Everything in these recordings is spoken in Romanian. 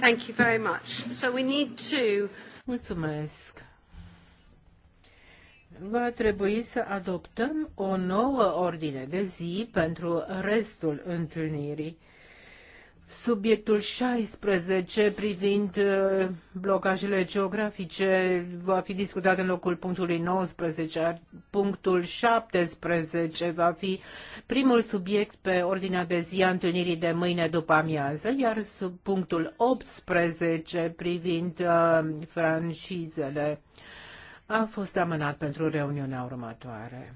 Thank you very much. So we need to... Mulțumesc. Va trebui să adoptăm o nouă ordine de zi pentru restul întâlnirii. Subiectul 16 privind uh, blocajele geografice va fi discutat în locul punctului 19. Punctul 17 va fi primul subiect pe ordinea de zi a întâlnirii de mâine după amiază, iar sub punctul 18 privind uh, francizele a fost amânat pentru reuniunea următoare.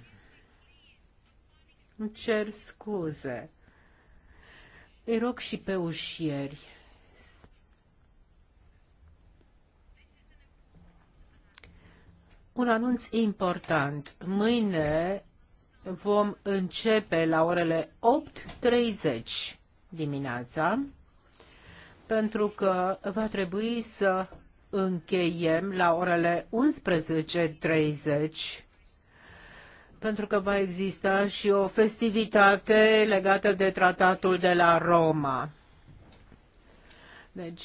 Îmi cer scuze îi rog și pe ușieri Un anunț important. Mâine vom începe la orele 8.30 dimineața, pentru că va trebui să încheiem la orele 11.30 pentru că va exista și o festivitate legată de tratatul de la Roma. Deci,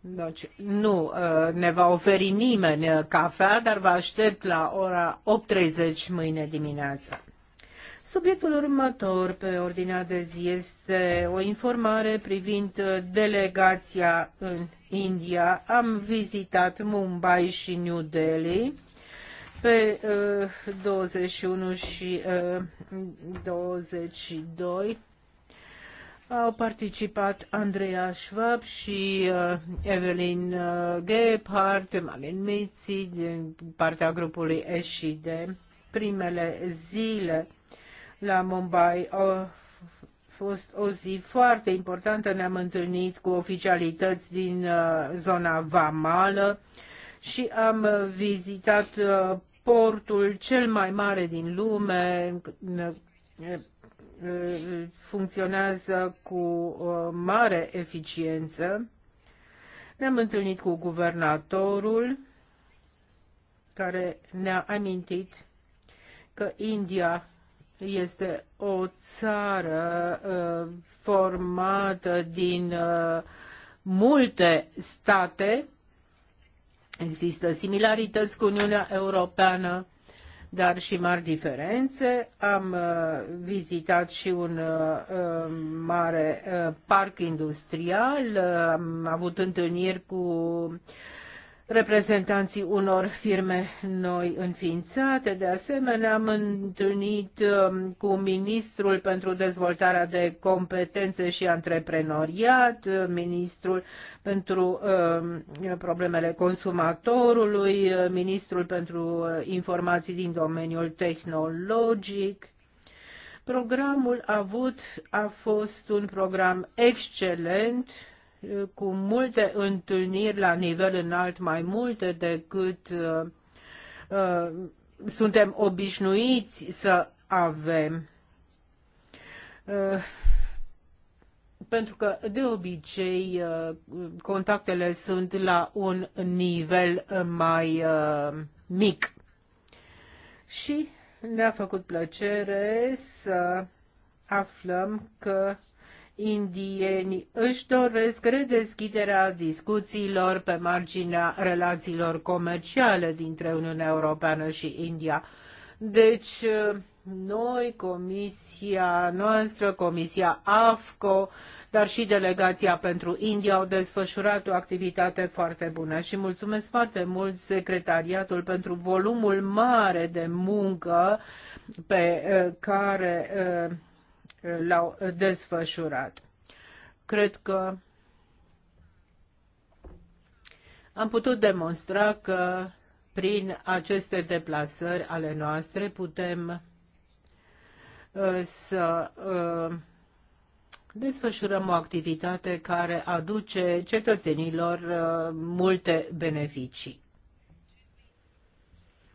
deci nu uh, ne va oferi nimeni uh, cafea, dar vă aștept la ora 8.30 mâine dimineața. Subiectul următor pe ordinea de zi este o informare privind uh, delegația în India. Am vizitat Mumbai și New Delhi pe uh, 21 și uh, 22 au participat Andreea Schwab și uh, Evelyn uh, Gephardt, Malin Mitzi din partea grupului Eșide. Primele zile la Mumbai au fost o zi foarte importantă. Ne-am întâlnit cu oficialități din uh, zona Vamală și am vizitat uh, portul cel mai mare din lume, funcționează cu uh, mare eficiență. Ne-am întâlnit cu guvernatorul care ne-a amintit că India este o țară uh, formată din uh, multe state Există similarități cu Uniunea Europeană, dar și mari diferențe. Am uh, vizitat și un uh, uh mare uh, parc industrial, uh, am avut întâlniri cu reprezentanții unor firme noi înființate. De asemenea, am întâlnit um, cu ministrul pentru dezvoltarea de competențe și antreprenoriat, ministrul pentru uh, problemele consumatorului, ministrul pentru uh, informații din domeniul tehnologic. Programul avut a fost un program excelent, cu multe întâlniri la nivel înalt, mai multe decât uh, uh, suntem obișnuiți să avem. Uh, pentru că de obicei uh, contactele sunt la un nivel mai uh, mic. Și ne-a făcut plăcere să aflăm că indieni își doresc redeschiderea discuțiilor pe marginea relațiilor comerciale dintre Uniunea Europeană și India. Deci, noi, comisia noastră, comisia AFCO, dar și delegația pentru India au desfășurat o activitate foarte bună și mulțumesc foarte mult secretariatul pentru volumul mare de muncă pe eh, care eh, l-au desfășurat. Cred că am putut demonstra că prin aceste deplasări ale noastre putem uh, să uh, desfășurăm o activitate care aduce cetățenilor uh, multe beneficii.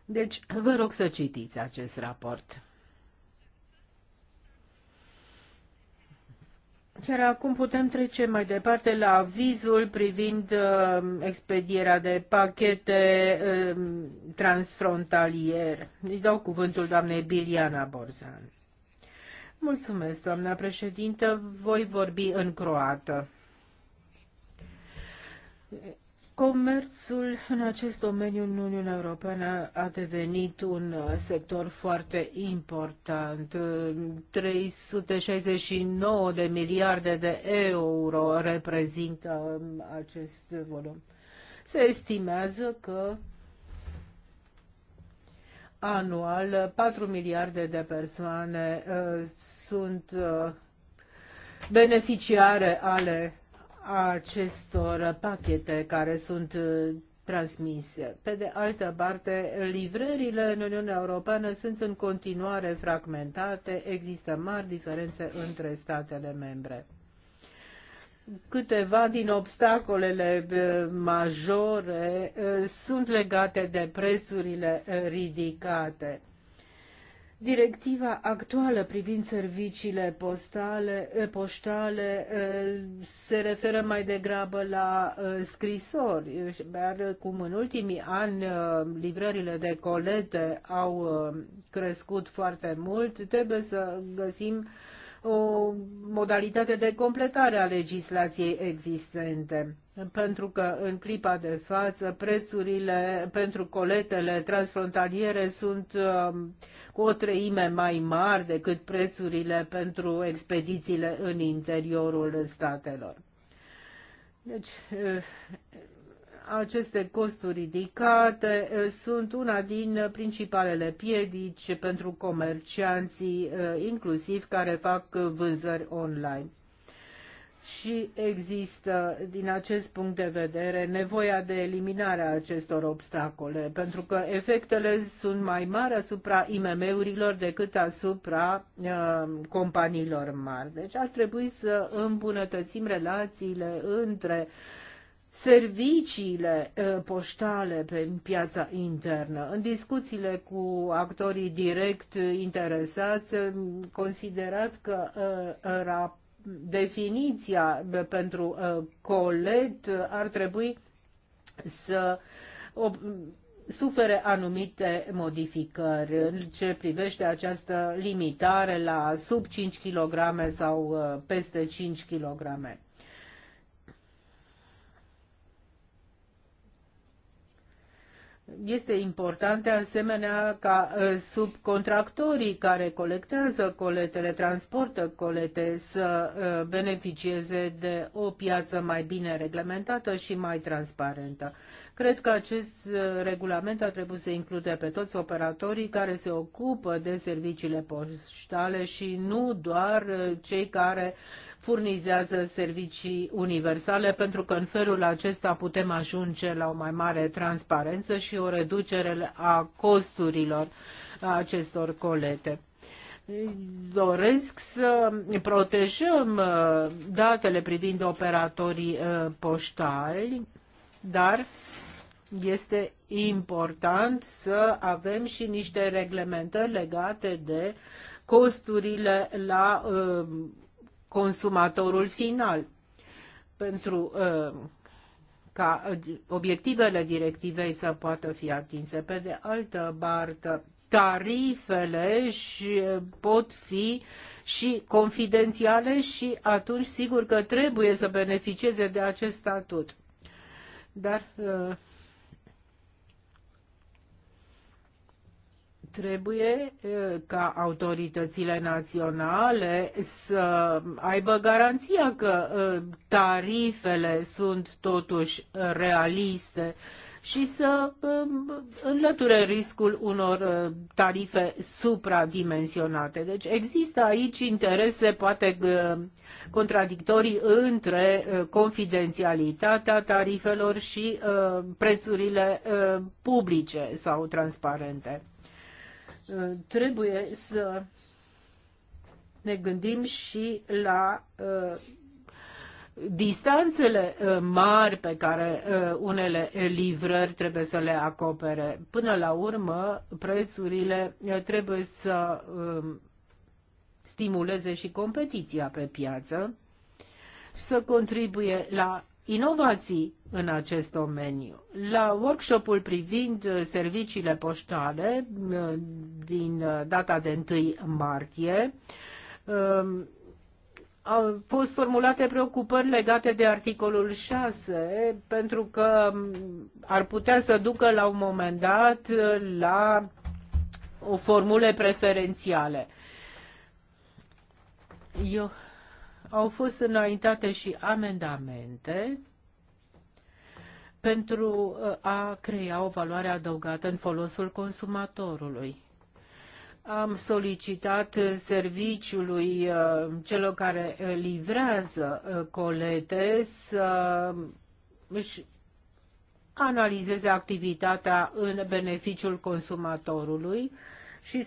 Deci, vă rog să citiți acest raport. Chiar acum putem trece mai departe la avizul privind uh, expedierea de pachete uh, transfrontalier. Îi dau cuvântul doamnei Biliana Borzan. Mulțumesc, doamna președintă. Voi vorbi în croată. Comerțul în acest domeniu în Uniunea Europeană a devenit un uh, sector foarte important. 369 de miliarde de euro reprezintă um, acest volum. Se estimează că anual 4 miliarde de persoane uh, sunt uh, beneficiare ale acestor pachete care sunt uh, transmise. Pe de altă parte, livrările în Uniunea Europeană sunt în continuare fragmentate, există mari diferențe între statele membre. Câteva din obstacolele uh, majore uh, sunt legate de prețurile ridicate Directiva actuală privind serviciile postale, eh, poștale eh, se referă mai degrabă la eh, scrisori, iar cum în ultimii ani livrările de colete au crescut foarte mult, trebuie să găsim o modalitate de completare a legislației existente. Pentru că în clipa de față prețurile pentru coletele transfrontaliere sunt um, cu o treime mai mari decât prețurile pentru expedițiile în interiorul statelor. Deci aceste costuri ridicate eh, sunt una din principalele piedici pentru comercianții, eh, inclusiv care fac vânzări online. Și există, din acest punct de vedere, nevoia de eliminare a acestor obstacole, pentru că efectele sunt mai mari asupra IMM-urilor decât asupra uh, companiilor mari. Deci ar trebui să îmbunătățim relațiile între uh, serviciile uh, poștale pe piața internă. În discuțiile cu actorii direct interesați, considerat că uh, definiția uh, pentru colet ar trebui să sufere anumite modificări în ce privește această limitare la sub 5 kg sau peste 5 kg. Este important de asemenea ca ă, subcontractorii care colectează coletele, transportă colete, să ă, beneficieze de o piață mai bine reglementată și mai transparentă. Cred că acest ă, regulament ar trebui să include pe toți operatorii care se ocupă de serviciile poștale și nu doar cei care furnizează servicii universale, pentru că în felul acesta putem ajunge la o mai mare transparență și o reducere a costurilor acestor colete doresc să protejăm uh, datele privind operatorii uh, poștali, dar este important să avem și niște reglementări legate de costurile la uh, consumatorul final. Pentru uh, ca obiectivele directivei să poată fi atinse. Pe de altă parte, tarifele și uh, pot fi și confidențiale și atunci sigur că trebuie să beneficieze de acest statut. Dar uh, trebuie ca autoritățile naționale să aibă garanția că tarifele sunt totuși realiste și să înlăture riscul unor tarife supradimensionate. Deci există aici interese poate contradictorii între confidențialitatea tarifelor și prețurile publice sau transparente trebuie să ne gândim și la uh, distanțele uh, mari pe care uh, unele livrări trebuie să le acopere. Până la urmă, prețurile trebuie să um, stimuleze și competiția pe piață, să contribuie la inovații în acest domeniu. La workshopul privind uh, serviciile poștale uh, din uh, data de 1 martie um, au fost formulate preocupări legate de articolul 6 pentru că um, ar putea să ducă la un moment dat la o formule preferențiale. Eu, au fost înaintate și amendamente pentru uh, a crea o valoare adăugată în folosul consumatorului. Am solicitat uh, serviciului uh, celor care livrează colete să își analizeze activitatea în beneficiul consumatorului și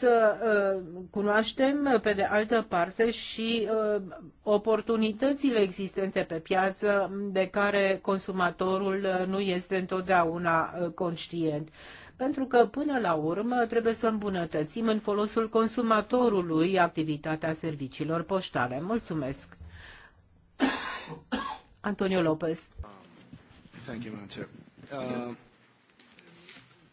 să uh, cunoaștem, uh, pe de altă parte, și uh, oportunitățile existente pe piață de care consumatorul nu este întotdeauna conștient pentru că până la urmă trebuie să îmbunătățim în folosul consumatorului activitatea serviciilor poștale. Mulțumesc. Antonio Lopez. Thank you,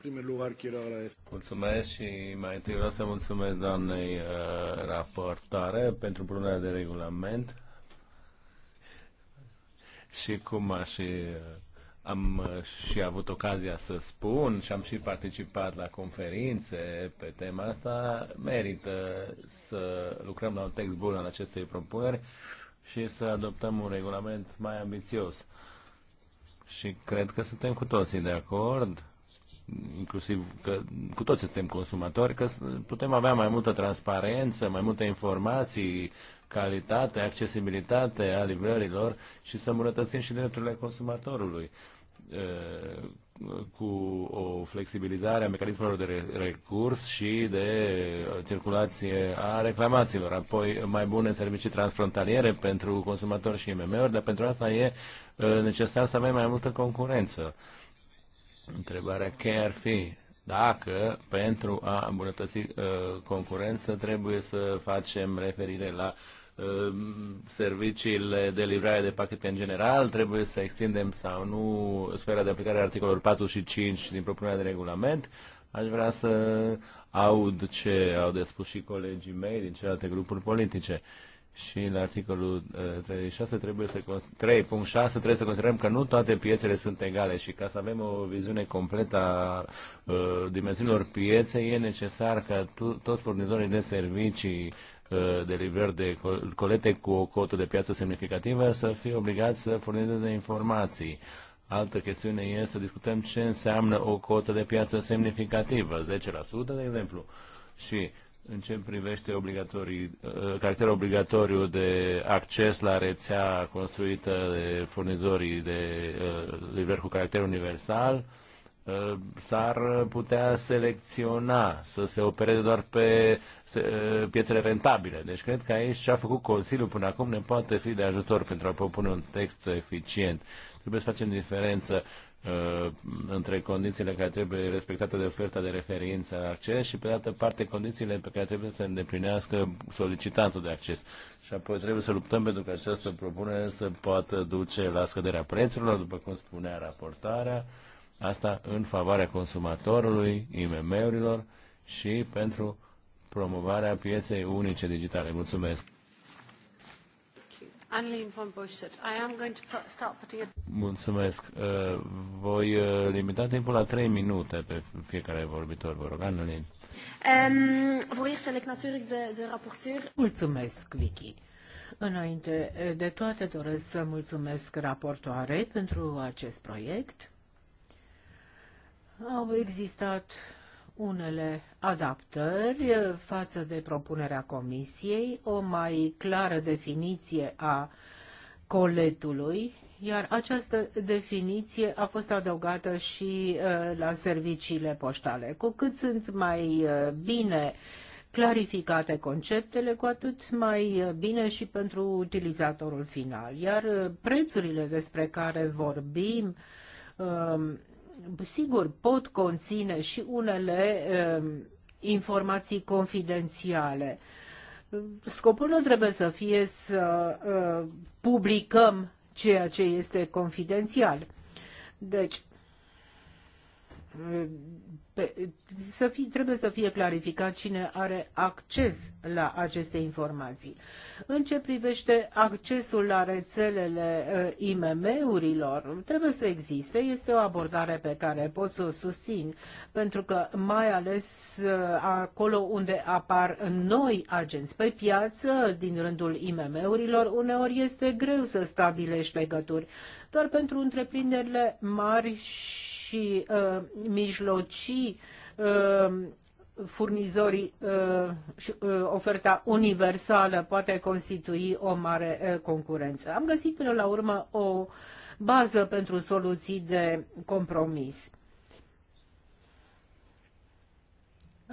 primer Mulțumesc și mai întâi vreau să mulțumesc doamnei uh, raportare pentru propunerea de regulament și cum aș și uh, am uh, și avut ocazia să spun și am și participat la conferințe pe tema asta, merită să lucrăm la un text bun al acestei propuneri și să adoptăm un regulament mai ambițios. Și cred că suntem cu toții de acord inclusiv că cu toți suntem consumatori, că putem avea mai multă transparență, mai multe informații, calitate, accesibilitate a livrărilor și să îmbunătățim și drepturile consumatorului cu o flexibilizare a mecanismelor de recurs și de uh, circulație a reclamațiilor, apoi mai bune servicii transfrontaliere pentru consumatori și IMM-uri, dar pentru asta e uh, necesar să avem mai multă concurență. Întrebarea cheie ar fi dacă pentru a îmbunătăți uh, concurență trebuie să facem referire la uh, serviciile de livrare de pachete în general, trebuie să extindem sau nu sfera de aplicare a articolului 4 și 5 din propunerea de regulament. Aș vrea să aud ce au de spus și colegii mei din celelalte grupuri politice. Uh, și în articolul 36 uh, trebuie să 3.6 trebuie să considerăm că nu toate piețele sunt egale și ca să avem o viziune completă a uh, dimensiunilor pieței e necesar ca to- toți furnizorii de servicii uh, de livrări de colete cu o cotă de piață semnificativă să fie obligați să furnizeze informații. Altă chestiune e să discutăm ce înseamnă o cotă de piață semnificativă, 10% de exemplu. Și uh, în ce privește obligatorii, uh, caracterul obligatoriu de acces la rețea construită de furnizorii de uh, liber cu caracter universal, uh, s-ar putea selecționa să se opereze doar pe piețele rentabile. Deci cred că aici ce a făcut Consiliul până acum ne poate fi de ajutor pentru a propune un text eficient. Trebuie să facem diferență Uh, între condițiile care trebuie respectate de oferta de referință în acces și, pe de altă parte, condițiile pe care trebuie să îndeplinească solicitantul de acces. Și apoi trebuie să luptăm pentru că această propunere să poată duce la scăderea prețurilor, după cum spunea raportarea, asta în favoarea consumatorului, IMM-urilor și pentru promovarea pieței unice digitale. Mulțumesc! Mulțumesc. Voi limita timpul la trei minute pe fiecare vorbitor, vă rog, Anlin. Ehm, de, Mulțumesc, Vicky. Înainte de toate doresc să mulțumesc raportoarei pentru acest proiect. Au existat unele adaptări față de propunerea Comisiei, o mai clară definiție a coletului, iar această definiție a fost adăugată și uh, la serviciile poștale. Cu cât sunt mai uh, bine clarificate conceptele, cu atât mai uh, bine și pentru utilizatorul final. Iar uh, prețurile despre care vorbim, um, sigur, pot conține și unele um, informații confidențiale. Scopul nu trebuie să fie să uh, publicăm ceea ce este confidențial. Deci, pe, să fi, trebuie să fie clarificat cine are acces la aceste informații. În ce privește accesul la rețelele uh, IMM-urilor, trebuie să existe, este o abordare pe care pot să o susțin, pentru că mai ales uh, acolo unde apar noi agenți pe piață, din rândul IMM-urilor, uneori este greu să stabilești legături, doar pentru întreprinderile mari și și uh, mijlocii uh, furnizorii uh, și uh, oferta universală poate constitui o mare uh, concurență. Am găsit până la urmă o bază pentru soluții de compromis.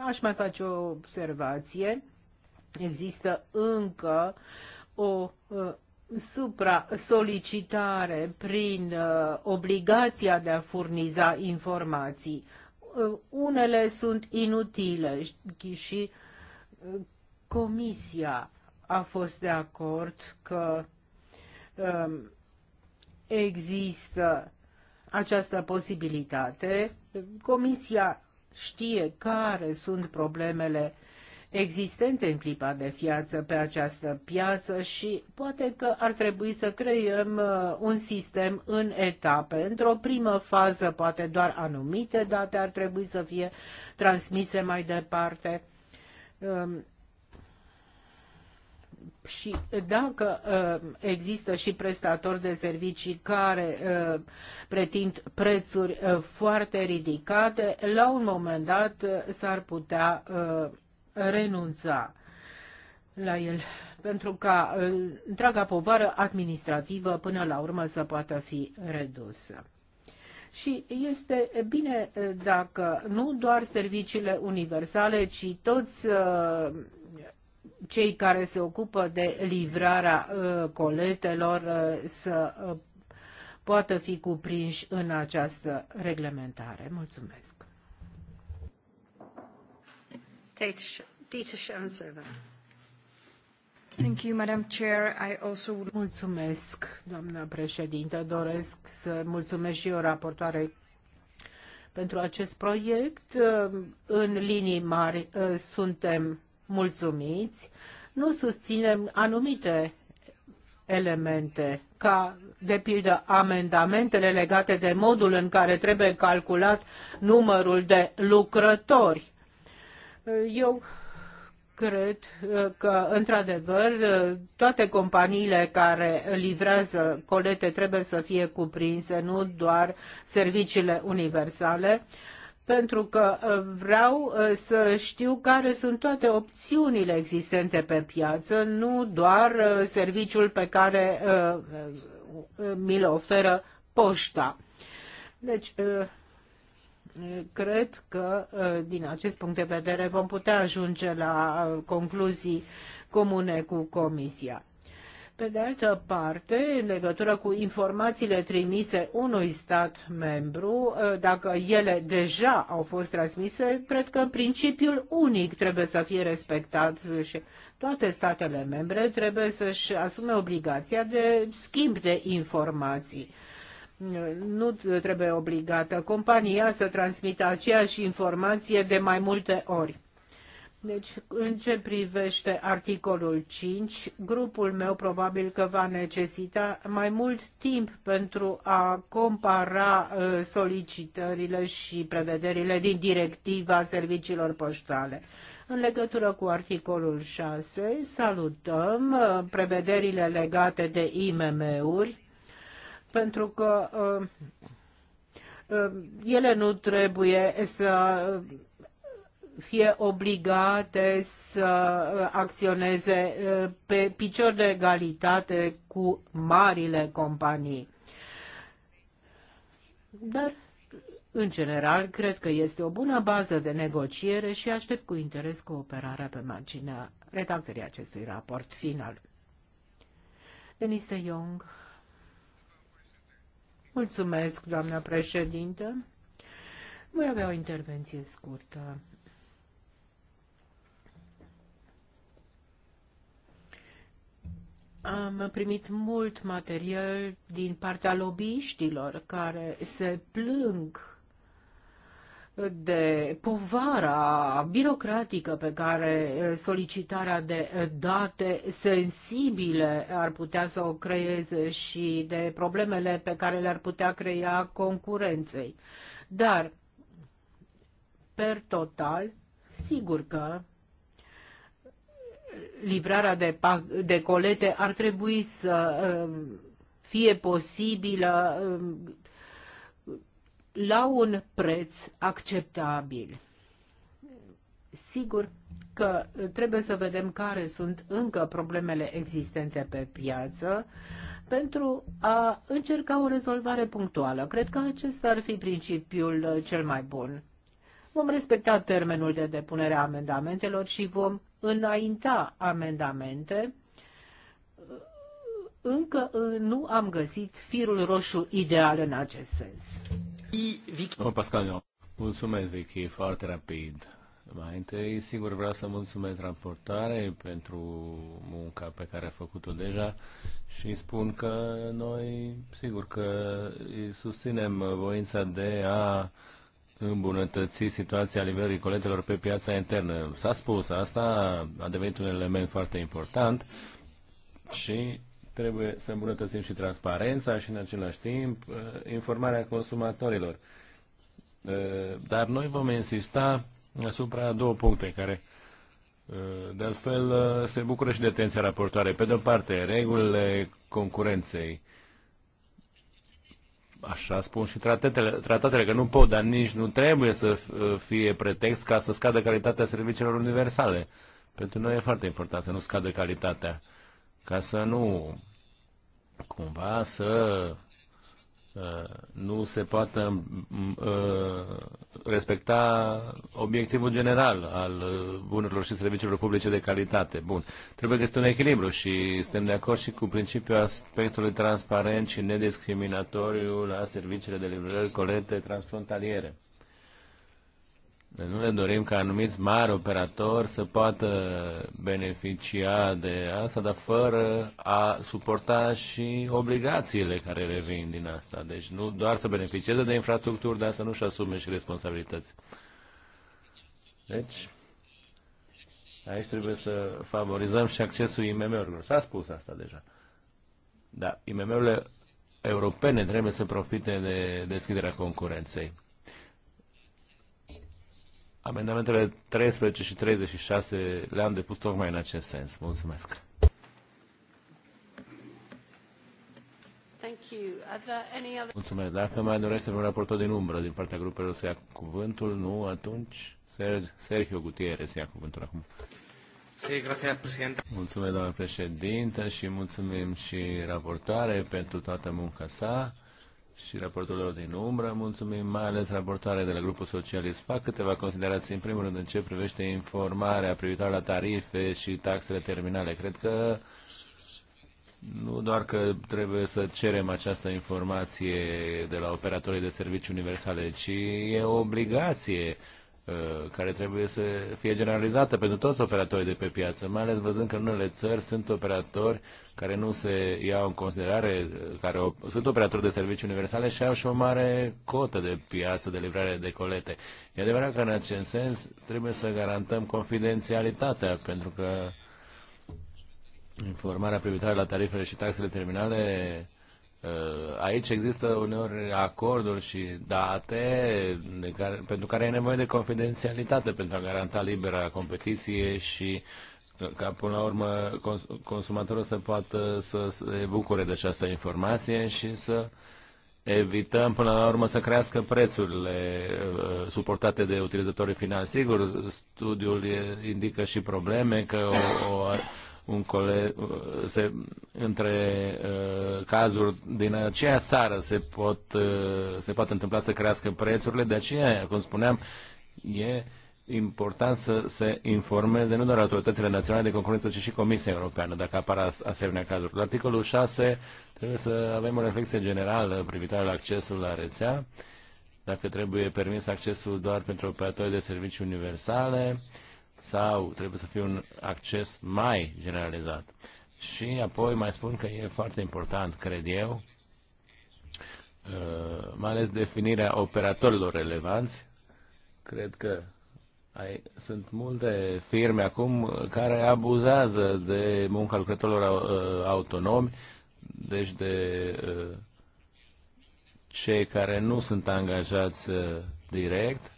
Aș mai face o observație. Există încă o uh, supra-solicitare prin uh, obligația de a furniza informații. Uh, unele sunt inutile și, uh, Comisia a fost de acord că uh, există această posibilitate. Comisia știe care sunt problemele existente în clipa de fiață pe această piață și poate că ar trebui să creăm uh, un sistem în etape. Într-o primă fază, poate doar anumite date ar trebui să fie transmise mai departe um, și dacă uh, există și prestatori de servicii care uh, pretind prețuri foarte ridicate, la un moment dat s-ar putea renunța la el pentru ca uh, întreaga povară administrativă până la urmă să poată fi redusă. Și este bine uh, dacă nu doar serviciile universale, ci toți uh, cei care se ocupă de livrarea coletelor să poată fi cuprinși în această reglementare. Mulțumesc! Mulțumesc, doamnă președintă. Doresc să mulțumesc și eu raportoarei pentru acest proiect. În linii mari ă, suntem mulțumiți. Nu susținem anumite elemente, ca de pildă amendamentele legate de modul în care trebuie calculat numărul de lucrători eu cred uh, că, într-adevăr, uh, toate companiile care livrează colete trebuie să fie cuprinse, nu doar serviciile universale pentru că uh, vreau să știu care sunt toate opțiunile existente pe piață, nu doar serviciul pe care mi-l oferă poșta. Deci, Cred că, uh, din acest punct de vedere, vom putea ajunge la uh, concluzii comune cu Comisia. Pe de altă parte, în legătură cu informațiile trimise unui stat membru, uh, dacă ele deja au fost transmise, cred că principiul unic trebuie să fie respectat și toate statele membre trebuie să-și asume obligația de schimb de informații nu trebuie obligată compania să transmită aceeași informație de mai multe ori. Deci, în ce privește articolul 5, grupul meu probabil că va necesita mai mult timp pentru a compara uh, solicitările și prevederile din directiva serviciilor poștale. În legătură cu articolul 6, salutăm uh, prevederile legate de IMM-uri pentru că uh, uh, ele nu trebuie să fie obligate să uh, acționeze pe picior de egalitate cu marile companii. Dar, în general, cred că este o bună bază de negociere și aștept cu interes cooperarea pe marginea redactării acestui raport final. Denise Young Mulțumesc, doamna președintă. Voi avea o intervenție scurtă. Am primit mult material din partea lobiștilor care se plâng de povara birocratică pe care eh, solicitarea de eh, date sensibile ar putea să o creeze și de problemele pe care le-ar putea crea concurenței. Dar, per total, sigur că livrarea de, de colete ar trebui să eh, fie posibilă la un preț acceptabil. Sigur că trebuie să vedem care sunt încă problemele existente pe piață pentru a încerca o rezolvare punctuală. Cred că acesta ar fi principiul cel mai bun. Vom respecta termenul de depunere a amendamentelor și vom înainta amendamente încă nu am găsit firul roșu ideal în acest sens. Domnul Pascal, mulțumesc, Vicky, foarte rapid. Mai întâi, sigur, vreau să mulțumesc raportare pentru munca pe care a făcut-o deja și spun că noi, sigur că susținem voința de a îmbunătăți situația nivelului coletelor pe piața internă. S-a spus, asta a devenit un element foarte important și Trebuie să îmbunătățim și transparența și în același timp uh, informarea consumatorilor. Uh, dar noi vom insista asupra două puncte care uh, de altfel se bucură și de atenția raportoare. Pe de-o parte, regulile concurenței așa spun și tratatele, tratatele, că nu pot, dar nici nu trebuie să fie pretext ca să scadă calitatea serviciilor universale. Pentru noi e foarte important să nu scadă calitatea ca să nu cumva să uh, nu se poată uh, respecta obiectivul general al bunurilor și serviciilor publice de calitate. Bun. Trebuie găsit un echilibru și suntem de acord și cu principiul aspectului transparent și nediscriminatoriu la serviciile de livrări colete transfrontaliere nu ne dorim ca anumiți mari operatori să poată beneficia de asta, dar fără a suporta și obligațiile care revin din asta. Deci nu doar să beneficieze de infrastructuri, dar să nu-și asume și responsabilități. Deci, aici trebuie să favorizăm și accesul IMM-urilor. S-a spus asta deja. Dar IMM-urile europene trebuie să profite de deschiderea concurenței. Amendamentele 13 și 36 le-am depus tocmai în acest sens. Mulțumesc. Mulțumesc. Dacă mai dorește un raportor din umbră din partea grupelor să ia cuvântul, nu, atunci Sergio Gutierrez ia cuvântul acum. Mulțumesc, doamnă președintă, și mulțumim și raportoare pentru toată munca sa și raportorilor din umbră. Mulțumim mai ales raportoare de la grupul socialist. Fac câteva considerații, în primul rând, în ce privește informarea privitoare la tarife și taxele terminale. Cred că nu doar că trebuie să cerem această informație de la operatorii de servicii universale, ci e o obligație Uh, care trebuie să fie generalizată pentru toți operatorii de pe piață, mai ales văzând că în unele țări sunt operatori care nu se iau în considerare, uh, care sunt operatori de servicii universale și au și o mare cotă de piață de livrare de colete. E adevărat că în acest sens trebuie să garantăm confidențialitatea, pentru că informarea privitoare la tarifele și taxele terminale Uh, aici există uneori acorduri și date de care, pentru care e nevoie de confidențialitate pentru a garanta libera competiție și uh, ca până la urmă consumatorul să poată să se bucure de această informație și să evităm până la urmă să crească prețurile uh, suportate de utilizatorii finali. Sigur, studiul indică și probleme că o, o un cole, se, între uh, cazuri din aceea țară se, pot, uh, se poate întâmpla să crească prețurile, de aceea, cum spuneam, e important să se informeze nu doar autoritățile naționale de concurență, ci și Comisia Europeană, dacă apar asemenea cazuri. La articolul 6 trebuie să avem o reflexie generală privitoare la accesul la rețea, dacă trebuie permis accesul doar pentru operatori de servicii universale, sau trebuie să fie un acces mai generalizat. Și apoi mai spun că e foarte important, cred eu, uh, mai ales definirea operatorilor relevanți. Cred că ai, sunt multe firme acum care abuzează de munca lucrătorilor uh, autonomi, deci de uh, cei care nu sunt angajați direct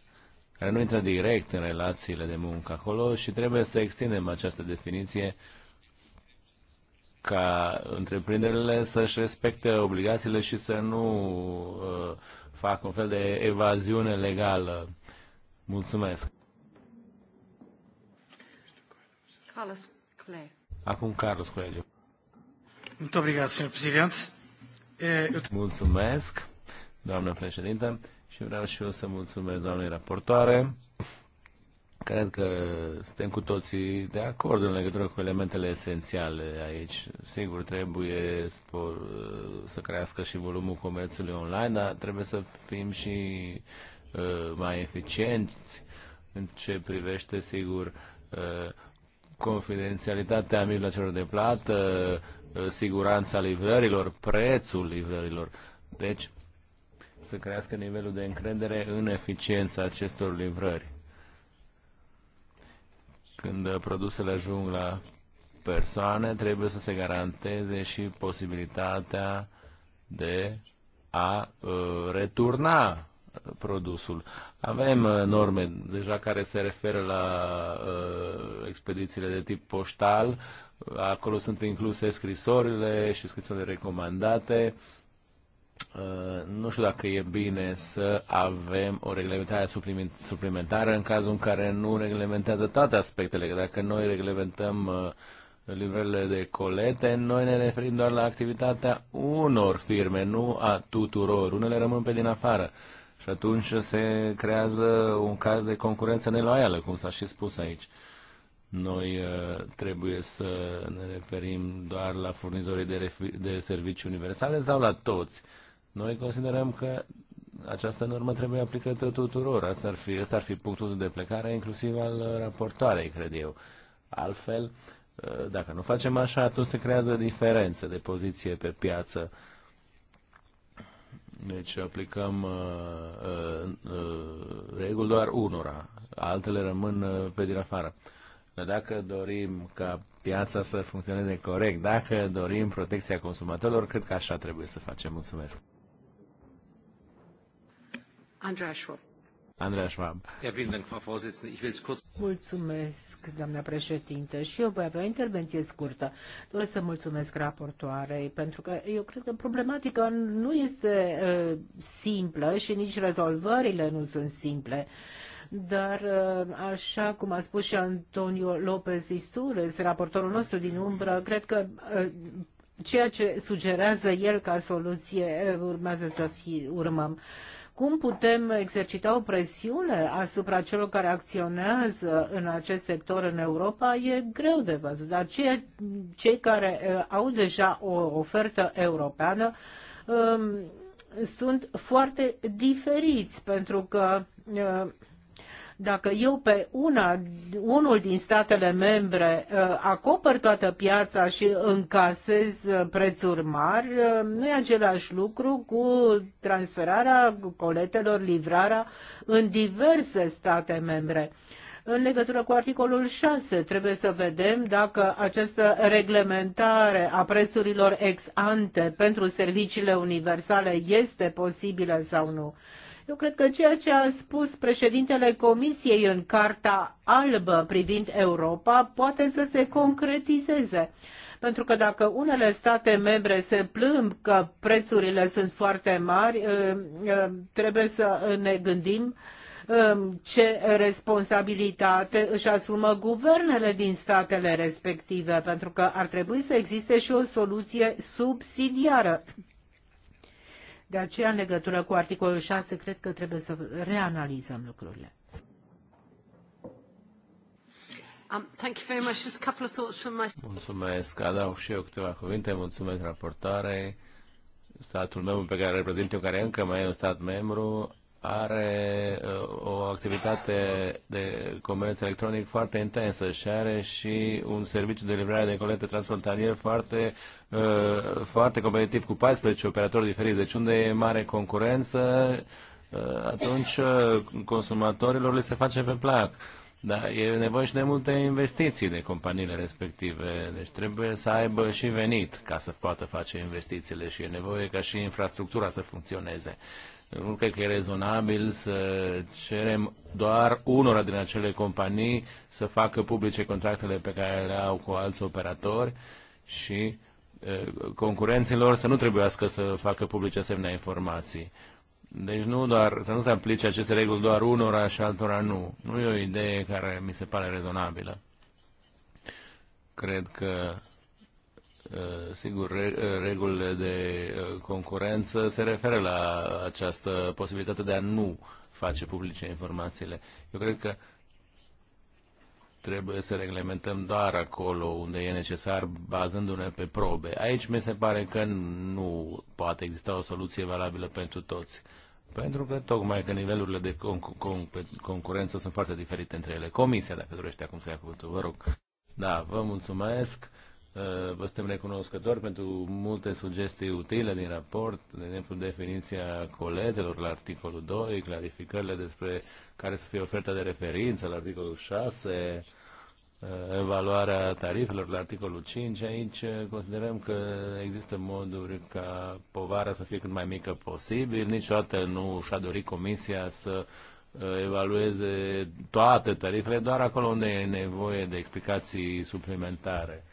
care nu intră direct în relațiile de muncă acolo și trebuie să extindem această definiție ca întreprinderile să-și respecte obligațiile și să nu uh, facă un fel de evaziune legală. Mulțumesc. Carlos Coelho. Acum Carlos Coelho. Mulțumesc, doamnă președintă și vreau și eu să mulțumesc doamnei raportoare. Cred că suntem cu toții de acord în legătură cu elementele esențiale aici. Sigur, trebuie spor, să crească și volumul comerțului online, dar trebuie să fim și uh, mai eficienți în ce privește, sigur, uh, confidențialitatea mijloacelor de plată, uh, siguranța livrărilor, prețul livrărilor. Deci, să crească nivelul de încredere în eficiența acestor livrări. Când produsele ajung la persoane, trebuie să se garanteze și posibilitatea de a uh, returna produsul. Avem uh, norme deja care se referă la uh, expedițiile de tip poștal, acolo sunt incluse scrisorile și scrisorile recomandate, Uh, nu știu dacă e bine să avem o reglementare suplimentară în cazul în care nu reglementează toate aspectele. Că dacă noi reglementăm uh, livrările de colete, noi ne referim doar la activitatea unor firme, nu a tuturor. Unele rămân pe din afară. Și atunci se creează un caz de concurență neloială, cum s-a și spus aici. Noi uh, trebuie să ne referim doar la furnizorii de, de servicii universale sau la toți. Uh, noi considerăm că această normă trebuie aplicată tuturor. Asta ar fi, asta ar fi punctul de plecare, inclusiv al raportoarei, cred eu. Altfel, ă, dacă nu facem așa, atunci se creează diferențe de poziție pe piață. Deci aplicăm uh, uh, uh, reguli doar unora, altele rămân uh, pe din afară. Dacă dorim ca piața să funcționeze corect, dacă dorim protecția consumatorilor, cred că așa trebuie să facem. Mulțumesc! Andreea Schwab. Andreea Schwab. Mulțumesc, doamna președinte, și eu voi avea o intervenție scurtă. Doresc să mulțumesc raportoarei, pentru că eu cred că problematica nu este uh, simplă și nici rezolvările nu sunt simple. Dar, uh, așa cum a spus și Antonio López Istures, raportorul nostru din umbră, cred că uh, ceea ce sugerează el ca soluție urmează să fie, urmăm. Uh, cum putem exercita o presiune asupra celor care acționează în acest sector în Europa e greu de văzut, dar cei, cei care uh, au deja o ofertă europeană um, sunt foarte diferiți pentru că uh, dacă eu pe una, unul din statele membre uh, acopăr toată piața și încasez uh, prețuri mari, uh, nu e același lucru cu transferarea coletelor, livrarea în diverse state membre în legătură cu articolul 6. Trebuie să vedem dacă această reglementare a prețurilor ex ante pentru serviciile universale este posibilă sau nu. Eu cred că ceea ce a spus președintele Comisiei în Carta Albă privind Europa poate să se concretizeze. Pentru că dacă unele state membre se plâng că prețurile sunt foarte mari, ă, ă, trebuie să ne gândim ă, ce responsabilitate își asumă guvernele din statele respective, pentru că ar trebui să existe și o soluție subsidiară. De aceea, în legătură cu articolul 6, cred că trebuie să reanalizăm lucrurile. Um, thank you very much. Just a couple of thoughts from my... Mulțumesc. Adau și eu câteva cuvinte. Mulțumesc raportare. Statul meu pe care îl reprezint eu, care încă mai e un stat membru, are uh, o activitate de comerț electronic foarte intensă și are și un serviciu de livrare de colete transfrontalier foarte, uh, foarte competitiv cu 14 operatori diferiți. Deci unde e mare concurență, uh, atunci consumatorilor le se face pe plac. Da, e nevoie și de multe investiții de companiile respective, deci trebuie să aibă și venit ca să poată face investițiile și e nevoie ca și infrastructura să funcționeze. Nu cred că e rezonabil să cerem doar unora din acele companii să facă publice contractele pe care le au cu alți operatori și concurenților să nu trebuiască să facă publice asemenea informații. Deci nu doar, să nu se aplice aceste reguli doar unora și altora nu. Nu e o idee care mi se pare rezonabilă. Cred că Eh, sigur, eh, regulile de eh, concurență se referă la această posibilitate de a nu face publice informațiile. Eu cred că trebuie să reglementăm doar acolo unde e necesar, bazându-ne pe probe. Aici mi se pare că nu poate exista o soluție valabilă pentru toți. Pentru că tocmai că nivelurile de con- con- concurență sunt foarte diferite între ele. Comisia, dacă dorește acum să ia cuvântul, vă rog. Da, vă mulțumesc. Uh, vă suntem recunoscători pentru multe sugestii utile din raport, de exemplu definiția coletelor la articolul 2, clarificările despre care să fie oferta de referință la articolul 6, uh, evaluarea tarifelor la articolul 5. Aici uh, considerăm că există moduri ca povara să fie cât mai mică posibil. Niciodată nu și-a dorit Comisia să evalueze toate tarifele, doar acolo unde e nevoie de explicații suplimentare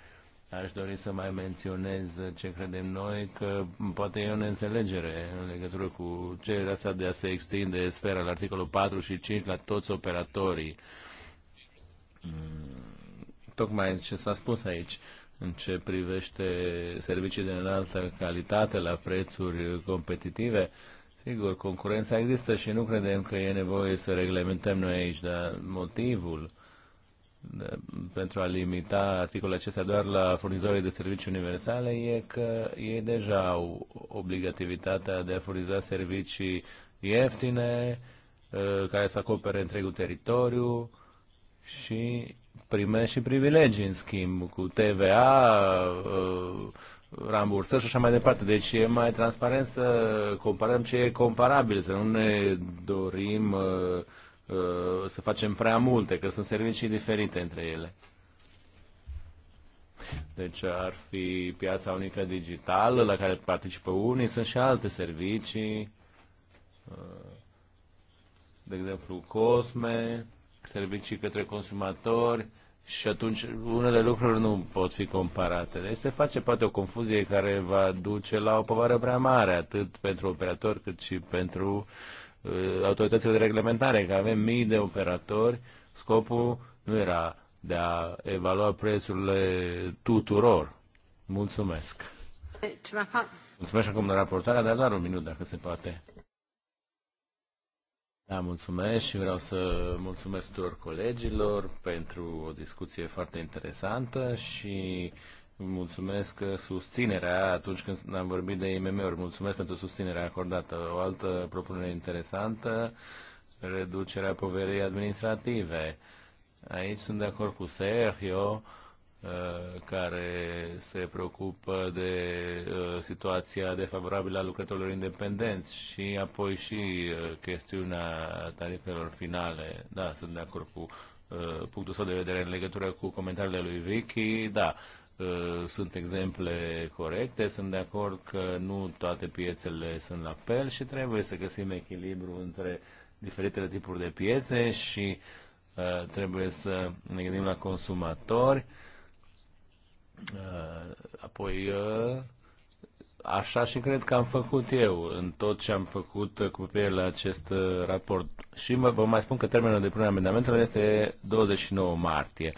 Aș dori să mai menționez ce credem noi, că poate e o neînțelegere în legătură cu cererea asta de a se extinde sfera la articolul 4 și 5 la toți operatorii. Mm, tocmai ce s-a spus aici în ce privește servicii de înaltă calitate la prețuri competitive, sigur, concurența există și nu credem că e nevoie să reglementăm noi aici, dar motivul uh, pentru a limita articolul acestea doar la furnizorii de servicii universale e că ei deja au obligativitatea de a furniza servicii ieftine, uh, care să acopere întregul teritoriu și primește și privilegii în schimb cu TVA, uh, rambursări și așa mai departe. Deci e mai transparent să comparăm ce e comparabil, să nu ne dorim uh, Uh, să facem prea multe, că sunt servicii diferite între ele. Deci ar fi piața unică digitală la care participă unii, sunt și alte servicii, uh, de exemplu COSME, servicii către consumatori și atunci unele lucruri nu pot fi comparate. Deci se face poate o confuzie care va duce la o povară prea mare, atât pentru operator cât și pentru uh, Uh, autoritățile de reglementare, că avem mii de operatori, scopul nu era de a evalua prețurile tuturor. Mulțumesc! Mulțumesc acum de raportarea, dar doar un minut, dacă se poate. Da, mulțumesc și vreau să mulțumesc tuturor colegilor pentru o discuție foarte interesantă și mulțumesc uh, susținerea atunci când am vorbit de IMM-uri. Mulțumesc pentru susținerea acordată. O altă propunere interesantă, reducerea poverii administrative. Aici sunt de acord cu Sergio, uh, care se preocupă de uh, situația defavorabilă a lucrătorilor independenți și apoi și chestiunea tarifelor finale. Da, sunt de acord cu punctul său de vedere în legătură cu comentariile lui Vicky. Da, Uh, sunt exemple corecte, sunt de acord că nu toate piețele sunt la fel și trebuie să găsim echilibru între diferitele tipuri de piețe și uh, trebuie să ne gândim la consumatori. Uh, apoi, uh, așa și cred că am făcut eu în tot ce am făcut cu privire la acest uh, raport. Și vă mai spun că termenul de punere a amendamentelor este 29 martie.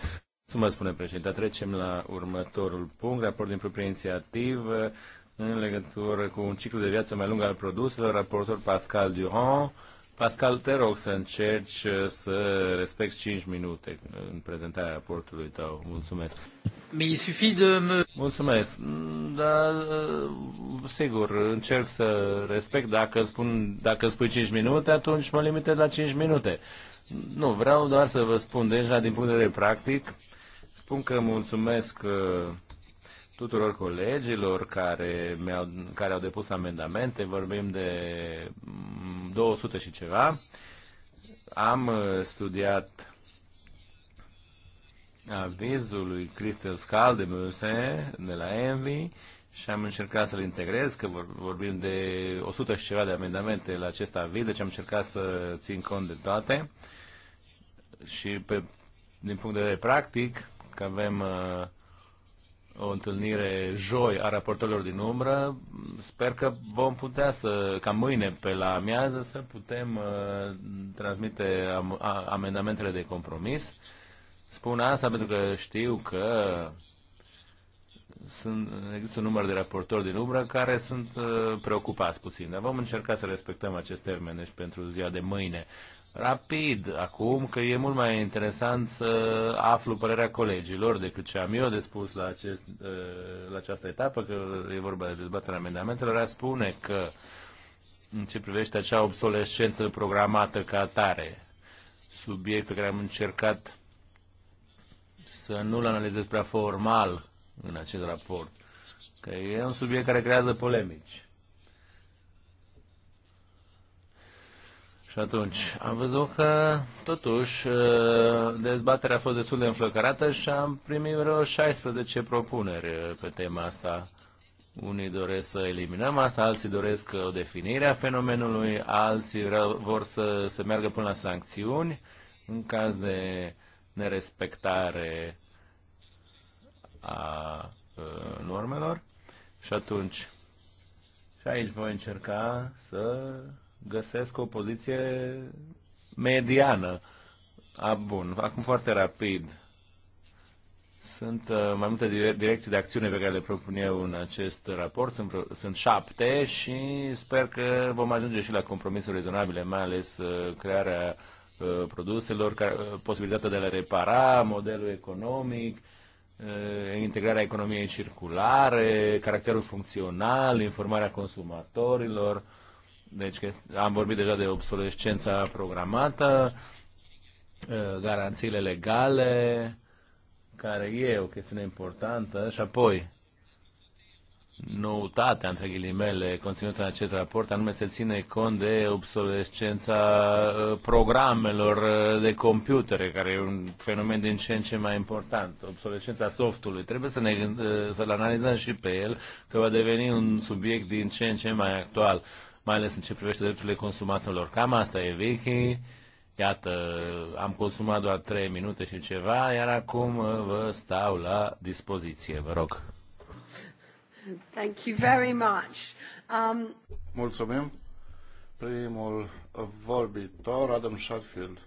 Mulțumesc, spune președinte. Trecem la următorul punct, raport din proprie inițiativă în legătură cu un ciclu de viață mai lung al produselor, raportor Pascal Durand. Pascal, te rog să încerci să respecti 5 minute în prezentarea raportului tău. Mulțumesc. Mulțumesc. Da, sigur, încerc să respect. Dacă, spun, dacă spui 5 minute, atunci mă limitez la 5 minute. Nu, vreau doar să vă spun deja din punct de vedere practic spun că mulțumesc uh, tuturor colegilor care, mi-au, care au depus amendamente, vorbim de 200 mm, și ceva. Am uh, studiat avizul lui Christel Scaldemuse de la Envy și am încercat să-l integrez, că vorbim de 100 și ceva de amendamente la acest aviz, deci am încercat să țin cont de toate și pe, din punct de vedere practic că avem uh, o întâlnire joi a raportorilor din umbră. Sper că vom putea să, ca mâine pe la amiază, să putem uh, transmite am, a, amendamentele de compromis. Spun asta pentru că știu că sunt, există un număr de raportori din umbră care sunt uh, preocupați puțin, dar vom încerca să respectăm acest termen deci pentru ziua de mâine rapid acum, că e mult mai interesant să aflu părerea colegilor decât ce am eu de spus la, acest, uh, la această etapă, că e vorba de dezbaterea amendamentelor, a spune că în ce privește acea obsolescență programată ca atare, subiect pe care am încercat să nu-l analizez prea formal în acest raport, că e un subiect care creează polemici. Și atunci am văzut că, totuși, dezbaterea a fost destul de înflăcărată și am primit vreo 16 propuneri pe tema asta. Unii doresc să eliminăm asta, alții doresc o definire a fenomenului, alții vor să se meargă până la sancțiuni în caz de nerespectare a normelor. Și atunci, și aici voi încerca să găsesc o poziție mediană. A, bun, acum foarte rapid. Sunt uh, mai multe direcții de acțiune pe care le propun eu în acest raport. Sunt, sunt șapte și sper că vom ajunge și la compromisuri rezonabile, mai ales uh, crearea uh, produselor, care, uh, posibilitatea de a le repara, modelul economic, uh, integrarea economiei circulare, caracterul funcțional, informarea consumatorilor. Uh, deci am vorbit deja de obsolescența programată, ă, garanțiile legale, care e o chestiune importantă, și apoi noutatea, între ghilimele, conținută în acest raport, anume se ține cont de obsolescența ă, programelor ă, de computere, care e un fenomen din ce în ce mai important, obsolescența softului. Trebuie să ne, să-l analizăm și pe el, că va deveni un subiect din ce în ce mai actual mai ales în ce privește drepturile consumatorilor. Cam asta e Vicky. Iată, am consumat doar 3 minute și ceva, iar acum uh, vă stau la dispoziție. Vă rog. Thank you very much. Um... Mulțumim. Primul vorbitor, Adam Sheffield.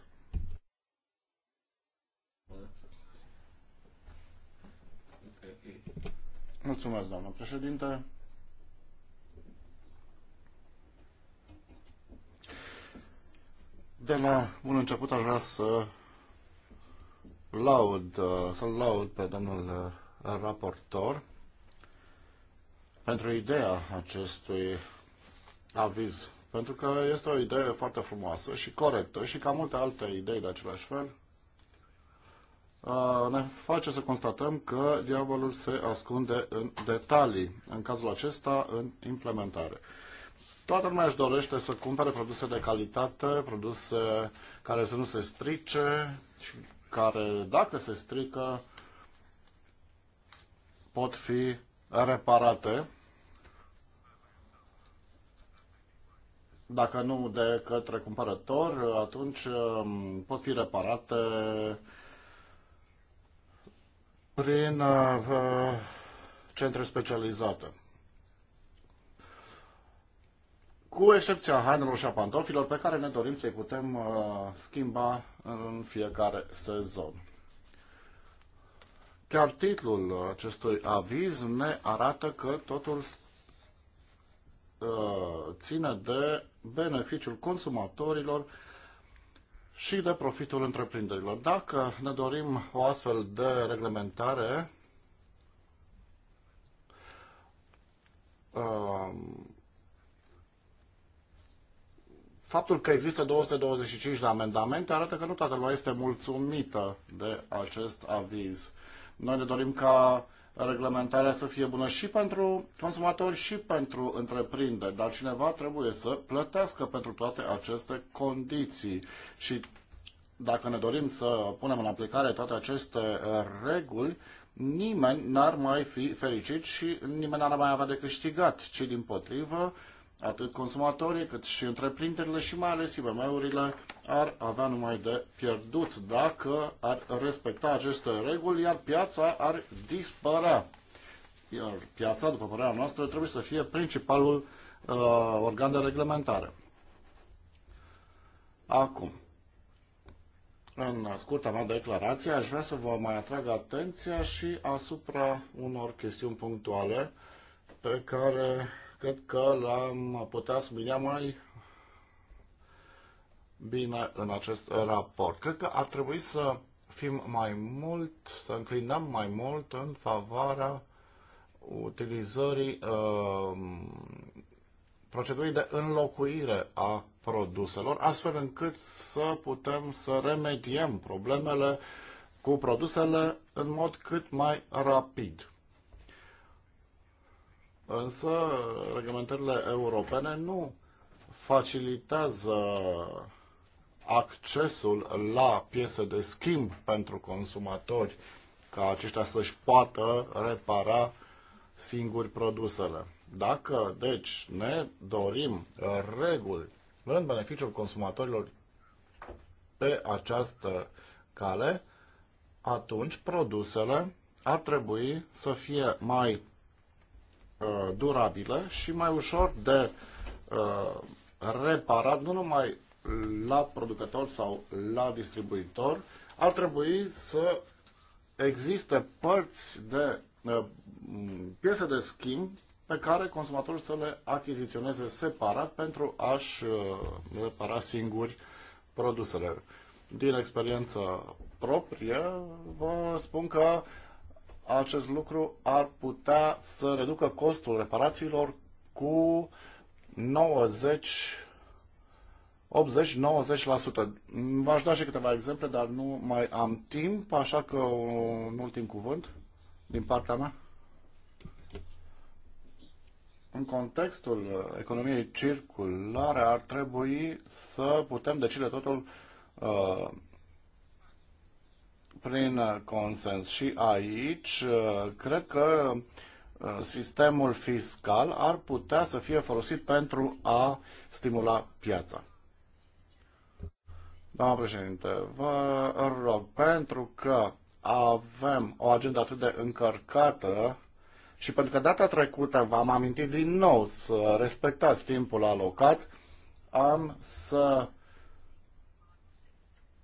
Mulțumesc, doamnă președinte. De la bun început aș vrea să laud, uh, să-l laud pe domnul uh, raportor pentru ideea acestui aviz, pentru că este o idee foarte frumoasă și corectă și ca multe alte idei de același fel, uh, ne face să constatăm că diavolul se ascunde în detalii, în cazul acesta în implementare. Toată lumea își dorește să cumpere produse de calitate, produse care să nu se strice și care, dacă se strică, pot fi reparate. Dacă nu de către cumpărător, atunci um, pot fi reparate prin uh, centre specializate. cu excepția hainelor și a pantofilor pe care ne dorim să-i putem uh, schimba în fiecare sezon. Chiar titlul acestui aviz ne arată că totul uh, ține de beneficiul consumatorilor și de profitul întreprinderilor. Dacă ne dorim o astfel de reglementare, uh, Faptul că există 225 de amendamente arată că nu toată lumea este mulțumită de acest aviz. Noi ne dorim ca reglementarea să fie bună și pentru consumatori și pentru întreprinderi, dar cineva trebuie să plătească pentru toate aceste condiții. Și dacă ne dorim să punem în aplicare toate aceste uh, reguli, nimeni n-ar mai fi fericit și nimeni n-ar mai avea de câștigat, ci din potrivă, Atât consumatorii cât și întreprinderile și mai ales IBM-urile ar avea numai de pierdut dacă ar respecta aceste reguli, iar piața ar dispărea. Iar piața, după părerea noastră, trebuie să fie principalul uh, organ de reglementare. Acum, în scurta mea declarație, aș vrea să vă mai atrag atenția și asupra unor chestiuni punctuale pe care Cred că l-am putea sublinia mai bine în acest raport. Cred că ar trebui să fim mai mult, să înclinăm mai mult în favoarea utilizării uh, procedurii de înlocuire a produselor, astfel încât să putem să remediem problemele cu produsele în mod cât mai rapid. Însă, reglementările europene nu facilitează accesul la piese de schimb pentru consumatori, ca aceștia să-și poată repara singuri produsele. Dacă, deci, ne dorim reguli în beneficiul consumatorilor pe această cale, atunci produsele ar trebui să fie mai Uh, durabile și mai ușor de uh, reparat, nu numai la producător sau la distribuitor, ar trebui să existe părți de uh, piese de schimb pe care consumatorul să le achiziționeze separat pentru a-și repara singuri produsele. Din experiență proprie, vă spun că acest lucru ar putea să reducă costul reparațiilor cu 90 80-90%. V-aș da și câteva exemple, dar nu mai am timp, așa că un ultim cuvânt din partea mea. În contextul economiei circulare ar trebui să putem decide totul uh, prin uh, consens. Și aici uh, cred că uh, sistemul fiscal ar putea să fie folosit pentru a stimula piața. Doamna președinte, vă rog, pentru că avem o agendă atât de încărcată și pentru că data trecută v-am amintit din nou să respectați timpul alocat, am să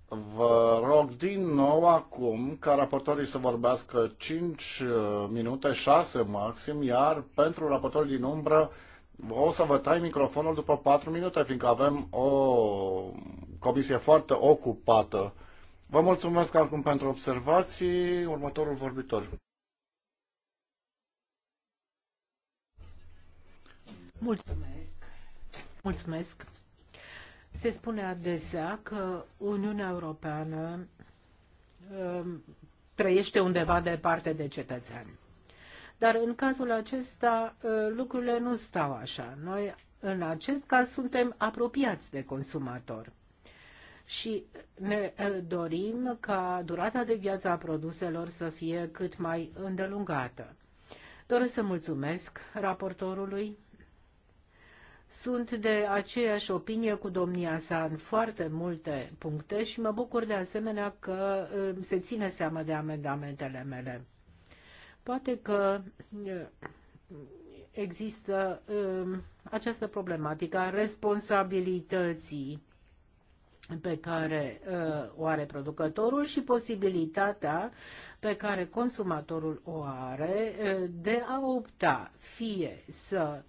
Vă rog din nou acum ca raportorii să vorbească 5 uh, minute, 6 maxim, iar pentru raportorii din umbră o să vă tai microfonul după 4 minute, fiindcă avem o comisie foarte ocupată. Vă mulțumesc acum pentru observații. Următorul vorbitor. Mulțumesc. Mulțumesc. Se spune adesea că Uniunea Europeană um, trăiește undeva departe de cetățeni. Dar în cazul acesta uh, lucrurile nu stau așa. Noi în acest caz suntem apropiați de consumator și ne uh, dorim ca durata de viață a produselor să fie cât mai îndelungată. Doresc să mulțumesc raportorului sunt de aceeași opinie cu domnia sa în foarte multe puncte și mă bucur de asemenea că um, se ține seama de amendamentele mele. Poate că uh, există um, această problematică a responsabilității pe care uh, o are producătorul și posibilitatea pe care consumatorul o are uh, de a opta fie să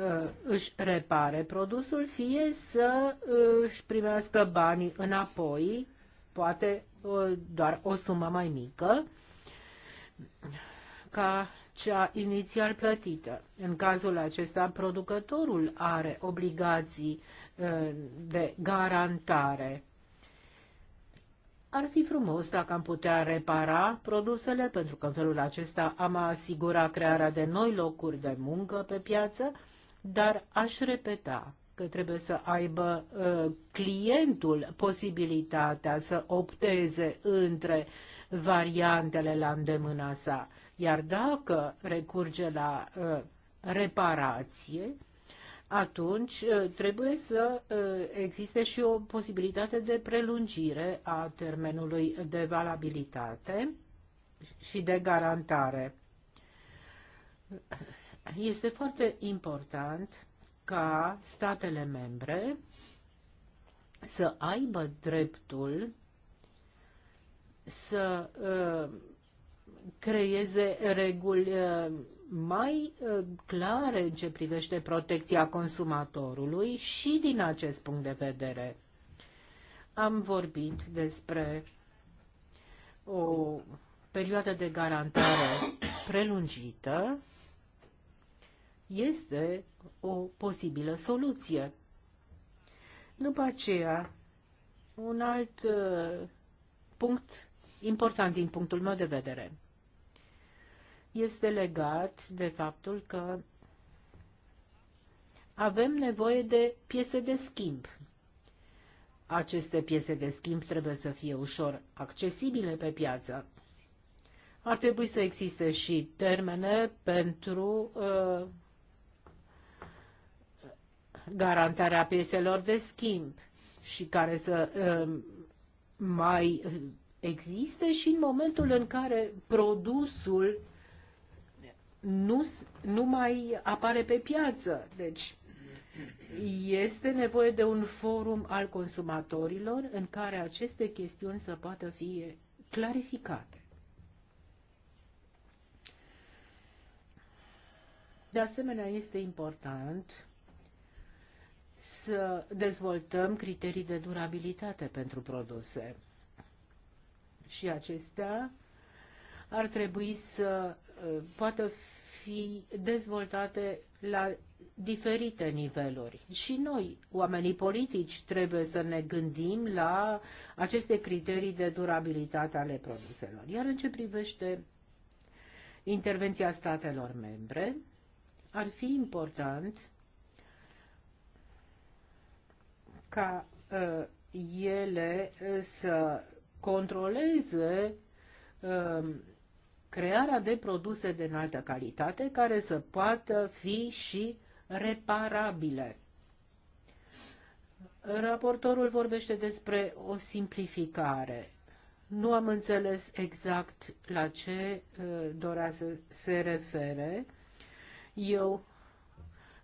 Uh, își repare produsul, fie să uh, își primească banii înapoi, poate uh, doar o sumă mai mică, ca cea inițial plătită. În cazul acesta, producătorul are obligații de garantare. Ar fi frumos dacă am putea repara produsele, pentru că în felul acesta am asigura crearea de noi locuri de muncă pe piață dar aș repeta că trebuie să aibă uh, clientul posibilitatea să opteze între variantele la îndemâna sa. Iar dacă recurge la uh, reparație, atunci uh, trebuie să existe și o posibilitate de prelungire a termenului de valabilitate și de garantare este foarte important ca statele membre să aibă dreptul să uh, creeze reguli uh, mai uh, clare în ce privește protecția consumatorului și din acest punct de vedere. Am vorbit despre o perioadă de garantare prelungită este o posibilă soluție. După aceea, un alt uh, punct important din punctul meu de vedere este legat de faptul că avem nevoie de piese de schimb. Aceste piese de schimb trebuie să fie ușor accesibile pe piață. Ar trebui să existe și termene pentru uh, garantarea pieselor de schimb și care să um, mai existe și în momentul în care produsul nu, nu mai apare pe piață. Deci este nevoie de un forum al consumatorilor în care aceste chestiuni să poată fi clarificate. De asemenea, este important să dezvoltăm criterii de durabilitate pentru produse. Și acestea ar trebui să uh, poată fi dezvoltate la diferite niveluri. Și noi, oamenii politici, trebuie să ne gândim la aceste criterii de durabilitate ale produselor. Iar în ce privește intervenția statelor membre, ar fi important ca uh, ele ă, să controleze uh, crearea de produse de înaltă calitate care să poată fi și reparabile. Raportorul vorbește despre o simplificare. Nu am înțeles exact la ce uh, dorea să se refere. Eu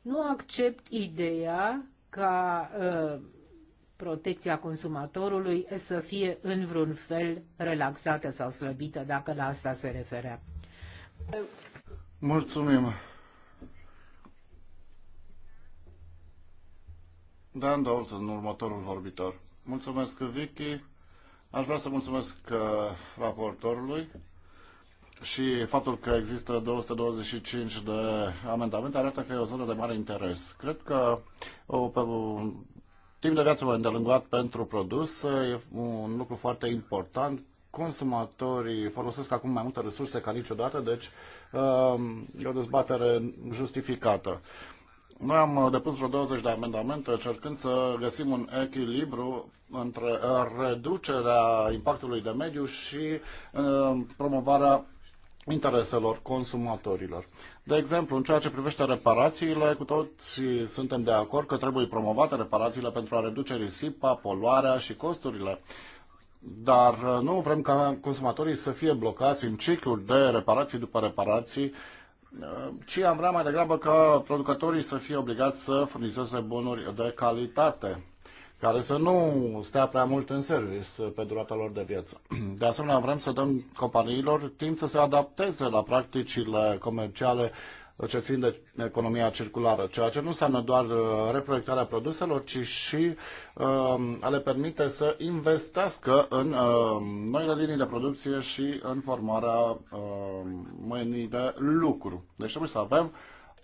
nu accept ideea ca uh, protecția consumatorului să fie în vreun fel relaxată sau slăbită, dacă la asta se referea. Mulțumim! Dan Dolton, următorul vorbitor. Mulțumesc, Vicky. Aș vrea să mulțumesc uh, raportorului și faptul că există 225 de amendamente arată că e o zonă de mare interes. Cred că o, pe Timp de viață îndelungat pentru produs e un lucru foarte important. Consumatorii folosesc acum mai multe resurse ca niciodată, deci um, e o dezbatere justificată. Noi am depus vreo 20 de amendamente încercând să găsim un echilibru între uh, reducerea impactului de mediu și uh, promovarea intereselor consumatorilor. De exemplu, în ceea ce privește reparațiile, cu toți suntem de acord că trebuie promovate reparațiile pentru a reduce risipa, poluarea și costurile. Dar uh, nu vrem ca consumatorii să fie blocați în cicluri de reparații după reparații, uh, ci am vrea mai degrabă ca producătorii să fie obligați să furnizeze bunuri de calitate care să nu stea prea mult în service pe durata lor de viață. De asemenea, vrem să dăm companiilor timp să se adapteze la practicile comerciale ce țin de economia circulară, ceea ce nu înseamnă doar uh, reproiectarea produselor, ci și uh, le permite să investească în uh, noile linii de producție și în formarea uh, mâinii de lucru. Deci trebuie să avem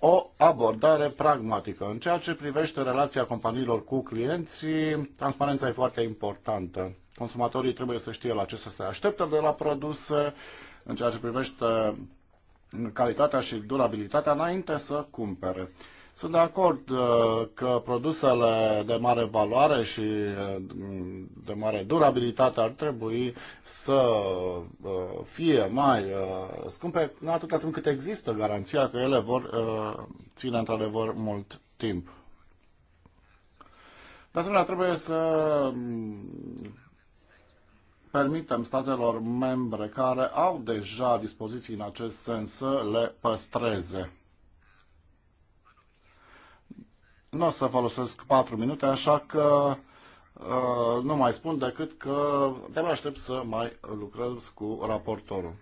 o abordare pragmatică. În ceea ce privește relația companiilor cu clienții, transparența e foarte importantă. Consumatorii trebuie să știe la ce să se așteptă de la produse, în ceea ce privește calitatea și durabilitatea înainte să cumpere. Sunt de acord uh, că produsele de mare valoare și uh, de mare durabilitate ar trebui să uh, fie mai scumpe atât atunci cât există garanția că ele vor ține într-adevăr mult timp. De asemenea, trebuie să mm, permitem statelor membre care au deja dispoziții în acest sens să le păstreze. Nu o să folosesc 4 minute, așa că uh, nu mai spun decât că te mai aștept să mai lucrez cu raportorul.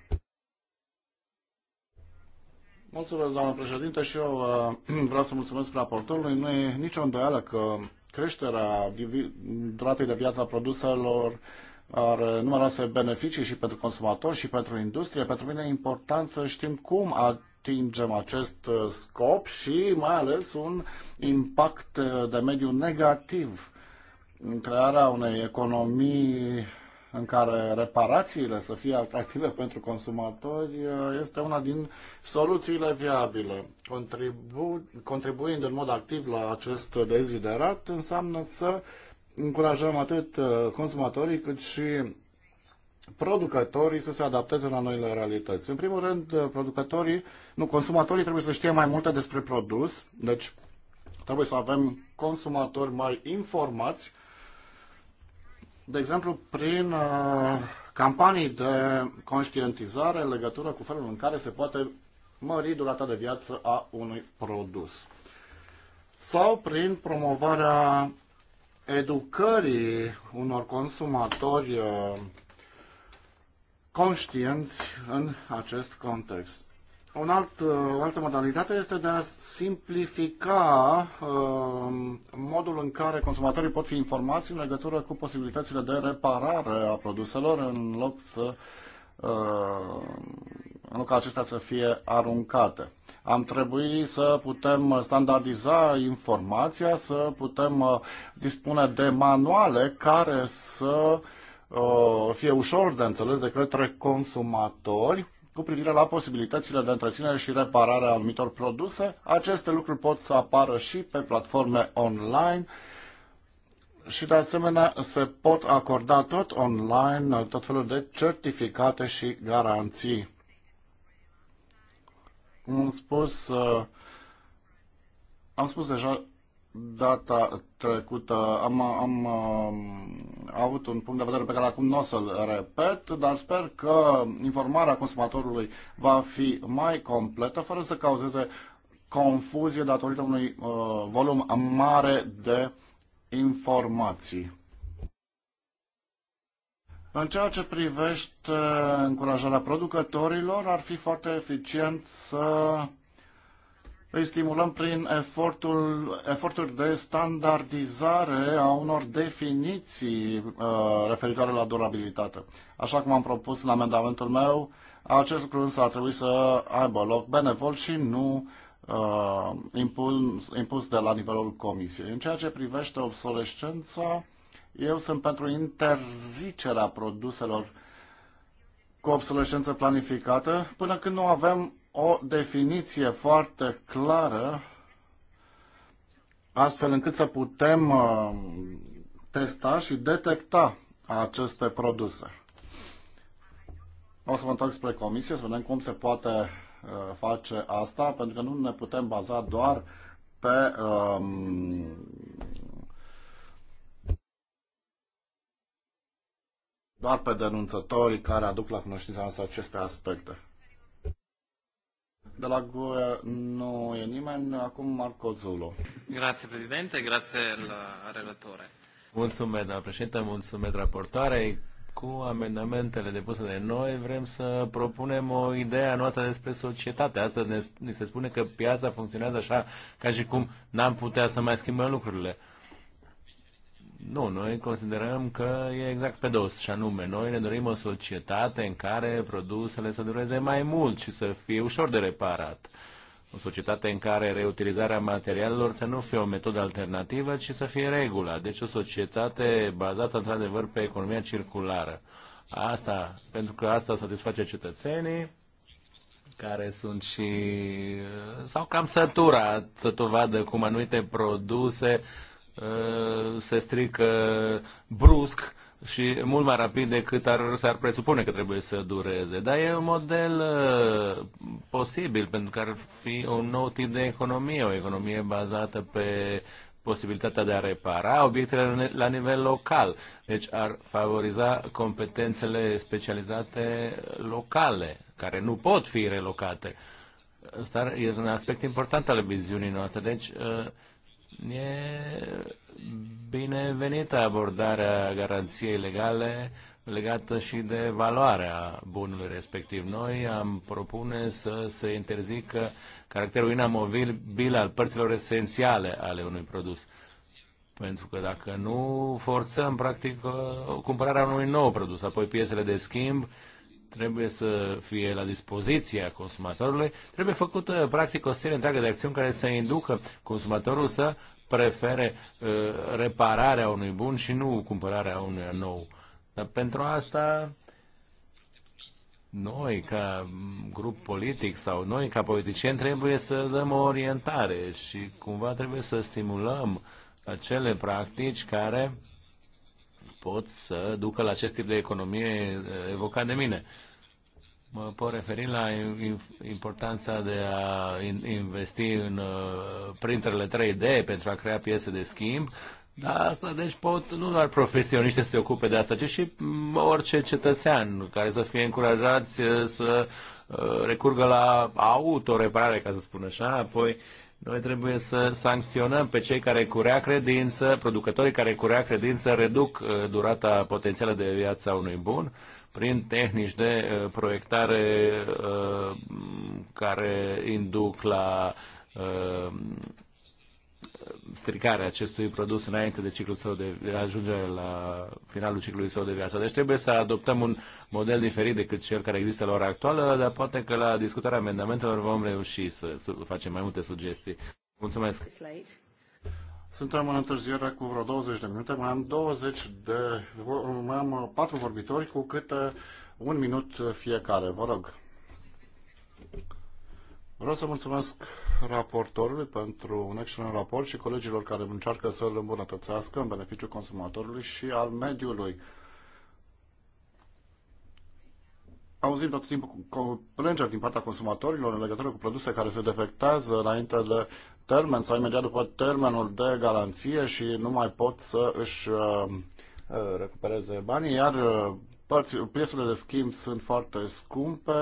Mulțumesc, doamnă președinte, și eu uh, vreau să mulțumesc raportorului. Nu e nicio îndoială că creșterea ratei de viață a produselor are numeroase beneficii și pentru consumatori și pentru industrie. Pentru mine e important să știm cum a atingem acest uh, scop și mai ales un impact uh, de mediu negativ în crearea unei economii în care reparațiile să fie atractive pentru consumatori uh, este una din soluțiile viabile. Contribu- contribuind în mod activ la acest deziderat înseamnă să încurajăm atât consumatorii cât și producătorii să se adapteze la noile realități. În primul rând, producătorii, nu, consumatorii trebuie să știe mai multe despre produs, deci trebuie să avem consumatori mai informați, de exemplu, prin uh, campanii de conștientizare în legătură cu felul în care se poate mări durata de viață a unui produs. Sau prin promovarea educării unor consumatori uh, conștienți în acest context. O alt, uh, o altă modalitate este de a simplifica uh, modul în care consumatorii pot fi informați în legătură cu posibilitățile de reparare a produselor în loc să uh, în loc ca acestea să fie aruncate. Am trebuit să putem standardiza informația, să putem uh, dispune de manuale care să uh, Uh, fie ușor de înțeles de către consumatori cu privire la posibilitățile de întreținere și reparare a anumitor produse. Aceste lucruri pot să apară și pe platforme online și de asemenea se pot acorda tot online tot felul de certificate și garanții. Cum am spus, uh, am spus deja data trecută am, am, am avut un punct de vedere pe care acum nu o să-l repet, dar sper că informarea consumatorului va fi mai completă, fără să cauzeze confuzie datorită unui uh, volum mare de informații. În ceea ce privește încurajarea producătorilor, ar fi foarte eficient să îi stimulăm prin efortul, eforturi de standardizare a unor definiții uh, referitoare la durabilitate. Așa cum am propus în amendamentul meu, acest lucru însă ar trebui să aibă loc benevol și nu uh, impus, impus de la nivelul comisiei. În ceea ce privește obsolescența, eu sunt pentru interzicerea produselor cu obsolescență planificată până când nu avem o definiție foarte clară, astfel încât să putem uh, testa și detecta aceste produse. O să mă întorc spre comisie să vedem cum se poate uh, face asta, pentru că nu ne putem baza doar pe um, doar pe denunțătorii care aduc la cunoștința noastră aceste aspecte. De la GUE nu e nimeni, acum Marco Zulo. Grazie președinte, grazie la relatore. Mulțumesc, doamna președinte, mulțumesc raportoare. Cu amendamentele depuse de noi vrem să propunem o idee a noastră despre societate. Astăzi ni se spune că piața funcționează așa ca și cum n-am putea să mai schimbăm lucrurile. Uh, nu, noi considerăm că e exact pe dos și anume, noi ne dorim o societate în care produsele să dureze mai mult și să fie ușor de reparat. O societate în care reutilizarea materialelor să nu fie o metodă alternativă, ci să fie regula. Deci o societate bazată într-adevăr pe economia circulară. Asta, pentru că asta satisface cetățenii, care sunt și, sau cam săturat să tu vadă cum anumite produse uh, Uh, se strică brusc și mult mai rapid decât ar, s-ar presupune că trebuie să dureze. Dar e un model uh, posibil pentru că ar fi un nou tip de economie, o economie bazată pe posibilitatea de a repara obiectele la nivel local. Deci ar favoriza competențele specializate locale, care nu pot fi relocate. Asta este un aspect important al viziunii noastre. Deci, uh, E binevenită abordarea garanției legale legată și de valoarea bunului respectiv. Noi am propune să se interzică caracterul inamovibil al părților esențiale ale unui produs. Pentru că dacă nu forțăm, practic, uh, cumpărarea unui nou produs, apoi piesele de schimb, trebuie să fie la dispoziția consumatorului, trebuie făcută practic o serie întreagă de acțiuni care să inducă consumatorul să prefere uh, repararea unui bun și nu cumpărarea unui nou. Dar pentru asta noi ca grup politic sau noi ca politicieni trebuie să dăm o orientare și cumva trebuie să stimulăm acele practici care uh, pot să ducă la acest tip de economie eh, evocat de mine. Mă pot referi la importanța de a investi în eh, printerele 3D pentru a crea piese de schimb, dar asta, deci pot nu doar profesioniști să se ocupe de asta, ci și mm, orice cetățean care să fie încurajați eh, să recurgă la autoreparare, ca să spun așa, apoi uh, noi trebuie să sancționăm pe cei care cu rea credință, producătorii care cu rea credință reduc uh, durata potențială de viață a unui bun prin tehnici de uh, proiectare uh, care induc la stricarea acestui produs înainte de ciclul său de, ajungere la finalul ciclului său de viață. Deci trebuie să adoptăm un model diferit decât cel care există la ora actuală, dar poate că la discutarea amendamentelor vom reuși să facem mai multe sugestii. Mulțumesc! Suntem în întârziere cu vreo 20 de minute, mai am 20 de, mai am 4 uh, vorbitori cu câte un minut fiecare, vă rog. Vreau să mulțumesc raportorului pentru un excelent raport și colegilor care încearcă să îl îmbunătățească în beneficiul consumatorului și al mediului. Auzim tot timpul plângeri din partea consumatorilor în legătură cu produse care se defectează înainte de termen sau imediat după termenul de garanție și nu mai pot să își uh, uh, recupereze banii, iar uh, părți, piesele de schimb sunt foarte scumpe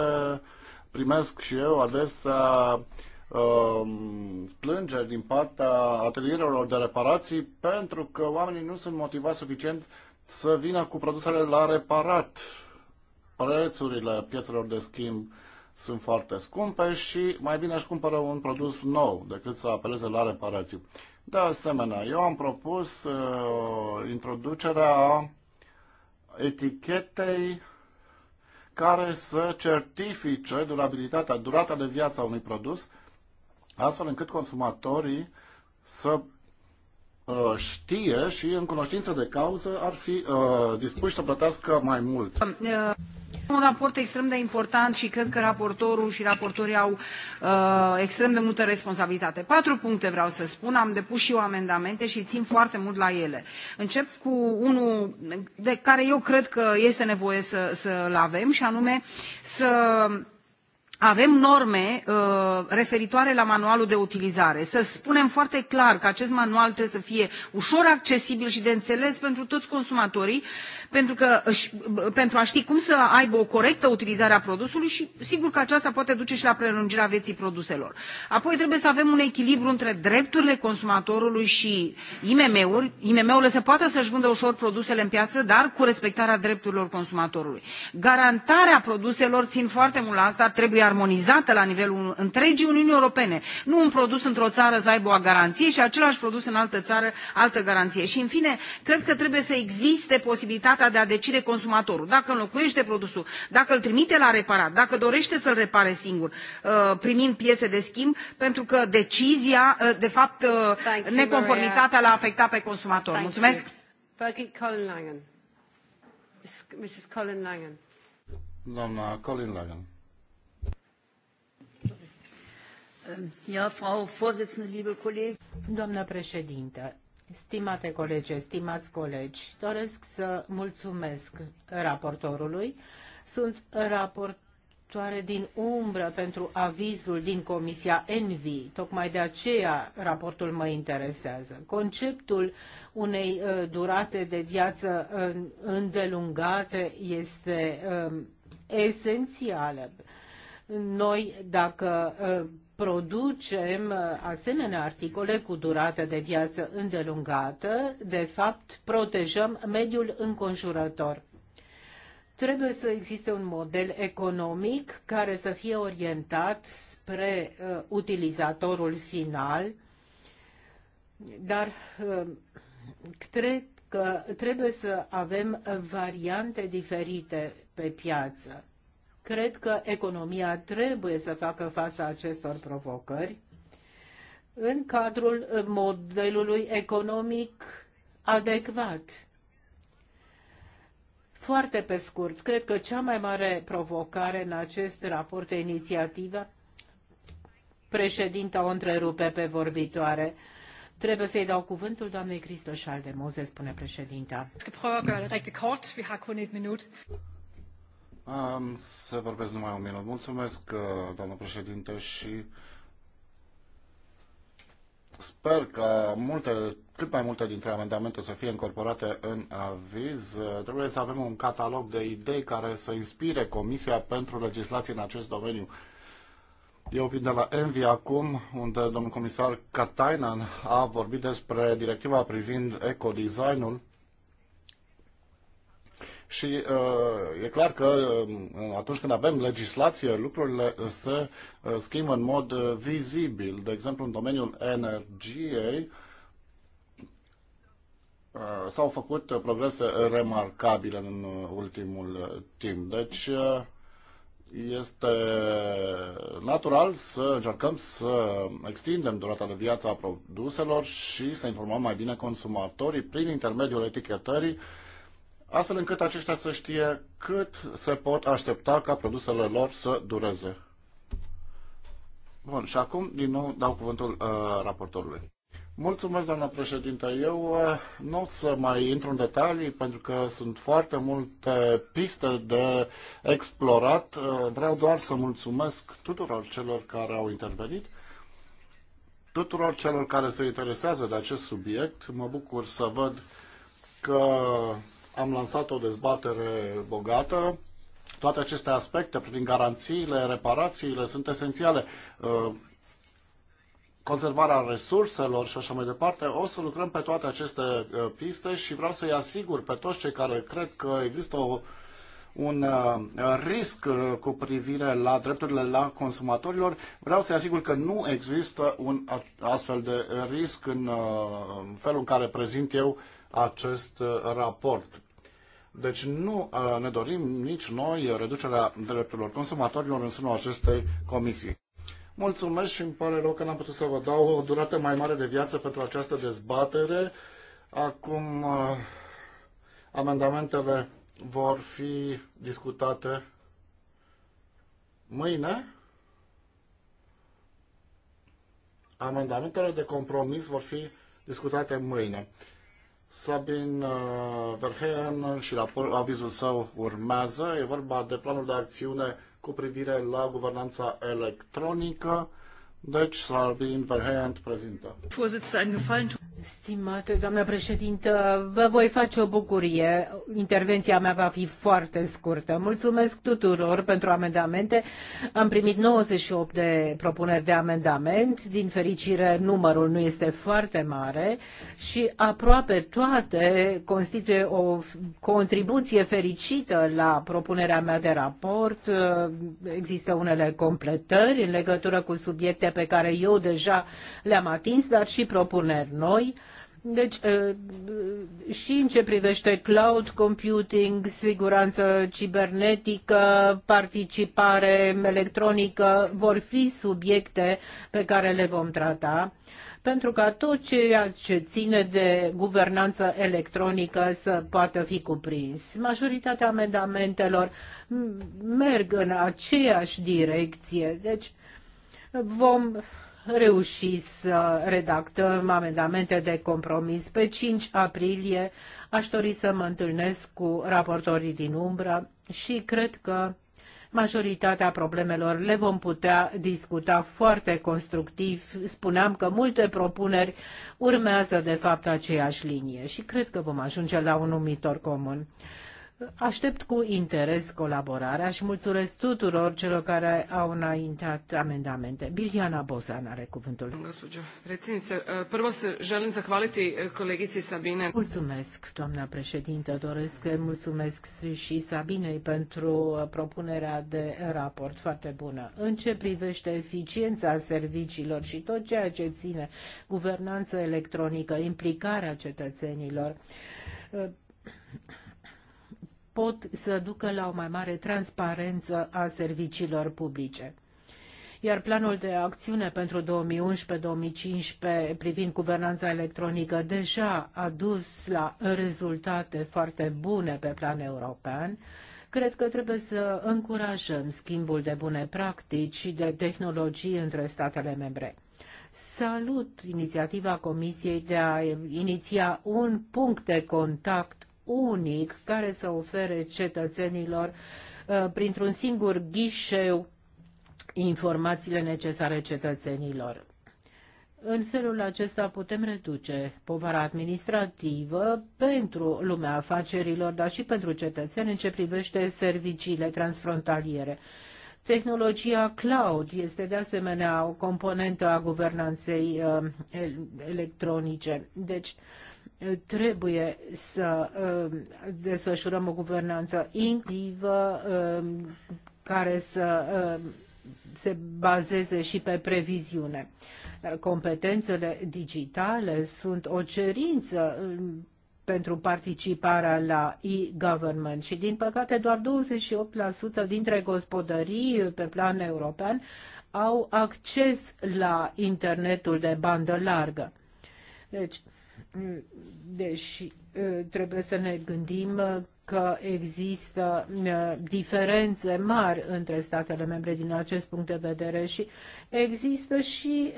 primesc și eu adesea um, plângeri din partea atelierelor de reparații pentru că oamenii nu sunt motivați suficient să vină cu produsele la reparat. Prețurile piețelor de schimb sunt foarte scumpe și mai bine își cumpără un produs nou decât să apeleze la reparații. De asemenea, eu am propus uh, introducerea etichetei care să certifice durabilitatea, durata de viață a unui produs, astfel încât consumatorii să uh, știe și în cunoștință de cauză ar fi uh, dispuși să plătească mai mult. Um, uh, un raport extrem de important și cred că raportorul și raportorii au uh, extrem de multă responsabilitate. Patru puncte vreau să spun, am depus și eu amendamente și țin foarte mult la ele. Încep cu unul de care eu cred că este nevoie să, să-l avem și anume să avem norme uh, referitoare la manualul de utilizare să spunem foarte clar că acest manual trebuie să fie ușor accesibil și de înțeles pentru toți consumatorii pentru, pentru a ști cum să aibă o corectă utilizare a produsului și sigur că aceasta poate duce și la prelungirea vieții produselor. apoi trebuie să avem un echilibru între drepturile consumatorului și imm uri imm urile să poată să își vândă ușor produsele în piață dar cu respectarea drepturilor consumatorului. garantarea produselor țin foarte mult la asta trebuie armonizată la nivelul întregii uniuni europene nu un produs într o țară să aibă o garanție și același produs în altă țară altă garanție. și în fine cred că trebuie să existe posibilitatea de a decide consumatorul dacă înlocuiește produsul dacă îl trimite la reparat dacă dorește să l repare singur uh, primind piese de schimb pentru că decizia uh, de fapt uh, neconformitatea l a afectat pe consumator. mulțumesc. Doamna Colin Langan. Ähm, Doamnă președintă, stimate colege, stimați colegi, doresc să mulțumesc raportorului. Sunt raportoare din umbră pentru avizul din Comisia Envi. Tocmai de aceea raportul mă interesează. Conceptul unei uh, durate de viață îndelungate este esențial. Um, esențială. Noi, dacă uh, producem uh, asemenea articole cu durată de viață îndelungată, de fapt protejăm mediul înconjurător. Trebuie să existe un model economic care să fie orientat spre uh, utilizatorul final, dar uh, cred că trebuie să avem variante diferite pe piață Cred că economia trebuie să facă fața acestor provocări în cadrul modelului economic adecvat. Foarte pe scurt, cred că cea mai mare provocare în acest raport de inițiativă, președinta o întrerupe pe vorbitoare, Trebuie să-i dau cuvântul doamnei Schalde, Moze, spune președinta. Am să vorbesc numai un minut. Mulțumesc, uh, doamnă președinte, și sper că multe, cât mai multe dintre amendamente să fie incorporate în aviz. Uh, trebuie să avem un catalog de idei care să inspire Comisia pentru legislație în acest domeniu. Eu vin de la Envi acum, unde domnul comisar Katainen a vorbit despre directiva privind ecodesignul și uh, e clar că um, uh, atunci când avem legislație, lucrurile uh, se uh, schimbă în mod uh, vizibil. De exemplu, în domeniul energiei uh, s-au făcut uh, progrese remarcabile în uh, ultimul timp. Deci uh, este natural să încercăm să extindem durata de viață a produselor și să informăm mai bine consumatorii prin intermediul etichetării uh, astfel încât aceștia să știe cât se pot aștepta ca produsele lor să dureze. Bun, și acum din nou dau cuvântul uh, raportorului. Mulțumesc, doamna președinte. Eu uh, nu o să mai intru în detalii pentru că sunt foarte multe piste de explorat. Uh, vreau doar să mulțumesc tuturor celor care au intervenit, tuturor celor care se interesează de acest subiect. Mă bucur să văd că am lansat o dezbatere bogată. Toate aceste aspecte, prin garanțiile, reparațiile, sunt esențiale. Uh, conservarea resurselor și așa mai departe. O să lucrăm pe toate aceste uh, piste și vreau să-i asigur pe toți cei care cred că există o un uh, risc cu privire la drepturile la consumatorilor. Vreau să-i asigur că nu există un astfel de risc în felul în care prezint eu acest uh, raport. Deci nu uh, ne dorim nici noi reducerea drepturilor consumatorilor în sânul acestei comisii. Mulțumesc și îmi pare rău că n-am putut să vă dau o durată mai mare de viață pentru această dezbatere. Acum uh, amendamentele vor fi discutate mâine. Amendamentele de compromis vor fi discutate mâine. Sabin uh, Verheyen și rapor, avizul său urmează. E vorba de planul de acțiune cu privire la guvernanța electronică. Deci, Sabin Verheyen prezintă. Stimată doamnă președintă, vă voi face o bucurie. Intervenția mea va fi foarte scurtă. Mulțumesc tuturor pentru amendamente. Am primit 98 de propuneri de amendament. Din fericire, numărul nu este foarte mare și aproape toate constituie o contribuție fericită la propunerea mea de raport. Există unele completări în legătură cu subiecte pe care eu deja le-am atins, dar și propuneri noi deci, și în ce privește cloud computing, siguranță cibernetică, participare electronică, vor fi subiecte pe care le vom trata, pentru ca tot ceea ce ține de guvernanță electronică să poată fi cuprins. Majoritatea amendamentelor merg în aceeași direcție, deci vom reuși să redactăm amendamente de compromis. Pe 5 aprilie aș dori să mă întâlnesc cu raportorii din umbră și cred că majoritatea problemelor le vom putea discuta foarte constructiv. Spuneam că multe propuneri urmează de fapt aceeași linie și cred că vom ajunge la un numitor comun. Aștept cu interes colaborarea și mulțumesc tuturor celor care au înaintat amendamente. Biljana Bozan are cuvântul. Gospođo predsjednice, prvo se želim zahvaliti kolegici Sabine. Mulțumesc, doamna președintă. Doresc să mulțumesc și Sabinei pentru propunerea de raport foarte bună. În ce privește eficiența serviciilor și tot ceea ce ține guvernanță electronică, implicarea cetățenilor, pot să ducă la o mai mare transparență a serviciilor publice iar planul de acțiune pentru 2011-2015 privind guvernanța electronică deja a dus la rezultate foarte bune pe plan european. Cred că trebuie să încurajăm schimbul de bune practici și de tehnologii între statele membre. Salut inițiativa Comisiei de a iniția un punct de contact unic care să ofere cetățenilor uh, printr-un singur ghișeu informațiile necesare cetățenilor. În felul acesta putem reduce povara administrativă pentru lumea afacerilor, dar și pentru cetățeni în ce privește serviciile transfrontaliere. Tehnologia cloud este de asemenea o componentă a guvernanței uh, electronice. Deci, uh, trebuie să um, desfășurăm o guvernanță inclusivă um, care să um, se bazeze și pe previziune. competențele digitale sunt o cerință pentru participarea la e-government și, din păcate, doar 28% dintre gospodării pe plan european au acces la internetul de bandă largă. Deci, Deși trebuie să ne gândim că există diferențe mari între statele membre din acest punct de vedere și există și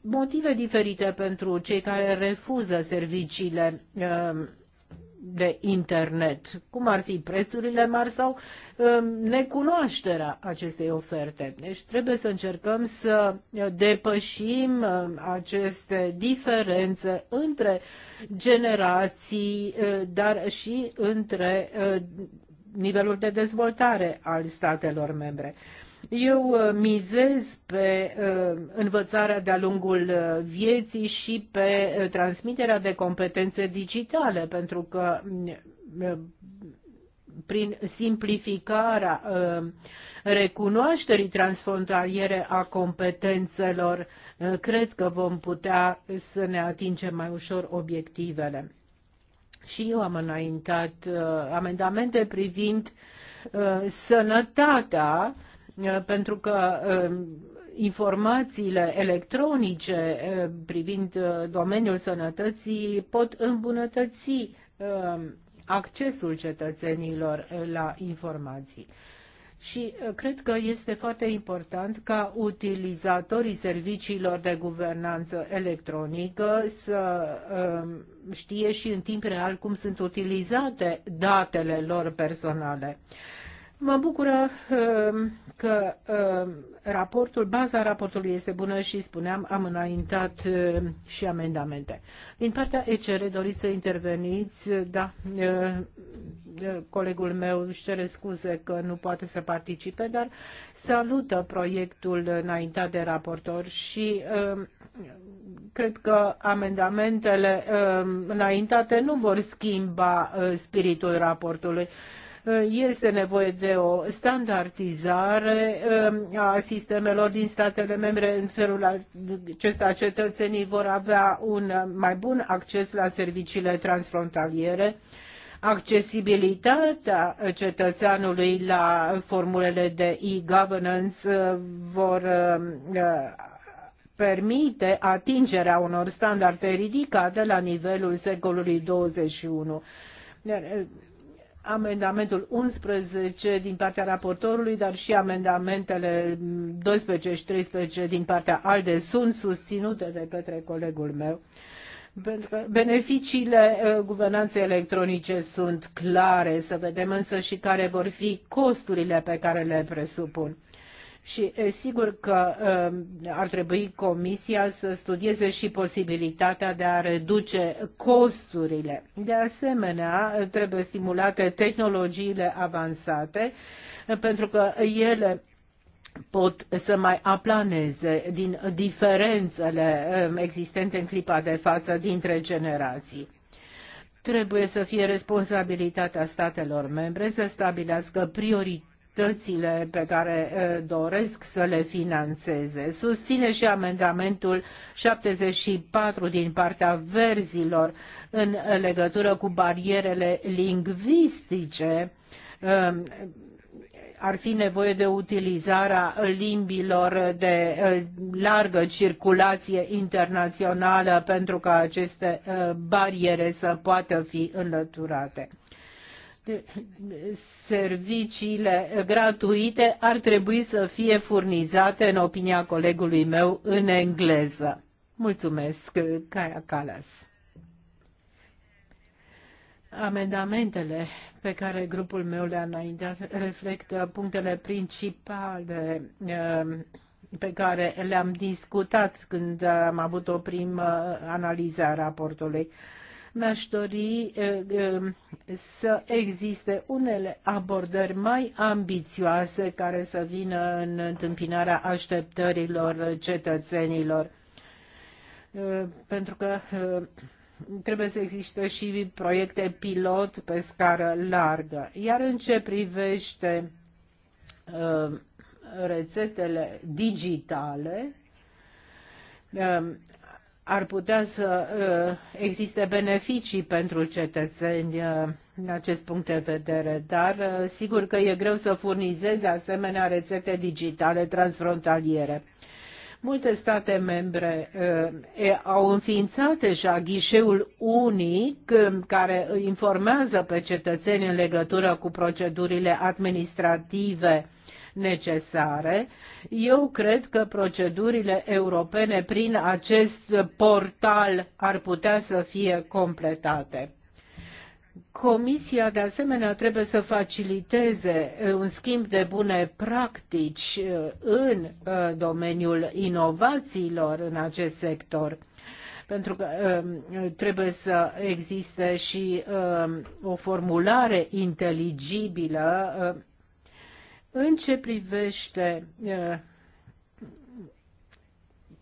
motive diferite pentru cei care refuză serviciile de internet, cum ar fi prețurile mari sau um, necunoașterea acestei oferte. Deci trebuie să încercăm să depășim um, aceste diferențe între generații, uh, dar și între uh, nivelul de dezvoltare al statelor membre. Eu uh, mizez pe uh, învățarea de-a lungul uh, vieții și pe transmiterea de competențe digitale, pentru că prin simplificarea recunoașterii transfrontaliere a competențelor, cred că vom putea să ne atingem mai ușor obiectivele. Și eu am înaintat amendamente privind sănătatea Eh, pentru că eh, informațiile electronice eh, privind domeniul sănătății pot îmbunătăți accesul cetățenilor la informații. Și cred că este foarte important ca utilizatorii serviciilor de guvernanță electronică să știe și în timp real cum sunt utilizate datele lor personale. Mă bucură ehm, că ehm, raportul, baza raportului este bună și spuneam, am înaintat ehm, și amendamente. Din partea ECR doriți să interveniți, da, colegul meu își cere scuze că nu poate să participe, dar salută proiectul înaintat de raportor și cred că amendamentele înaintate nu vor schimba spiritul raportului Eh, este nevoie de o standardizare eh, a sistemelor din statele membre. În felul acesta cetățenii vor avea un mai bun acces la serviciile transfrontaliere accesibilitatea cetățeanului la formulele de e-governance eh, vor permite atingerea unor standarde ridicate la nivelul secolului 21 amendamentul 11 din partea raportorului, dar și amendamentele 12 și 13 din partea ALDE sunt susținute de către colegul meu. Beneficiile uh, guvernanței electronice sunt clare, să vedem însă și care vor fi costurile pe care le presupun. Și sigur că ar trebui Comisia să studieze și posibilitatea de a reduce costurile. De asemenea, trebuie stimulate tehnologiile avansate, pentru că ele pot să mai aplaneze din diferențele existente în clipa de față dintre generații trebuie să fie responsabilitatea statelor membre să stabilească priorități activitățile pe care doresc să le financeze. Susține și amendamentul 74 din partea verzilor în legătură cu barierele lingvistice ar fi nevoie de utilizarea limbilor de largă circulație internațională pentru ca aceste bariere să poată fi înlăturate serviciile gratuite ar trebui să fie furnizate, în opinia colegului meu, în engleză. Mulțumesc, Caia Calas. Amendamentele pe care grupul meu le-a înaintat reflectă punctele principale um, pe care le-am discutat când am avut o primă analiză a raportului. Mi-aș dori să existe unele abordări mai ambițioase care să vină în întâmpinarea așteptărilor cetățenilor. Pentru că trebuie să existe și proiecte pilot pe scară largă. Iar în ce privește rețetele digitale, ar putea să uh, existe beneficii pentru cetățeni din uh, acest punct de vedere, dar uh, sigur că e greu să furnizeze asemenea rețete digitale transfrontaliere. Multe state membre au înființat deja ghișeul unic care informează pe cetățeni în legătură cu procedurile administrative uh, necesare. Eu cred că procedurile europene prin acest portal ar putea să fie completate. Comisia, de asemenea, trebuie să faciliteze uh, un schimb de bune practici uh, în uh, domeniul inovațiilor în acest sector, pentru că um, trebuie să existe și um, o formulare inteligibilă în ce privește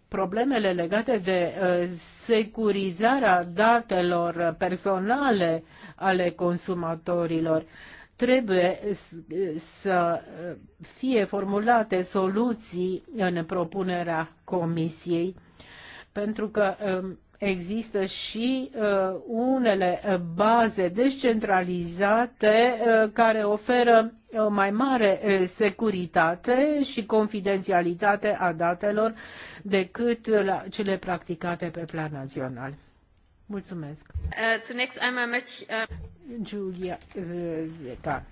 problemele legate de securizarea datelor personale ale consumatorilor, trebuie să fie formulate soluții în propunerea Comisiei, pentru că există și unele baze descentralizate care oferă Uh, mai mare uh, securitate și confidențialitate a datelor decât la cele practicate pe plan național. Mulțumesc. Uh, zunächst einmal möchte Julia da.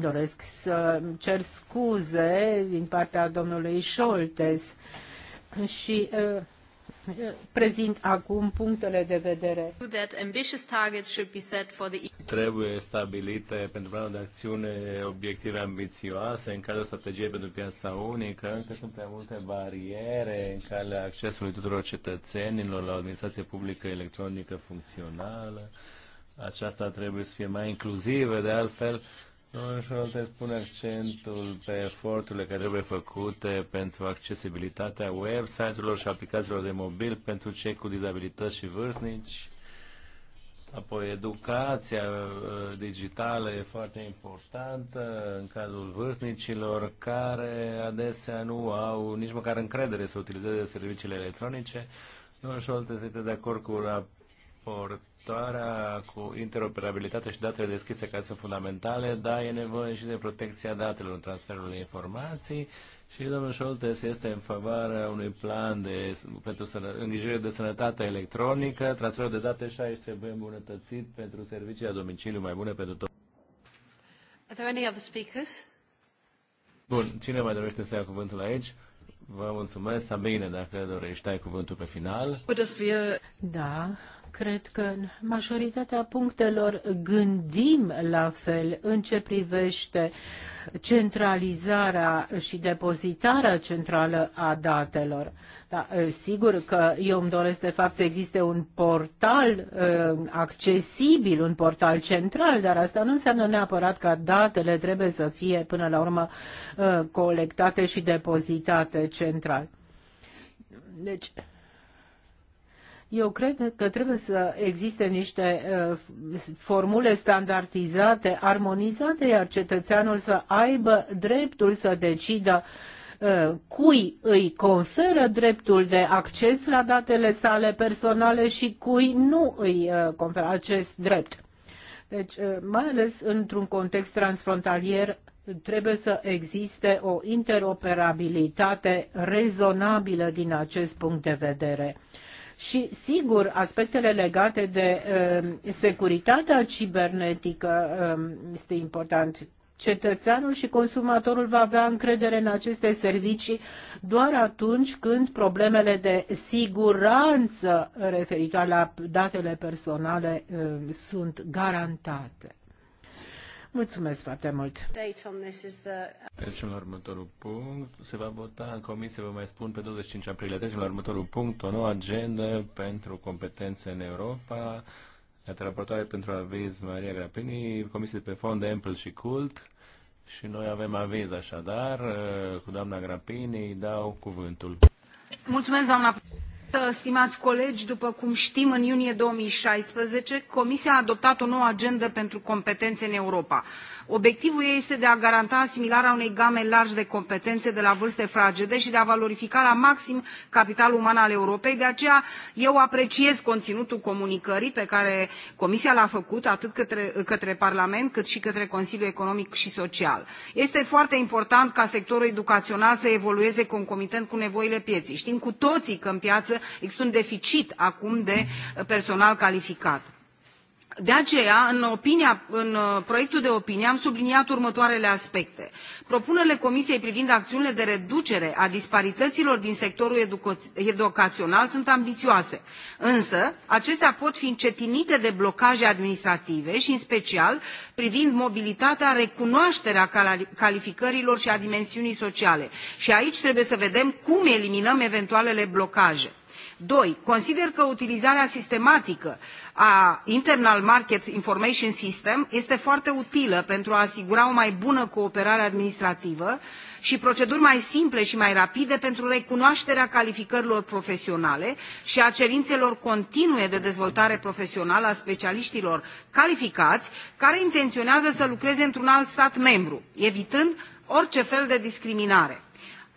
Doresc să cer scuze din partea domnului Scholtes și uh, prezint acum punctele de vedere. Trebuie stabilite pentru planul de acțiune obiective ambițioase în cadrul strategiei pentru piața unică. Încă sunt prea multe bariere în calea accesului tuturor cetățenilor la o administrație publică electronică funcțională. Aceasta trebuie să fie mai inclusivă, de altfel în alte pun accentul pe eforturile care trebuie făcute pentru accesibilitatea website-urilor și aplicațiilor de mobil pentru cei cu dizabilități și vârstnici. Apoi educația uh, digitală e foarte importantă în cazul vârstnicilor care adesea nu au nici măcar încredere să utilizeze serviciile electronice. Nu, Scholtes este de acord cu raport Sectoarea cu interoperabilitate și datele deschise care sunt fundamentale, da, e nevoie și de protecția datelor în transferul de informații și domnul Șoltes este în favoarea unui plan de, pentru sănă, îngrijire de sănătate electronică, transferul de date și aici trebuie îmbunătățit pentru servicii la domiciliu mai bune pentru toți. Are there any other speakers? Bun, cine mai dorește să ia cuvântul aici? Vă mulțumesc, Sabine, dacă dorești, ai cuvântul pe final. Da, Cred că în majoritatea punctelor gândim la fel în ce privește centralizarea și depozitarea centrală a datelor. Da, sigur că eu îmi doresc de fapt să existe un portal accesibil, un portal central, dar asta nu înseamnă neapărat că datele trebuie să fie până la urmă colectate și depozitate central. Deci, eu cred că trebuie să existe niște uh, formule standardizate, armonizate, iar cetățeanul să aibă dreptul să decidă uh, cui îi conferă dreptul de acces la datele sale personale și cui nu îi uh, conferă acest drept. Deci, mai ales într-un context transfrontalier, trebuie să existe o interoperabilitate rezonabilă din acest punct de vedere. Și, sigur, aspectele legate de uh, securitatea cibernetică uh, este important. Cetățeanul și consumatorul va avea încredere în aceste servicii doar atunci când problemele de siguranță referitoare la datele personale uh, sunt garantate. Mulțumesc foarte mult! Trecem la următorul punct. Se va vota în comisie, vă mai spun, pe 25 aprilie. Trecem la următorul punct, o nouă agendă pentru competențe în Europa. Iată raportare pentru aviz Maria Grapini, comisie pe fond Ample și Cult. Și noi avem aviz așadar, cu doamna Grapini dau cuvântul. Mulțumesc, doamna Ă, stimați colegi, după cum știm, în iunie 2016, Comisia a adoptat o nouă agendă pentru competențe în Europa obiectivul ei este de a garanta asimilarea unei game largi de competențe de la vârste fragede și de a valorifica la maxim capitalul uman al europei de aceea eu apreciez conținutul comunicării pe care comisia l a făcut atât către, parlament cât și către consiliul economic și social. este foarte important ca sectorul educațional să evolueze concomitent cu nevoile pieței. știm cu toții că în piață există un deficit acum de personal calificat de aceea în, uh, proiectul de opinie am subliniat următoarele aspecte propunerile comisiei privind acțiunile de reducere a disparităților din sectorul educațional sunt ambițioase însă acestea pot fi încetinite de blocaje administrative și în special privind mobilitatea recunoașterea calificărilor și a dimensiunii sociale și aici trebuie să vedem cum eliminăm eventualele blocaje doi consider că utilizarea sistematică a internal market information system este foarte utilă pentru a asigura o mai bună cooperare administrativă și proceduri mai simple și mai rapide pentru recunoașterea calificărilor profesionale și a cerințelor continue de dezvoltare profesională a specialiștilor calificați care intenționează să lucreze într un alt stat membru evitând orice fel de discriminare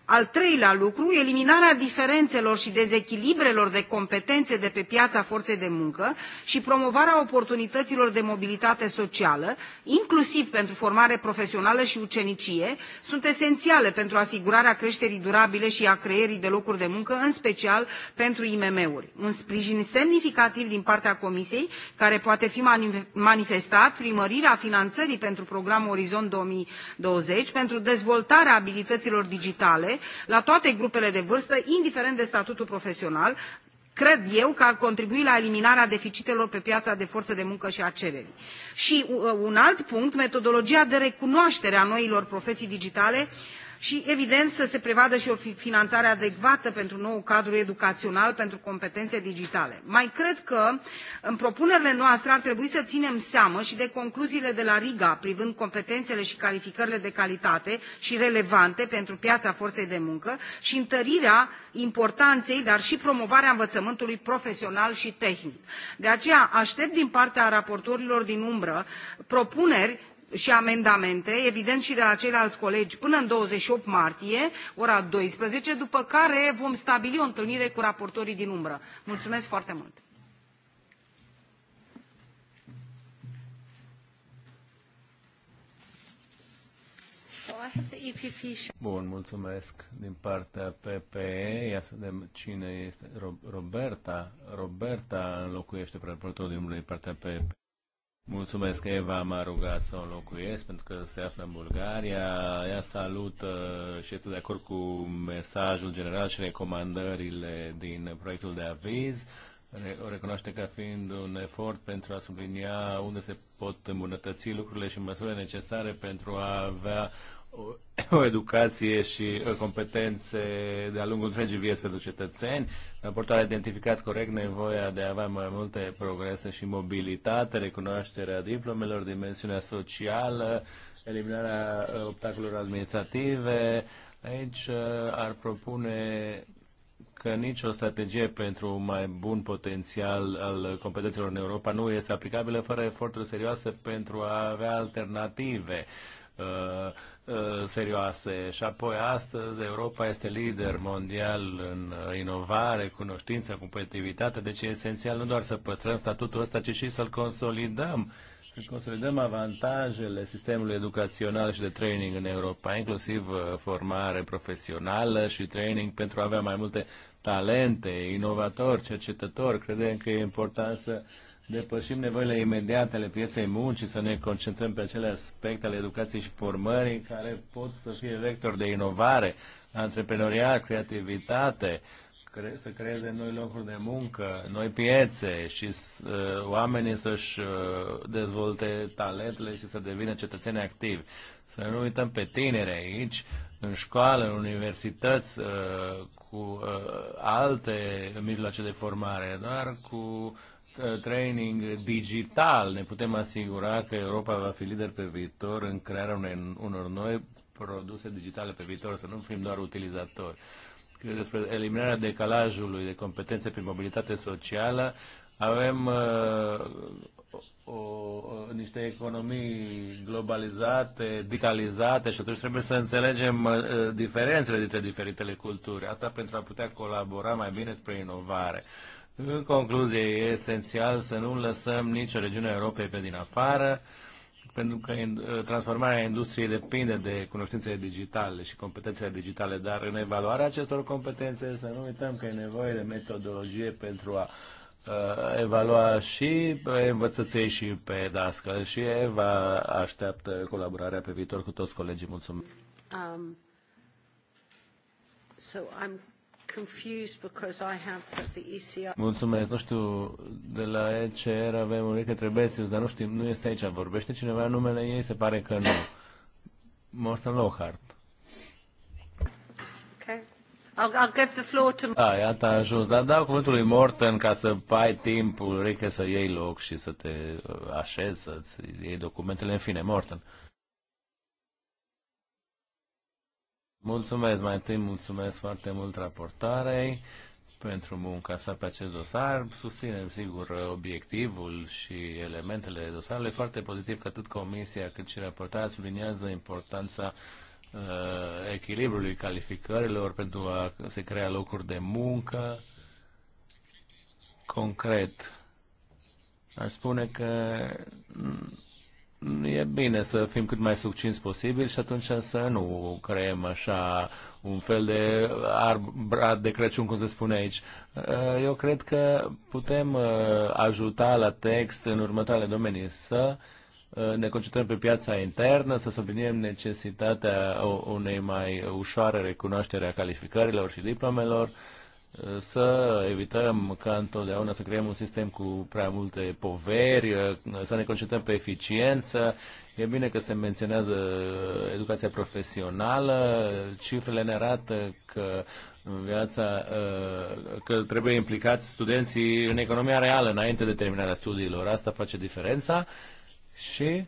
al treilea lucru, eliminarea diferențelor și dezechilibrelor de competențe de pe piața forței de muncă și promovarea oportunităților de mobilitate socială, inclusiv pentru formare profesională și ucenicie, sunt esențiale pentru asigurarea creșterii durabile și a creierii de locuri de muncă, în special pentru IMM-uri. Un sprijin semnificativ din partea Comisiei, care poate fi manifestat prin mărirea finanțării pentru programul Orizont 2020, pentru dezvoltarea abilităților digitale, la toate grupele de vârstă, indiferent de statutul profesional, cred eu că ar contribui la eliminarea deficitelor pe piața de forță de muncă și a cererii. și uh, un alt punct metodologia de recunoaștere a noilor profesii digitale și, evident, să se prevadă și o finanțare adecvată pentru nou cadru educațional pentru competențe digitale. Mai cred că în propunerile noastre ar trebui să ținem seamă și de concluziile de la Riga privind competențele și calificările de calitate și relevante pentru piața forței de muncă și întărirea importanței, dar și promovarea învățământului profesional și tehnic. De aceea aștept din partea raportorilor din umbră propuneri și amendamente, evident și de la ceilalți colegi, până în 28 martie, ora 12, după care vom stabili o întâlnire cu raportorii din umbră. Mulțumesc foarte mult! Bun, mulțumesc din partea PPE. Ia să vedem cine este. Roberta. Roberta înlocuiește pe raportorul din partea PPE. Mulțumesc, Eva m-a rugat să o înlocuiesc pentru că se află în Bulgaria. Ea salută și este de acord cu mesajul general și recomandările din proiectul de aviz. O recunoaște ca fiind un efort pentru a sublinia unde se pot îmbunătăți lucrurile și măsurile necesare pentru a avea o, o educație și uh, competențe de-a lungul întregii vieți pentru cetățeni. Raportul a identificat corect nevoia de a avea mai multe progrese și mobilitate, recunoașterea diplomelor, dimensiunea socială, eliminarea uh, obstacolelor administrative. Aici uh, ar propune că nicio strategie pentru un mai bun potențial al competențelor în Europa nu este aplicabilă fără eforturi serioase pentru a avea alternative. Uh, Uh, serioase și apoi astăzi Europa este lider mondial în uh, inovare, cunoștință, competitivitate, deci e esențial nu doar să pătrăm statutul ăsta, ci și să-l consolidăm, să consolidăm avantajele sistemului educațional și de training în Europa, inclusiv uh, formare profesională și training pentru a avea mai multe talente, inovatori, cercetători. Credem că e important să depășim nevoile imediate ale pieței muncii, să ne concentrăm pe acele aspecte ale educației și formării care pot să fie vector de inovare, antreprenoriat, creativitate, cre- să creeze noi locuri de muncă, noi piețe și uh, oamenii să-și uh, dezvolte talentele și să devină cetățeni activi. Să nu uităm pe tineri aici, în școală, în universități, uh, cu uh, alte mijloace de formare, doar cu uh, Uh, training digital ne putem asigura că Europa va fi lider pe viitor în crearea unei, unor noi produse digitale pe viitor, să nu fim doar utilizatori. despre eliminarea decalajului de competențe prin mobilitate socială, avem uh, o, o, niște economii globalizate, digitalizate și atunci trebuie să înțelegem uh, diferențele dintre diferitele culturi. Asta pentru a putea colabora mai bine spre inovare. Uh, în concluzie, e esențial să nu lăsăm nicio regiune a Europei pe din afară, pentru că ă, transformarea industriei depinde de cunoștințele digitale și competențele digitale, dar în evaluarea acestor competențe să nu uităm că e nevoie de metodologie pentru a ă, evalua și învățăței și pe dască și Eva așteaptă colaborarea pe viitor cu toți colegii. Mulțumesc! Um, so I'm confused because I have the ECR. Mulțumesc, nu știu, de la ECR avem un Trebesius, dar nu știu, nu este aici, vorbește cineva numele ei, se pare că nu. Morten Lockhart. Okay. I'll, I'll give the floor to... Da, iată, a ajuns. Dar dau cuvântul lui Morten ca să pai timpul, Rică, să iei loc și să te uh, așezi, să-ți iei documentele. În fine, Morten. Uh, Mulțumesc, mai întâi mulțumesc foarte mult raportarei pentru munca sa pe acest dosar. Susținem, sigur, obiectivul și elementele dosarului. Foarte pozitiv că atât Comisia cât și raportarea subliniază importanța uh, echilibrului calificărilor pentru a se crea locuri de muncă. Concret, aș spune că Mm, e bine să fim cât mai succinți posibil și atunci să nu creăm așa un fel de brad de Crăciun, cum se spune aici. Uh, eu cred că putem uh, ajuta la text în următoarele domenii să uh, ne concentrăm pe piața internă, să subliniem necesitatea unei mai ușoare recunoaștere a calificărilor și diplomelor, să evităm ca întotdeauna să creăm un sistem cu prea multe poveri, să ne concentrăm pe eficiență. E bine că se menționează educația profesională, cifrele ne arată că în viața, că trebuie implicați studenții în economia reală înainte de terminarea studiilor. Asta face diferența și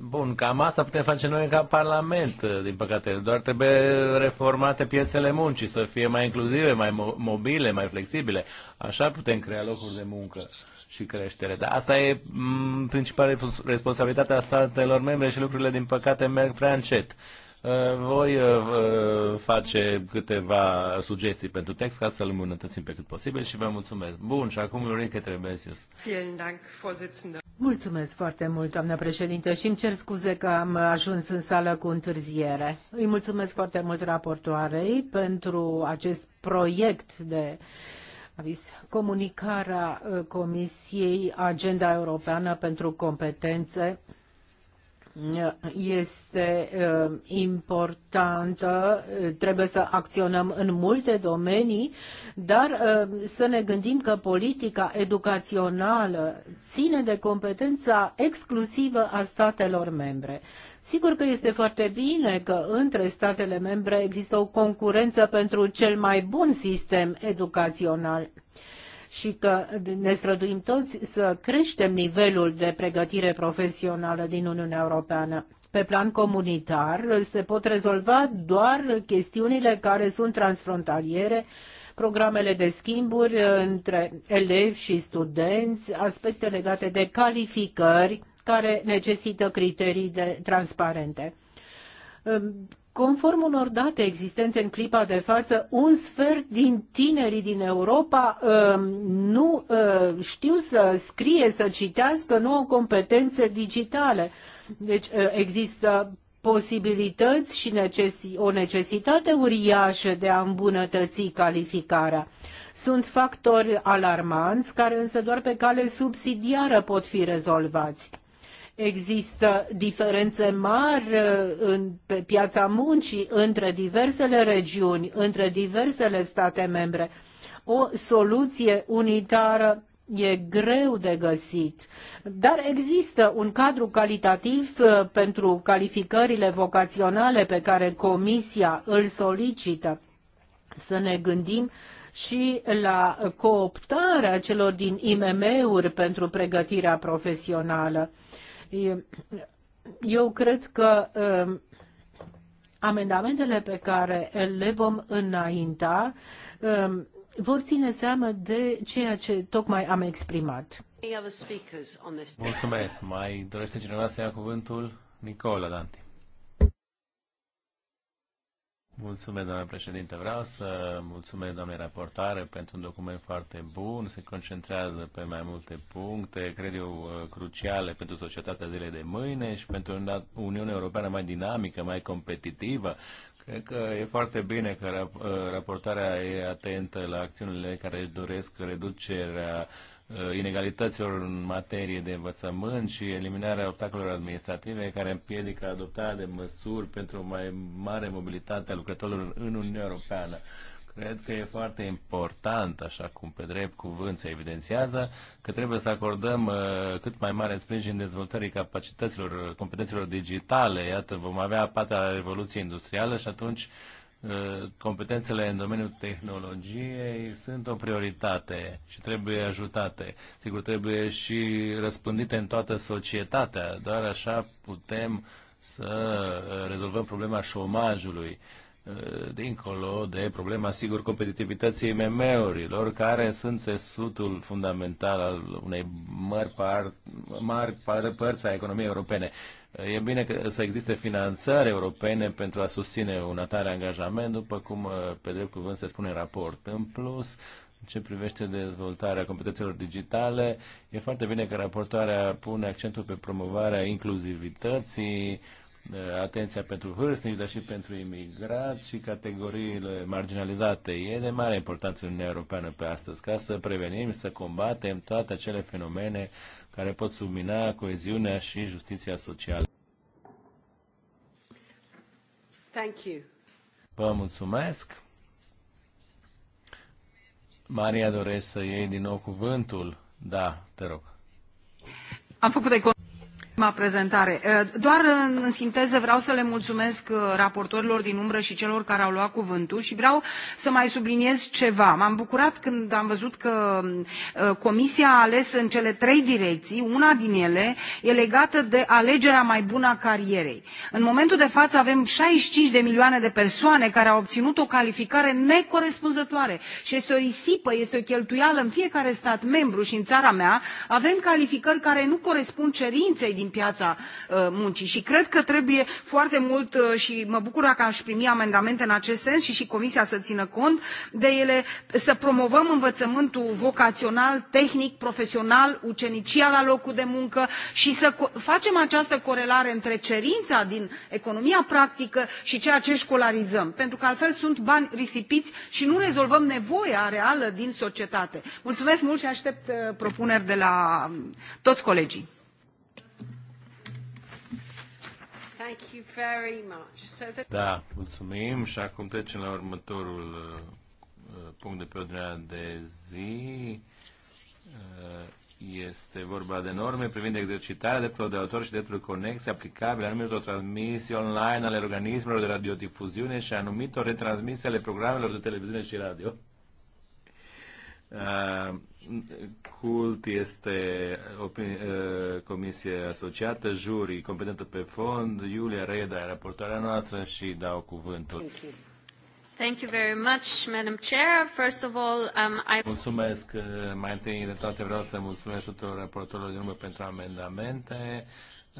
Bun, cam asta putem face noi ca Parlament, din păcate. Doar trebuie reformate piețele muncii, să fie mai inclusive, mai mobile, mai flexibile. Așa putem crea locuri de muncă și creștere. Dar asta e principala responsabilitatea statelor membre și lucrurile, din păcate, merg prea încet. Uh, voi uh, uh, face câteva sugestii pentru text ca să-l îmbunătățim pe cât posibil și vă mulțumesc. Bun, și acum Ulrike Trebesius. Vielen Dank, Vorsitzender. Mulțumesc foarte mult, doamnă președinte, și îmi cer scuze că am ajuns în sală cu întârziere. Îi mulțumesc foarte mult raportoarei pentru acest proiect de avis, Comunicarea uh, Comisiei Agenda Europeană pentru Competențe este um, importantă, trebuie să acționăm în multe domenii, dar um, să ne gândim că politica educațională ține de competența exclusivă a statelor membre. Sigur că este foarte bine că între statele membre există o concurență pentru cel mai bun sistem educațional și că ne străduim toți să creștem nivelul de pregătire profesională din Uniunea Europeană. Pe plan comunitar se pot rezolva doar chestiunile care sunt transfrontaliere, programele de schimburi între elevi și studenți, aspecte legate de calificări care necesită criterii de transparente Conform unor date existente în clipa de față, un sfert din tinerii din Europa um, nu uh, știu să scrie, să citească, nu au competențe digitale. Deci uh, există posibilități și necesi- o necesitate uriașă de a îmbunătăți calificarea. Sunt factori alarmanți care însă doar pe cale subsidiară pot fi rezolvați. Există diferențe mari uh, în, pe piața muncii între diversele regiuni, între diversele state membre. O soluție unitară e greu de găsit, dar există un cadru calitativ uh, pentru calificările vocaționale pe care Comisia îl solicită. Să ne gândim și la cooptarea celor din IMM-uri pentru pregătirea profesională. Uh, eu cred că um, amendamentele pe care le vom înainta um, vor ține seama de ceea ce tocmai am exprimat. Mulțumesc. Mai dorește cineva să ia cuvântul? Nicola Dante. Mulțumesc, doamne președinte. Vreau să mulțumesc, doamne raportare, pentru un document foarte bun. Se concentrează pe mai multe puncte, cred eu, uh, cruciale pentru societatea zilei de mâine și pentru o Uniune Europeană mai dinamică, mai competitivă. Cred că e foarte bine că uh, raportarea e atentă la acțiunile care doresc reducerea Uh, inegalităților în materie de învățământ și eliminarea obstacolelor administrative care împiedică adoptarea de măsuri pentru o mai mare mobilitate a lucrătorilor în Uniunea Europeană. Cred că e foarte important, așa cum pe drept cuvânt se evidențiază, că trebuie să acordăm uh, cât mai mare sprijin dezvoltării capacităților, competențelor digitale. Iată, vom avea a patra revoluție industrială și atunci uh, Uh, competențele în domeniul tehnologiei sunt o prioritate și trebuie ajutate. Sigur, trebuie și răspândite în toată societatea. Doar așa putem să uh, rezolvăm problema șomajului uh, dincolo de problema, sigur, competitivității mmo urilor care sunt sesutul fundamental al unei mari, par, mari par, părți a economiei europene. E bine că să existe finanțare europene pentru a susține un atare angajament, după cum uh, pe drept cuvânt se spune în raport. În plus, în ce privește dezvoltarea competențelor digitale, e foarte bine că raportarea pune accentul pe promovarea inclusivității, uh, atenția pentru vârstnici, dar și pentru imigrați și categoriile marginalizate. E de mare importanță în Uniunea Europeană pe astăzi ca să prevenim, să combatem toate acele fenomene care pot submina coeziunea și justiția socială. Thank you. Vă mulțumesc. Maria, doresc să iei din nou cuvântul. Da, te rog. Am făcut economie prima prezentare. Uh, doar în sinteză vreau să le mulțumesc uh, raportorilor din umbră și celor care au luat cuvântul și vreau să mai subliniez ceva. M-am bucurat când am văzut că uh, Comisia a ales în cele trei direcții, una din ele e legată de alegerea mai bună a carierei. În momentul de față avem 65 de milioane de persoane care au obținut o calificare necorespunzătoare și este o risipă, este o cheltuială în fiecare stat membru și în țara mea avem calificări care nu corespund cerinței din piața uh, muncii și cred că trebuie foarte mult uh, și mă bucur dacă aș primi amendamente în acest sens și și comisia să țină cont de ele să promovăm învățământul vocațional tehnic profesional ucenicia la locul de muncă și să facem această corelare între cerința din economia practică și ceea ce școlarizăm pentru că altfel sunt bani risipiți și nu rezolvăm nevoia reală din societate. mulțumesc mult și aștept uh, propuneri de la um, toți colegii. Thank you very much. So the... Da, mulțumim și acum trecem la următorul uh, uh, punct de pe ordinea de zi. Uh, este vorba de norme privind exercitarea drepturilor de autor și drepturilor conexe aplicabile anumitor transmisii online ale organismelor de radiodifuziune și anumitor retransmisii ale programelor de televiziune și radio Uh, cult este uh, comisie asociată, juri competentă pe fond, Iulia Reda e raportoarea noastră și dau cuvântul. Thank you very much, Madam Chair. First of all, um, I... Mulțumesc. Uh, mai întâi de toate vreau să mulțumesc tuturor raportorilor din urmă pentru amendamente.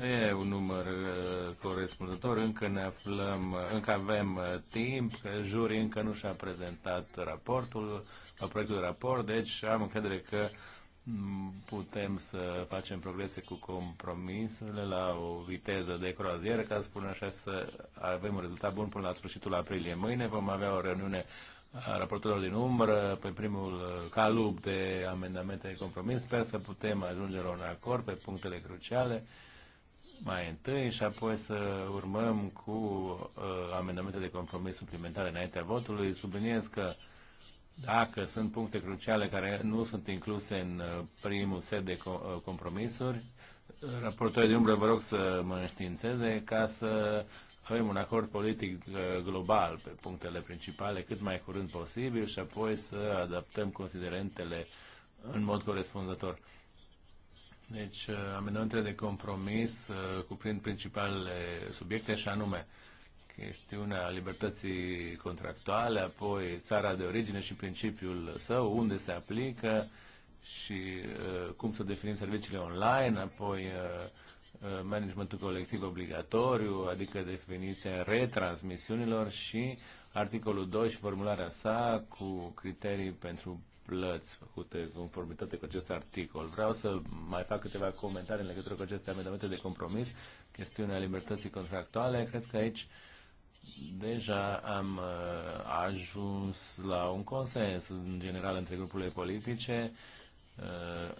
E un număr uh, corespunzător, încă ne aflăm, uh, încă avem uh, timp, juri încă nu și-a prezentat raportul, proiectul de raport, deci am încredere că mm, putem să facem progrese cu compromisurile la o viteză de croazieră, ca să spun așa, să avem un rezultat bun până la sfârșitul aprilie. Mâine vom avea o reuniune a raportorilor din umbră pe primul calup de amendamente de compromis. Sper să putem ajunge la un acord pe punctele cruciale mai întâi și apoi să urmăm cu uh, amendamente de compromis suplimentare înaintea votului. Subliniez că dacă sunt puncte cruciale care nu sunt incluse în uh, primul set de uh, compromisuri, raportorii de umbră vă rog să mă înștiințeze ca să avem un acord politic uh, global pe punctele principale cât mai curând posibil și apoi să adaptăm considerentele în mod corespunzător. Deci, uh, amendamentele de compromis uh, cuprind principalele subiecte și anume chestiunea libertății contractuale, apoi țara de origine și principiul său, unde se aplică și uh, cum să definim serviciile online, apoi managementul colectiv obligatoriu, adică definiția retransmisiunilor și articolul 2 și formularea sa cu criterii pentru plăți făcute în conformitate cu acest articol. Vreau să mai fac câteva comentarii în legătură cu aceste amendamente de compromis, chestiunea libertății contractuale. Cred că aici deja am uh, ajuns la un consens în general între grupurile politice. Uh,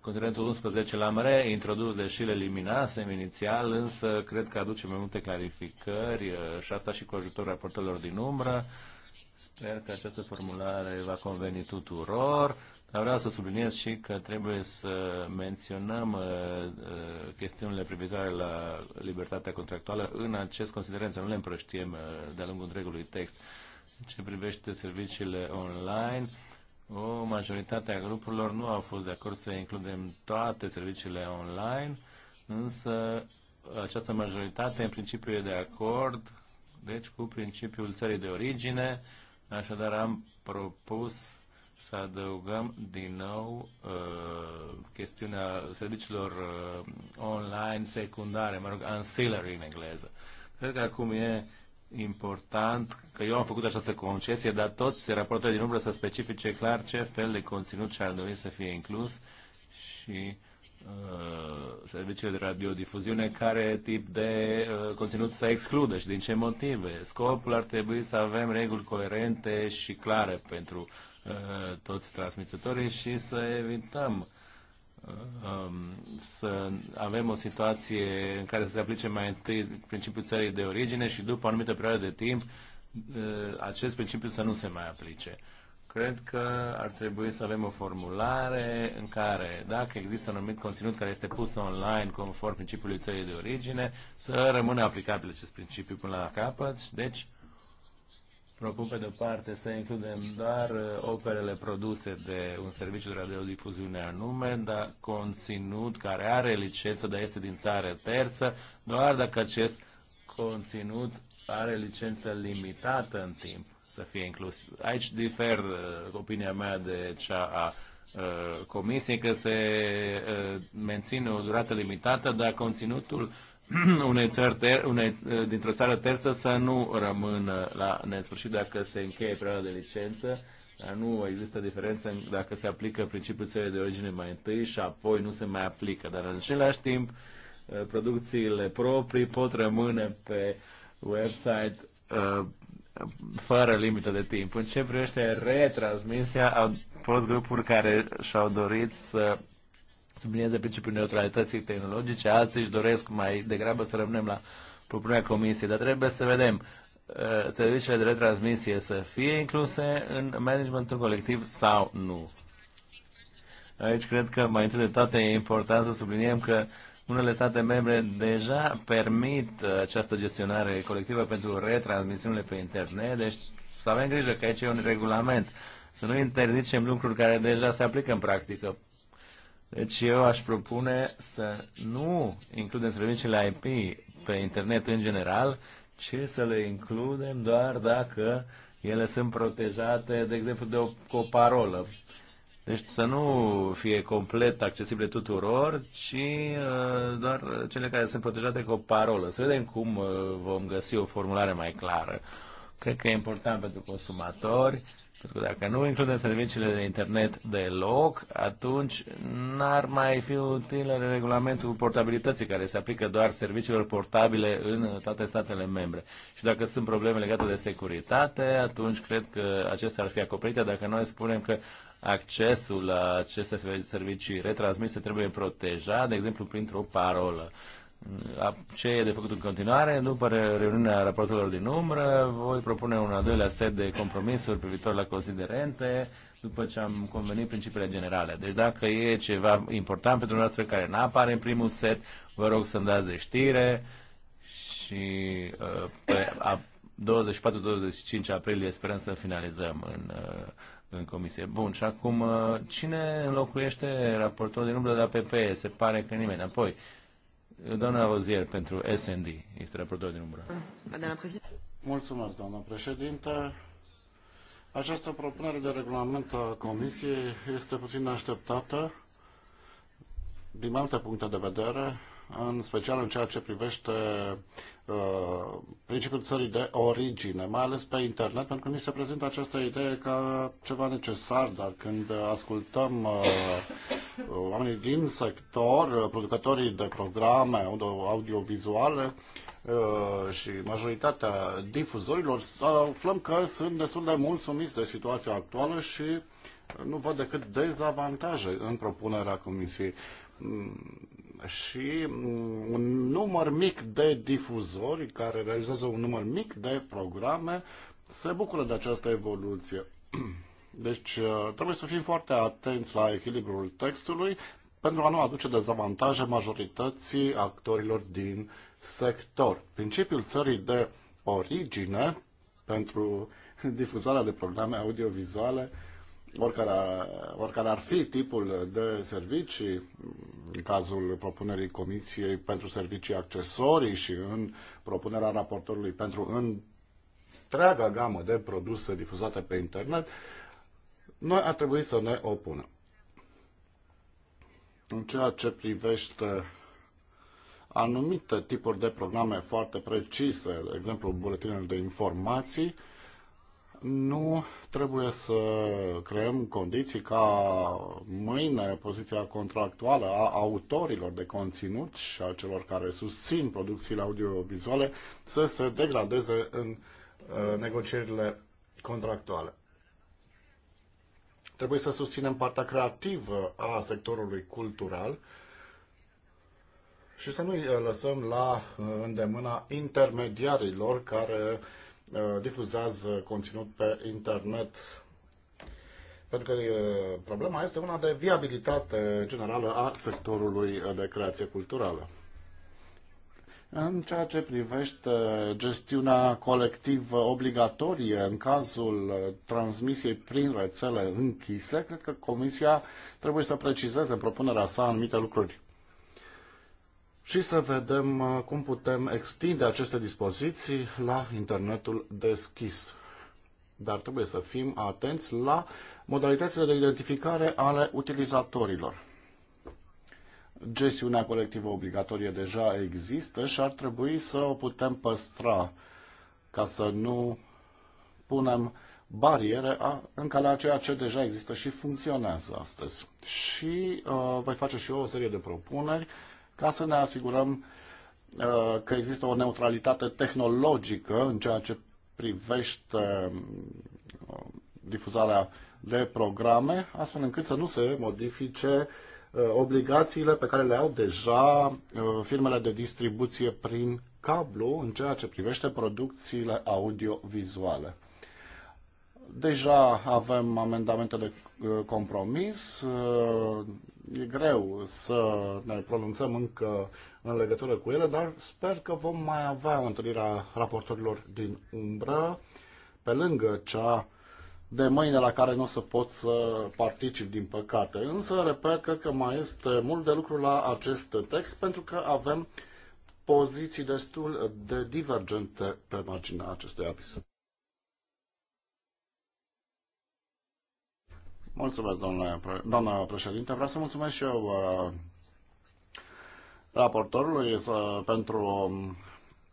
Continentul 11 l-am reintrodus, deși le eliminasem inițial, însă cred că aduce mai multe clarificări uh, și asta și cu ajutorul raportelor din umbră. Sper că această formulare va conveni tuturor, dar vreau să subliniez și că trebuie să menționăm uh, uh, chestiunile privitoare la libertatea contractuală în acest considerent, să nu le împrăștiem uh, de-a lungul întregului text. În ce privește serviciile online, o majoritate a grupurilor nu au fost de acord să includem toate serviciile online, însă această majoritate în principiu e de acord, deci cu principiul țării de origine, Așadar am propus să adăugăm din nou uh, chestiunea serviciilor uh, online secundare, mă rog, ancillary în engleză. Cred că acum e important că eu am făcut această concesie, dar toți raportele din umbră să specifice clar ce fel de conținut și-ar dori să fie inclus și uh, Uh, serviciile de radiodifuziune care tip de uh, conținut să excludă și din ce motive. Scopul ar trebui să avem reguli coerente și clare pentru uh, toți transmisătorii și să evităm um, să avem o situație în care să se aplice mai întâi principiul țării de origine și după o anumită perioadă de timp acest principiu să nu se mai aplice. Cred că ar trebui să avem o formulare în care, dacă există un anumit conținut care este pus online conform principiului țării de origine, să rămână aplicabil acest principiu până la capăt. Deci, propun pe de-o parte să includem doar uh, operele produse de un serviciu de radiodifuziune anume, dar conținut care are licență, dar este din țară terță, doar dacă acest conținut are licență limitată în timp să fie inclus. Aici difer uh, opinia mea de cea a uh, comisiei că se uh, menține o durată limitată, dar conținutul unei țări ter- unei, dintr-o țară terță să nu rămână la nesfârșit dacă se încheie perioada de licență, dar nu există diferență dacă se aplică principiul țării de origine mai întâi și apoi nu se mai aplică. Dar în același timp, producțiile proprii pot rămâne pe website fără limită de timp. În ce privește retransmisia, au fost grupuri care și-au dorit să sublinieze principiul neutralității tehnologice, alții își doresc mai degrabă să rămânem la propunerea comisiei, dar trebuie să vedem uh, televiziile de retransmisie să fie incluse în managementul colectiv sau nu. Aici cred că mai întâi de toate e important să subliniem că uh, unele state membre deja permit această gestionare colectivă pentru retransmisiunile pe internet, deci să avem grijă că aici e un regulament, să nu interzicem lucruri care deja se aplică în practică. Deci eu aș propune să nu includem serviciile IP pe internet în general, ci să le includem doar dacă ele sunt protejate, de exemplu, de o, cu o parolă. Deci să nu fie complet accesibile tuturor, ci uh, doar cele care sunt protejate cu o parolă. Să vedem cum uh, vom găsi o formulare mai clară. Cred că e important pentru consumatori, pentru că dacă nu includem serviciile de internet deloc, atunci n-ar mai fi util regulamentul portabilității care se aplică doar serviciilor portabile în toate statele membre. Și dacă sunt probleme legate de securitate, atunci cred că acestea ar fi acoperite dacă noi spunem că accesul la aceste servicii retransmise trebuie protejat, de exemplu, printr-o parolă. Ce e de făcut în continuare? După reuniunea raportelor din umbră, voi propune un al doilea set de compromisuri privitor la considerente, după ce am convenit principiile generale. Deci dacă e ceva important pentru noastră care nu apare în primul set, vă rog să-mi dați de știre și uh, pe 24-25 aprilie sperăm să finalizăm în uh, în comisie. Bun, și acum uh, cine înlocuiește raportorul din umbră de la Se pare că nimeni. Apoi, doamna Rozier pentru SND este raportor din umbră. Mulțumesc, doamna președinte. Această propunere de regulament a Comisiei este puțin așteptată din alte puncte de vedere în special în ceea ce privește uh, principiul țării de origine, mai ales pe internet, pentru că ni se prezintă această idee ca ceva necesar, dar când ascultăm uh, oamenii din sector, uh, producătorii de programe audiovizuale, uh, și majoritatea difuzorilor, uh, aflăm că sunt destul de mulțumiți de situația actuală și nu văd decât dezavantaje în propunerea Comisiei. Mm, și mm, un număr mic de difuzori care realizează un număr mic de programe se bucură de această evoluție. Deci uh, trebuie să fim foarte atenți la echilibrul textului pentru a nu aduce dezavantaje majorității actorilor din sector. Principiul țării de origine pentru difuzarea de programe audiovizuale oricare, oricare ar fi tipul de servicii, în cazul propunerii Comisiei pentru servicii accesorii și în propunerea raportorului pentru întreaga gamă de produse difuzate pe internet, noi ar trebui să ne opunem. În ceea ce privește anumite tipuri de programe foarte precise, de exemplu buletinele de informații, nu trebuie să creăm condiții ca mâine poziția contractuală a autorilor de conținut și a celor care susțin producțiile audiovizuale să se degradeze în uh, negocierile contractuale. Trebuie să susținem partea creativă a sectorului cultural și să nu uh, lăsăm la uh, îndemâna intermediarilor care uh, Uh, difuzează conținut pe internet. Pentru că uh, problema este una de viabilitate generală a sectorului de creație culturală. În ceea ce privește gestiunea colectivă obligatorie în cazul uh, transmisiei prin rețele închise, cred că Comisia trebuie să precizeze în propunerea sa anumite lucruri și să vedem uh, cum putem extinde aceste dispoziții la internetul deschis. Dar trebuie să fim atenți la modalitățile de identificare ale utilizatorilor. Gestiunea colectivă obligatorie deja există și ar trebui să o putem păstra ca să nu punem bariere a, în calea ceea ce deja există și funcționează astăzi. Și uh, voi face și eu o serie de propuneri uh, ca să ne asigurăm uh, că există o neutralitate tehnologică în ceea ce privește uh, difuzarea de programe, astfel încât să nu se modifice uh, obligațiile pe care le au deja firmele de distribuție prin cablu în ceea ce privește producțiile audio-vizuale. Deja avem amendamente de compromis e greu să ne pronunțăm încă în legătură cu ele, dar sper că vom mai avea a raportorilor din umbră, pe lângă cea de mâine la care nu o să pot să particip, din păcate. Însă, repet, cred că mai este mult de lucru la acest text, pentru că avem poziții destul de divergente pe marginea acestui avis. Mulțumesc, domnule, doamna președinte. Vreau să mulțumesc și eu uh, raportorului să, pentru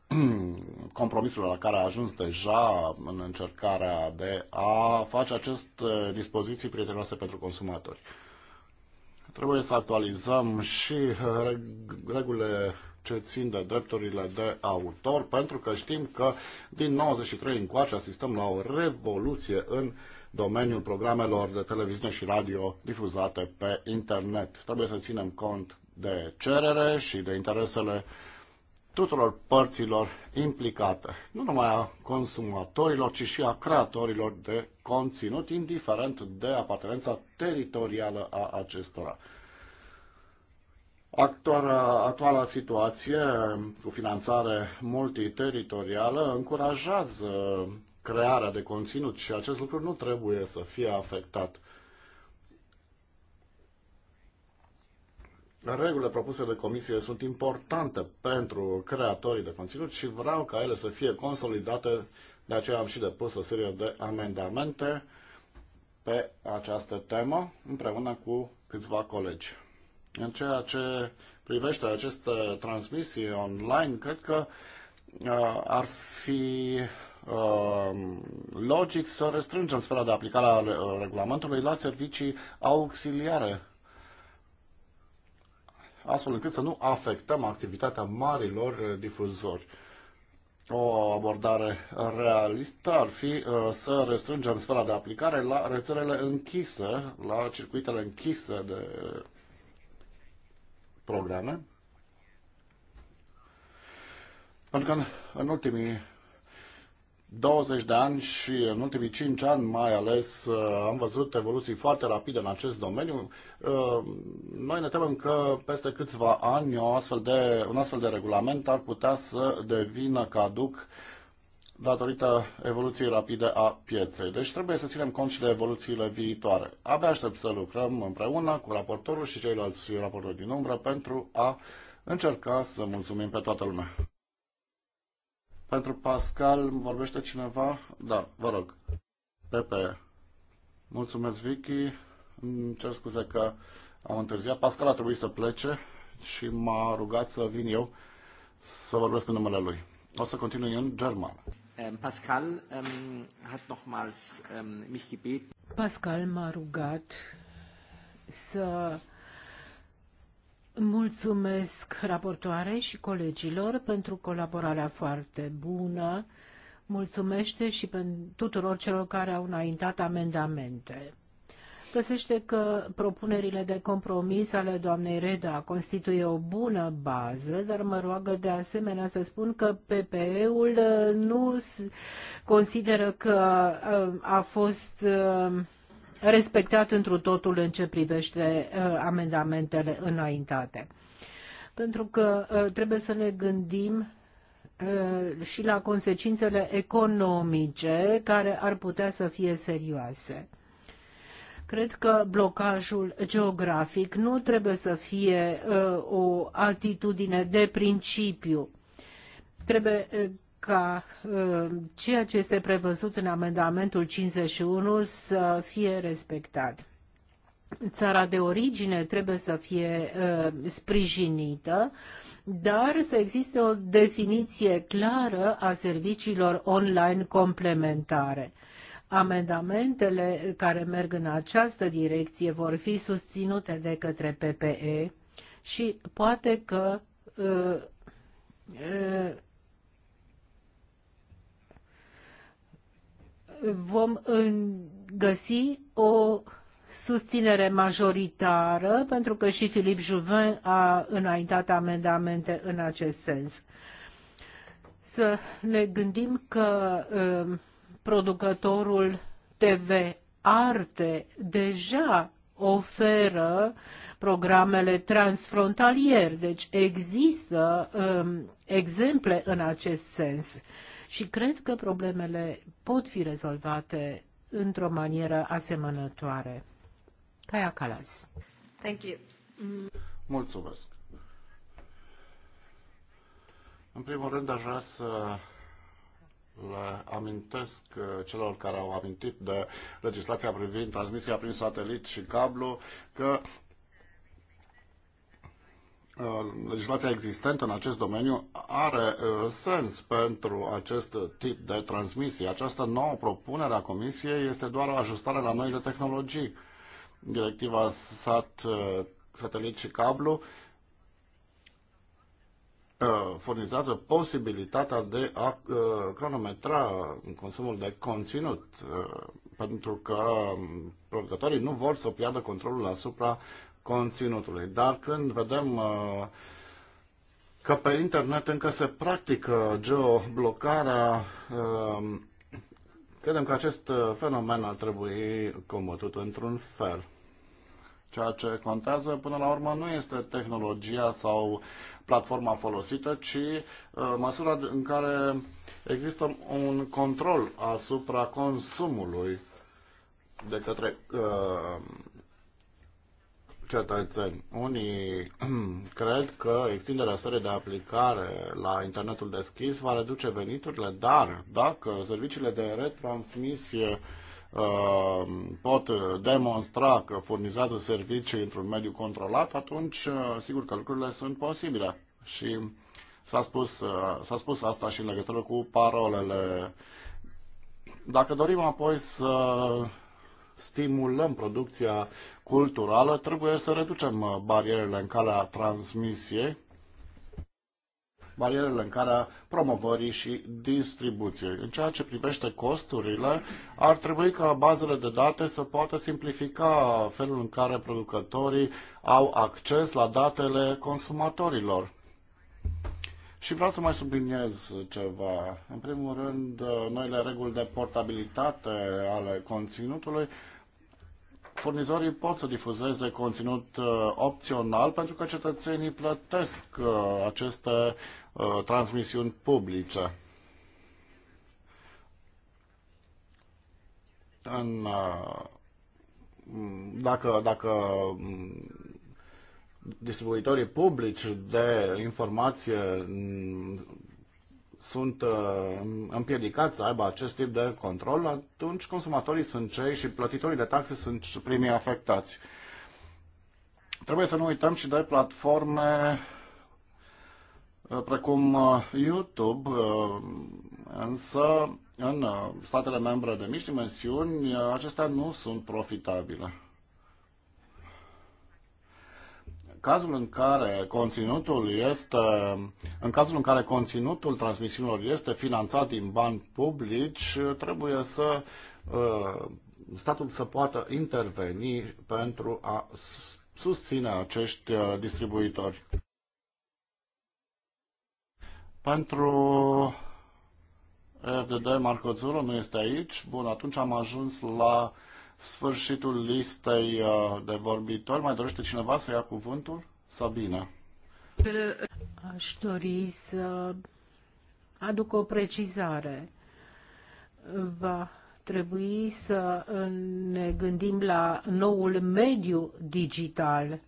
um, compromisul la care a ajuns deja în încercarea de a face aceste dispoziții prietenoase pentru consumatori. Trebuie să actualizăm și uh, regulile ce țin de drepturile de autor, pentru că știm că din 93 încoace asistăm la o revoluție în uh, domeniul programelor de televiziune și radio difuzate pe internet. Trebuie să ținem cont de cerere și de interesele tuturor părților implicate, nu numai a consumatorilor, ci și a creatorilor de conținut, indiferent de apartenența teritorială a acestora. Actuala, actuala situație cu finanțare multiteritorială încurajează crearea de conținut și acest lucru nu trebuie să fie afectat. Regulile propuse de comisie sunt importante pentru creatorii de conținut și vreau ca ele să fie consolidate, de aceea am și depus o serie de amendamente pe această temă împreună cu câțiva colegi. În ceea ce privește aceste transmisii online, cred că uh, ar fi Um, logic să restrângem sfera de aplicare a regulamentului la servicii auxiliare, astfel încât să nu afectăm activitatea marilor difuzori. O abordare realistă ar fi uh, să restrângem sfera de aplicare la rețelele închise, la circuitele închise de programe, pentru că în, în ultimii 20 de ani și în ultimii 5 ani mai ales uh, am văzut evoluții foarte rapide în acest domeniu. Uh, noi ne temem că peste câțiva ani o astfel de, un astfel de regulament ar putea să devină caduc datorită evoluției rapide a pieței. Deci trebuie să ținem cont și de evoluțiile viitoare. Abia aștept să lucrăm împreună cu raportorul și ceilalți raportori din umbră pentru a încerca să mulțumim pe toată lumea. Pentru Pascal vorbește cineva? Da, vă rog. Pepe. Mulțumesc, Vicky. Îmi cer scuze că am întârziat. Pascal a trebuit să plece și m-a rugat să vin eu să vorbesc în numele lui. O să continui în german. Ehm, Pascal um, hat nochmals um, mich Pascal m-a rugat să Mulțumesc raportoare și colegilor pentru colaborarea foarte bună. Mulțumește și pentru tuturor celor care au înaintat amendamente. Găsește că propunerile de compromis ale doamnei Reda constituie o bună bază, dar mă roagă de asemenea să spun că PPE-ul uh, nu consideră că uh, a fost uh, respectat întru totul în ce privește uh, amendamentele înaintate. Pentru că uh, trebuie să ne gândim uh, și la consecințele economice care ar putea să fie serioase. Cred că blocajul geografic nu trebuie să fie o atitudine de principiu. Trebuie ca ă, ceea ce este prevăzut în amendamentul 51 să fie respectat. Țara de origine trebuie să fie ă, sprijinită, dar să existe o definiție clară a serviciilor online complementare. Amendamentele care merg în această direcție vor fi susținute de către PPE și poate că uh, uh, vom găsi o susținere majoritară, pentru că și Filip Juvin a înaintat amendamente în acest sens. Să ne gândim că um, producătorul TV Arte deja oferă programele transfrontalier, deci există um, exemple în acest sens. Și cred că problemele pot fi rezolvate într-o manieră asemănătoare. Caia Calas. Thank you. Mulțumesc. În primul rând aș vrea să le amintesc uh, celor care au amintit de legislația privind transmisia prin satelit și cablu că Uh, legislația existentă în acest domeniu are uh, sens pentru acest tip de transmisie. Această nouă propunere a Comisiei este doar o ajustare la noile tehnologii. Directiva SAT, uh, satelit și cablu, furnizează posibilitatea de a cronometra consumul de conținut, pentru că um, producătorii nu vor să piardă controlul asupra conținutului. Dar când vedem uh, că pe internet încă se practică geoblocarea, uh, credem că acest uh, fenomen ar trebui combătut într-un fel. Ceea ce contează până la urmă nu este tehnologia sau platforma folosită, ci uh, măsura în care există un control asupra consumului de către uh, cetățeni. Unii cred că extinderea sferei de aplicare la internetul deschis va reduce veniturile, dar dacă serviciile de retransmisie uh, pot demonstra că furnizează servicii într-un mediu controlat, atunci uh, sigur că lucrurile sunt posibile. Și s-a spus, uh, s-a spus asta și în legătură cu parolele dacă dorim apoi să stimulăm producția culturală, trebuie să reducem uh, barierele în calea transmisiei, barierele în calea promovării și distribuției. În ceea ce privește costurile, ar trebui ca bazele de date să poată simplifica felul în care producătorii au acces la datele consumatorilor și vreau să mai subliniez ceva. În primul rând, noile reguli de portabilitate ale conținutului furnizorii pot să difuzeze conținut uh, opțional pentru că cetățenii plătesc uh, aceste uh, transmisiuni publice. În, dacă, dacă distribuitorii publici de informație sunt uh, împiedicați să aibă acest tip de control, atunci consumatorii sunt cei și plătitorii de taxe sunt primii afectați. Trebuie să nu uităm și de platforme uh, precum uh, YouTube, însă în statele membre de mici dimensiuni acestea nu sunt profitabile. cazul în care conținutul este, în cazul în care conținutul transmisiunilor este finanțat din bani publici, trebuie să uh, statul să poată interveni pentru a susține acești uh, distribuitori. Pentru FDD Marco Zulu nu este aici. Bun, atunci am ajuns la sfârșitul listei uh, de vorbitori. Mai dorește cineva să ia cuvântul? Sabina. Aș dori să aduc o precizare. Va trebui să ne gândim la noul mediu digital.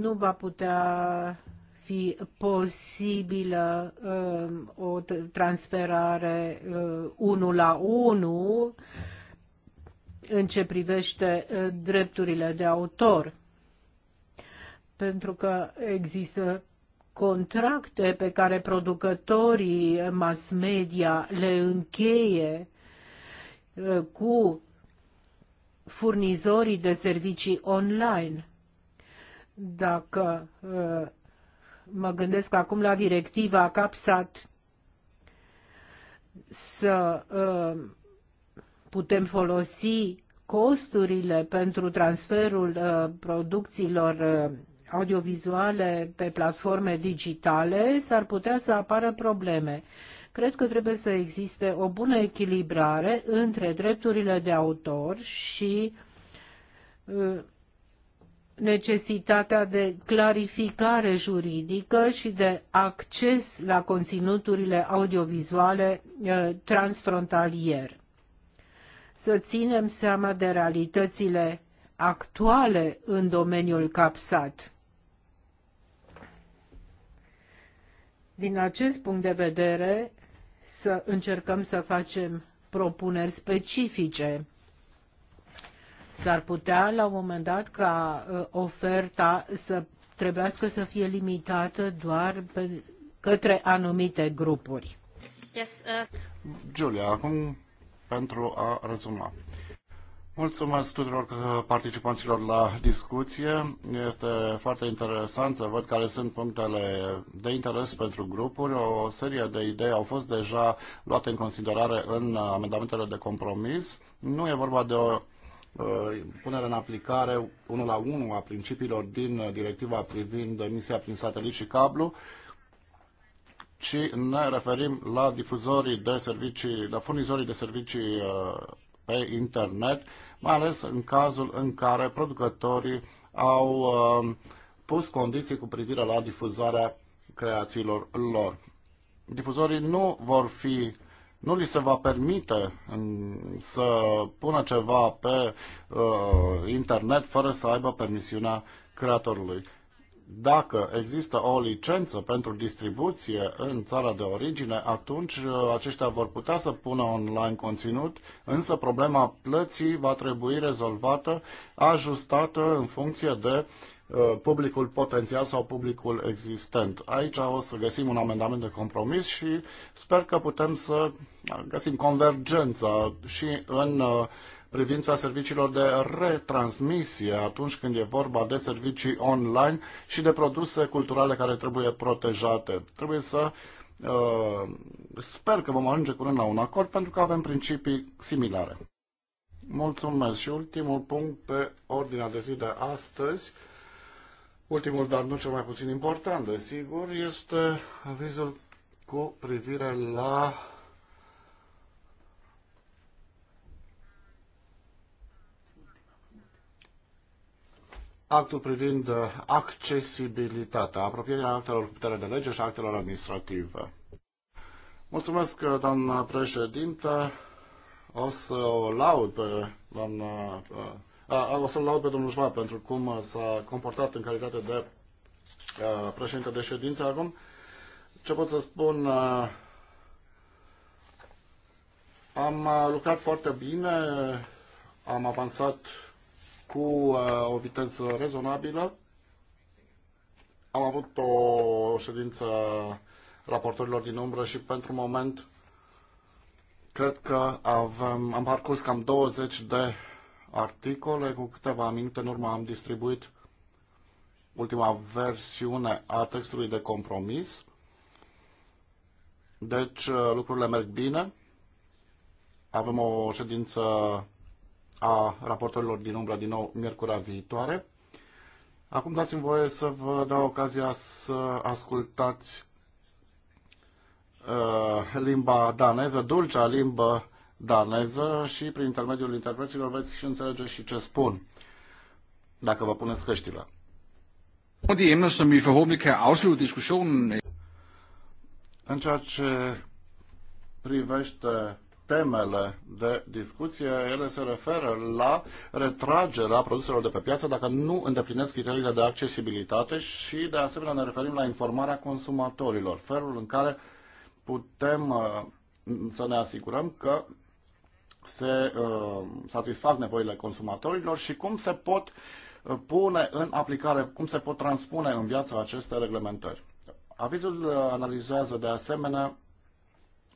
Nu va putea fi posibilă uh, o transferare uh, 1 la 1 în ce privește uh, drepturile de autor. Pentru că există contracte pe care producătorii mass media le încheie uh, cu furnizorii de servicii online. Dacă uh, mă gândesc acum la directiva CAPSAT, să ă, putem folosi costurile pentru transferul ă, producțiilor ă, audiovizuale pe platforme digitale, s-ar putea să apară probleme. Cred că trebuie să existe o bună echilibrare între drepturile de autor și necesitatea de clarificare juridică și de acces la conținuturile audiovizuale eh, transfrontalier. Să ținem seama de realitățile actuale în domeniul capsat. Din acest punct de vedere, să încercăm să facem propuneri specifice S-ar putea la un moment dat ca uh, oferta să trebuiască să fie limitată doar pe, către anumite grupuri. Yes, uh... Julia, acum pentru a rezuma. Mulțumesc tuturor participanților la discuție. Este foarte interesant să văd care sunt punctele de interes pentru grupuri. O serie de idei au fost deja luate în considerare în amendamentele de compromis. Nu e vorba de o Uh, punerea în aplicare unul la unu a principiilor din uh, directiva privind emisia prin satelit și cablu, ci ne referim la difuzorii de servicii, la furnizorii de servicii uh, pe internet, mai ales în cazul în care producătorii au pus condiții cu privire la difuzarea creațiilor lor. Difuzorii nu vor fi nu li se va permite să pună ceva pe uh, internet fără să aibă permisiunea creatorului. Dacă există o licență pentru distribuție în țara de origine, atunci uh, aceștia vor putea să pună online conținut, însă problema plății va trebui rezolvată, ajustată în funcție de uh, Uh, publicul potențial sau publicul existent. Aici o să găsim un amendament de compromis și sper că putem să găsim convergența și în uh, privința serviciilor de retransmisie atunci când e vorba de servicii online și de produse culturale care trebuie protejate. Trebuie să uh, sper că vom ajunge curând la un acord pentru că avem principii similare. Mulțumesc și ultimul punct pe ordinea de zi de astăzi Ultimul, dar nu cel mai puțin important, desigur, este avizul cu privire la actul privind accesibilitatea, apropierea actelor cu putere de lege și actelor administrative. Mulțumesc, doamna președintă. O să o laud pe doamna uh, o să-l laud pe domnul Șva pentru cum uh, s-a comportat în calitate de uh, președinte de ședință acum. Ce pot să spun? Uh, am lucrat foarte bine, am avansat cu o viteză rezonabilă. Am avut o ședință raportorilor din umbră și pentru moment cred că avem, am parcurs cam 20 de articole. Cu câteva minute în urmă am distribuit ultima versiune a textului de compromis. Deci uh, lucrurile merg bine. Avem o ședință a raportorilor din umbră din nou miercura viitoare. Acum dați-mi voie să vă dau ocazia să ascultați uh, limba daneză, dulcea limbă daneză și prin intermediul interpreților veți și înțelege și ce spun, dacă vă puneți căștile. În ceea ce privește temele de discuție, ele se referă la retragerea produselor de pe piață dacă nu îndeplinesc criteriile de accesibilitate și de asemenea ne referim la informarea consumatorilor, felul în care putem uh, să ne asigurăm că se uh, satisfac nevoile consumatorilor și cum se pot uh, pune în aplicare, cum se pot transpune în viață aceste reglementări. Avizul uh, analizează de asemenea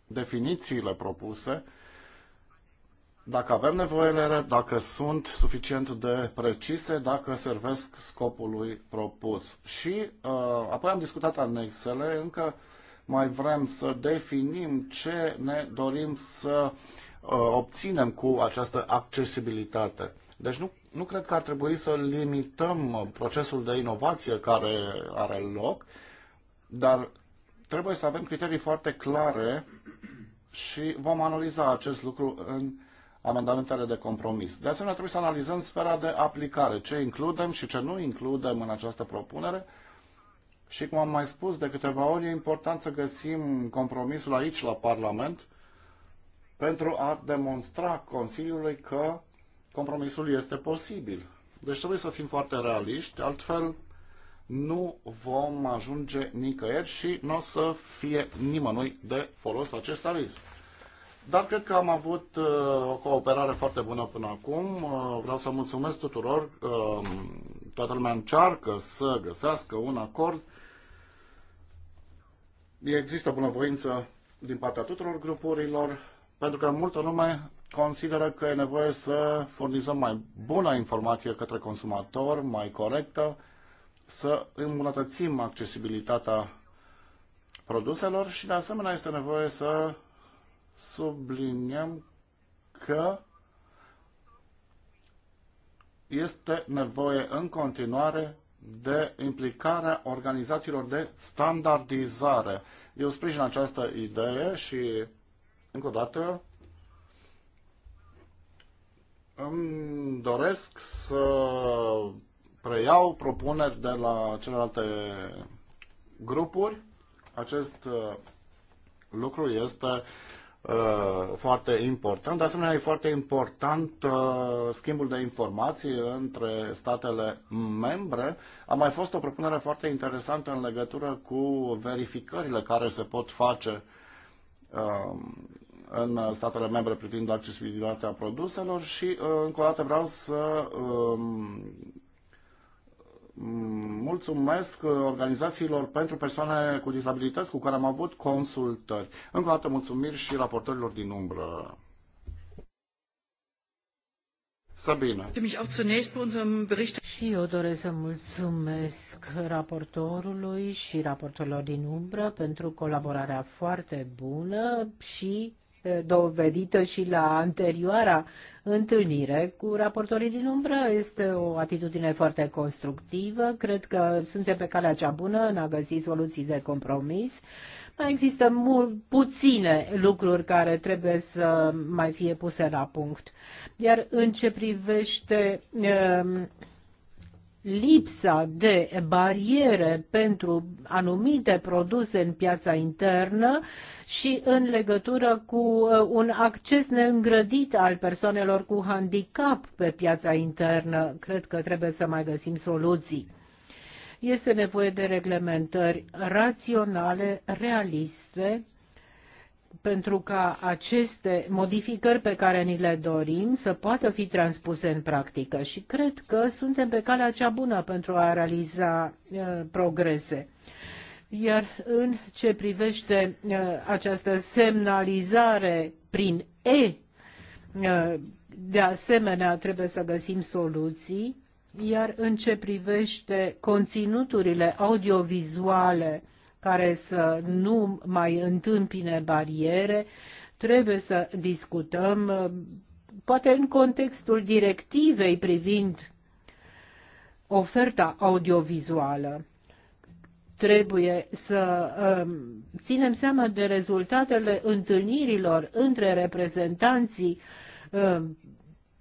definițiile propuse, dacă avem nevoile, dacă sunt suficient de precise, dacă servesc scopului propus. Și uh, apoi am discutat anexele, încă mai vrem să definim ce ne dorim să Uh, obținem cu această accesibilitate. Deci nu, nu cred că ar trebui să limităm uh, procesul de inovație care are loc, dar trebuie să avem criterii foarte clare și vom analiza acest lucru în amendamentele de compromis. De asemenea, trebuie să analizăm sfera de aplicare, ce includem și ce nu includem în această propunere. Și cum am mai spus de câteva ori, e important să găsim compromisul aici la Parlament pentru a demonstra Consiliului că compromisul este posibil. Deci trebuie să fim foarte realiști, altfel nu vom ajunge nicăieri și nu o să fie nimănui de folos acest aviz. Dar cred că am avut uh, o cooperare foarte bună până acum. Uh, vreau să mulțumesc tuturor. Uh, toată lumea încearcă să găsească un acord. Există bunăvoință din partea tuturor grupurilor pentru că multă lume consideră că e nevoie să furnizăm mai bună informație către consumator, mai corectă, să îmbunătățim accesibilitatea produselor și de asemenea este nevoie să subliniem că este nevoie în continuare de implicarea organizațiilor de standardizare. Eu sprijin această idee și încă o dată, îmi doresc să preiau propuneri de la celelalte grupuri. Acest uh, lucru este uh, foarte important. De asemenea, e foarte important uh, schimbul de informații între statele membre. A mai fost o propunere foarte interesantă în legătură cu verificările care se pot face Um, în statele membre privind accesibilitatea produselor și uh, încă o dată vreau să um, mulțumesc uh, organizațiilor pentru persoane cu dizabilități cu care am avut consultări. Încă o dată mulțumiri și raportorilor din umbră. Sabine. Și eu doresc să mulțumesc raportorului și raportorilor din umbră pentru colaborarea foarte bună și dovedită și la anterioara întâlnire cu raportorii din umbră. Este o atitudine foarte constructivă. Cred că suntem pe calea cea bună în a găsi soluții de compromis. Uh, mai există mult, puține lucruri care trebuie să mai fie puse la punct. Iar în ce privește ehm, lipsa de bariere pentru anumite produse în piața internă și în legătură cu un acces neîngrădit al persoanelor cu handicap pe piața internă. Cred că trebuie să mai găsim soluții. Este nevoie de reglementări raționale, realiste, pentru ca aceste modificări pe care ni le dorim să poată fi transpuse în practică și cred că suntem pe calea cea bună pentru a realiza uh, progrese. Iar în ce privește uh, această semnalizare prin E, uh, de asemenea trebuie să găsim soluții iar în ce privește conținuturile audiovizuale care să nu mai întâmpine bariere, trebuie să discutăm, poate în contextul directivei privind oferta audiovizuală trebuie să um, ținem seama de rezultatele întâlnirilor între reprezentanții um,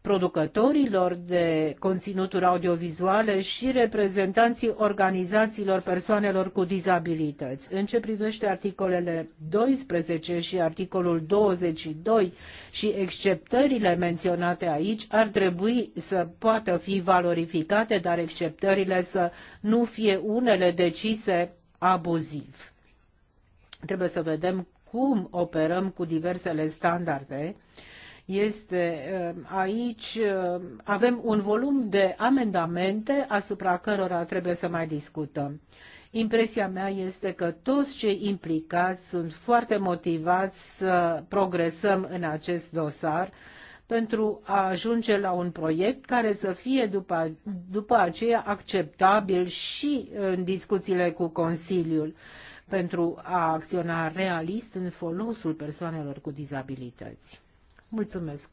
producătorilor de conținuturi audiovizuale și reprezentanții organizațiilor persoanelor cu dizabilități. În ce privește articolele 12 și articolul 22 și exceptările menționate aici, ar trebui să poată fi valorificate, dar exceptările să nu fie unele decise abuziv. Trebuie să vedem cum operăm cu diversele standarde uh, este eh, aici, eh, avem un volum de amendamente asupra cărora trebuie să mai discutăm. Impresia mea este că toți cei implicați sunt foarte motivați să progresăm în acest dosar pentru a ajunge la un proiect care să fie după, după aceea acceptabil și în discuțiile cu Consiliul pentru a acționa realist în folosul persoanelor cu dizabilități. Mulțumesc!